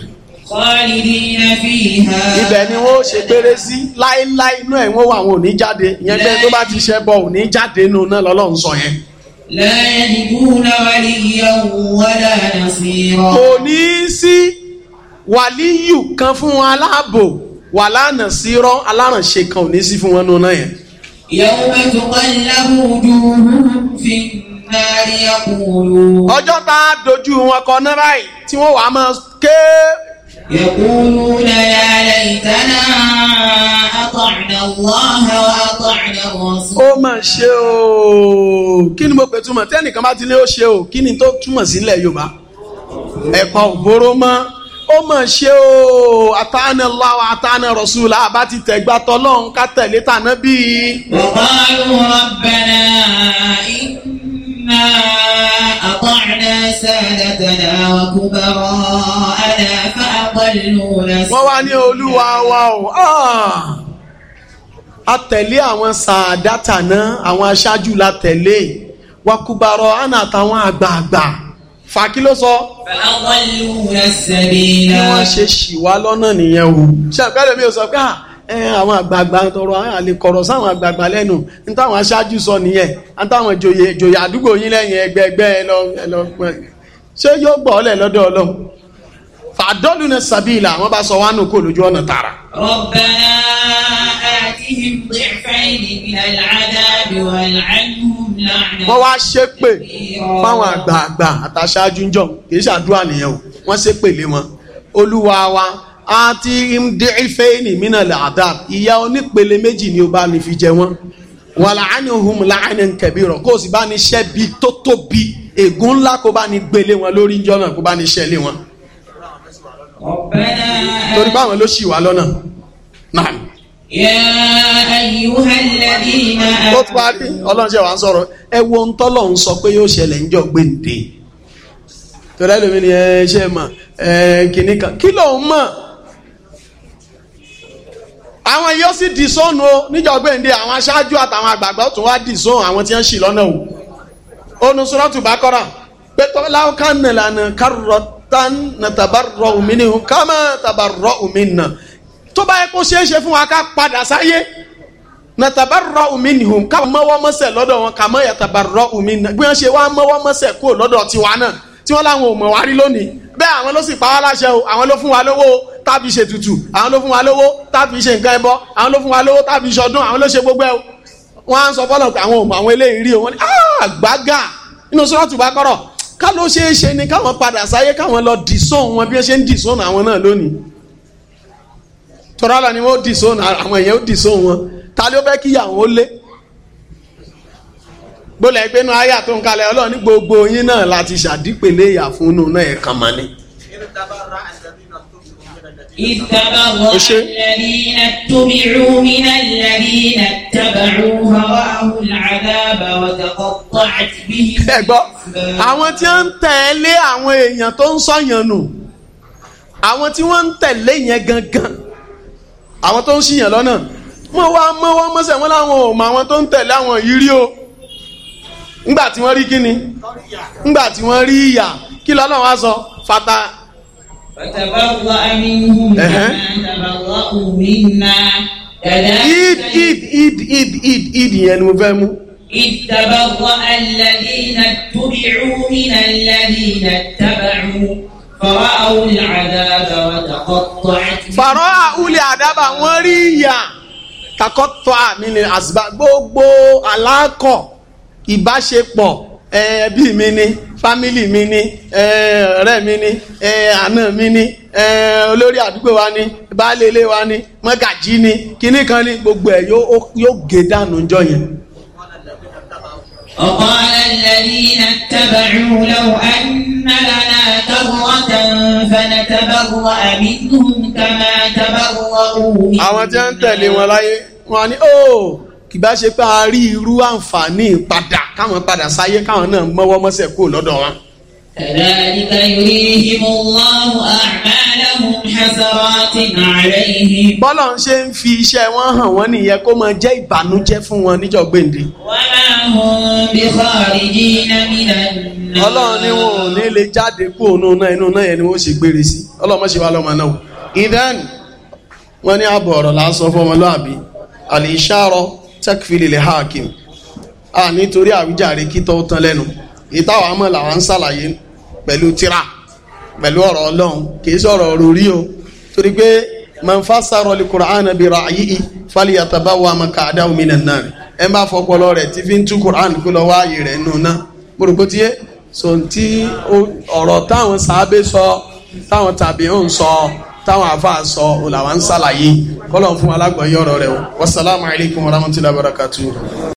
A: ibẹ̀ ni wọ́n ṣe péré sí láéláé inú ẹ̀ wọ́n wà wọn ò ní jáde ìyẹn pé tó bá ti ṣẹ́ bọ̀ ò ní jáde nù náà lọ́lọ́run sọ yẹn
B: kò ní sí wàlíyù
A: kan fún aláàbò wà sí rán alárànṣe kan ò ní sí fún wọn nù náà yẹn.
B: يوم تقلب وجوههم في النار
A: يقولون ọjọ́ tá a dojú wọn kọ náà báyìí tí wọ́n wàá máa ké.
B: يقولون
A: يا ليتنا أطعنا الله
B: وأطعنا
A: الرسول. ó mà ṣe o kí ni mo pè túmọ̀ tẹ́nìkan bá ti ní ó ṣe o kí ni tó túmọ̀ sílẹ̀ Yorùbá ẹ̀kọ́ òbóró mọ́ ó mà ṣe o àtàánà láwa àtàánà rọ̀ṣùlá àbá ti tẹ̀gbà tọ́lọ́hún ká tẹ̀lé tàná bí.
B: ọ̀bálù rabbana inna ata'na sadatana wa kubara'ana fa adalluna. wọ́n wá ní olúwa wa o ah! a tẹ̀lé
A: àwọn sàdátà náà àwọn aṣáájú la tẹ̀lé wa kubara'ana àtàwọn àgbààgbà fà kí ló sọ. kí wọ́n ṣe ṣì wá lọ́nà nìyẹn o. ṣé mi ò sọ pé ah, àwọn àgbààgbà tọrọ àlè sáwọn àgbààgbà lẹ́nu ní aṣáájú sọ nìyẹn ní táwọn àdúgbò yín lẹ́yìn ẹgbẹ́ ẹgbẹ́ ẹ lọ ṣé yóò gbọ́ ọ lẹ̀ lọ́dọ̀ ọlọ́run fàdọ́lùnà sàbílà wọ́n bá sọ wá nù kó lójú ọ̀nà tààrà.
B: rọ̀bẹ̀nà àtìhìn bẹ̀fẹ̀lì aláàdáàbí wà láàánúhùn láàánú.
A: wọ́n wá ṣépè fáwọn àgbààgbà àtàṣáájú ń jọ kìí ṣàdúrà nìyẹn o wọ́n ṣépè lé wọn. olúwa wa àtìhìn bẹ̀fẹ̀lì mìíràn làdáàbí ìyà onípele méjì ni ó bá ní fi jẹ wọ́n. wà láàánúhùn láàánú kẹ̀bírọ̀ kó o sì bá ní ṣẹ́bi tó tóbi ègún ńlá kó bá ní gbélé wọn lórí ìjọ náà kó bá ní ṣẹ́lé wọn torí báwọn ló ṣì wá lọ́nà náà. yā ayyuhalladhīna. ó ti parí ọlọ́run ṣe wà ń sọ̀rọ̀ ẹ wo ń tọ́lọ̀ ń sọ pé yóò ṣẹlẹ̀ níjọ́ gbèǹde torí ẹlòmíì ni ẹ ṣe mọ̀ ẹ kìnnì kan kí ló ń mọ̀ àwọn yóò sì dì sóònù o níjọ́ gbèǹde àwọn aṣáájú àtàwọn àgbààgbà ó tún wá dì sóònù àwọn tí wọ́n ṣì lọ́nà o onusuratul Baqara pé tọ́lá kánà lánàá kárọ̀tì tan na tabarọ omini hun kama tabarọ omina tó bá yẹ kó ṣeé ṣe fún wa ká padà sáyé na tabarọ omini hun ká mọ́wọ́ mọ́sẹ̀ lọ́dọ̀ wọn kà mọ́ yẹ tabarọ omina bí wọ́n ṣe wá mọ́wọ́ mọ́sẹ̀ kó lọ́dọ̀ tiwa náà tí wọ́n ò mọ̀ wá lónìí bẹ́ẹ̀ àwọn ló sì pa wá láṣẹ o àwọn ló fún wa lówó tábí ṣe tutù àwọn ló fún wa lówó tábí ṣe nǹkan ẹbọ àwọn ló fún wa lówó tábí ṣọdún àwọn ló ṣe gbogbo ẹ o wọ́n á sọ fọlọ pé àwọn ò mọ̀ àwọn eléyìí rí o wọ́n ní ah, àgbágà nínú sọ́ọ̀tù bá kọ́rọ̀ ká ló ṣeé ṣe ni káwọn padà sáyé káwọn lọ dìsọ́n wọn bí wọ́n ṣe ń dìsọ́n àwọn náà lónìí tọ́rọ́lá ni wọ́n dìsọ́n àwọn èèyàn ó dìsọ́n wọn ta ló fẹ́ kí àwọn ó lé gbọ́lẹ̀ ìgbénu àyà tó ń kalẹ̀ ọlọ́ọ̀ni gbogbo yín náà láti ṣàdípèlé fún un náà ẹ̀kan mọ́ni.
B: إذ تبرأ الذين اتبعوا من الذين اتبعوا ورأوا العذاب وتقطعت بهم ẹgbọ́
A: àwọn tí wọ́n ń tẹ̀lé àwọn èèyàn tó ń sọ̀yàn nù àwọn tí wọ́n ń tẹ̀lé yẹn gangan àwọn tó ń ṣìyàn lọ́nà mọ́ wá mọ́ wá mọ́sẹ̀ wọ́n láwọn ò mọ àwọn tó ń tẹ̀lé àwọn yìí rí o ńgbà tí wọ́n rí kíni ńgbà tí wọ́n rí ìyà kí lọ́lọ́run á sọ fata id id
B: id id id id yẹn ni mo fẹ́ mú. ìtàbàwọ̀ alẹ́dínà tóbi'u min alẹ́dínà tábàrù fọwọ́ àwọn àdàbà wà takọ́tọ̀ àti.
A: fọ̀rọ̀ àwọn àdàbà wọ́n rí ìyà takọ́tọ̀ àmì ni àsìbá gbogbo aláàkọ̀ ìbáṣepọ̀ ẹbí mi ni fámìlì mi ni eh, ọ̀rẹ́ mi ni eh, àna mi ni eh, olórí àdúgbò wa ni baálé ilé wa ni mọ́gàjí ni kinní kan ni gbogbo ẹ̀ yóò gé dànù jọ yẹn.
B: وقال الذين اتبعوا لو أن لنا كرة فنتبرأ منهم كما تبرؤوا
A: منهم àwọn tí wọ́n ń tẹ̀lé wọn ìbá ṣe pé a rí irú àǹfààní padà káwọn padà sáyé káwọn náà mọ́wọ́ mọ́sẹ̀ kó lọ́dọ̀ wọn. bọ́lá ń ṣe ń fi iṣẹ́ wọn hàn wọ́n nìyẹn kó mọ jẹ́ ìbànújẹ́ fún wọn níjọ́ gbèǹde. ọlọ́run wọn ò ní lè jáde kú òun náà inú náà yẹn ni wọ́n ṣe gbére sí ọlọ́run wọn ní ọ̀rọ̀ là ń sọ fún ọmọlúàbí àlè tẹ́kfìlì le hakim, a nítorí àwíjàre kítọ́ tán lẹ́nu ìtawà àmọ́ làwọn ń ṣàlàyé pẹ̀lú tíra pẹ̀lú ọ̀rọ̀ ọlọ́run kì í sọ̀rọ̀ ọ̀rọ̀ orí o torí pé manfasaro li qur'an bi ra'yi falyatabawa maq'adahu minan nar en bá fọpọlọ rẹ̀ tí fin tú qur'an kó lọ wá ayé rẹ̀ nu na buruko ti e so nti táwọn sahabe sọ táwọn tabi'un sọ táwọn àfáà sọ òlàwà ń sàlàyé kọ́lọ̀ fún alágbọ̀yọ́rọ̀ rẹ̀ wasalaamu alaykum wa rahmatulahi wa barakatuh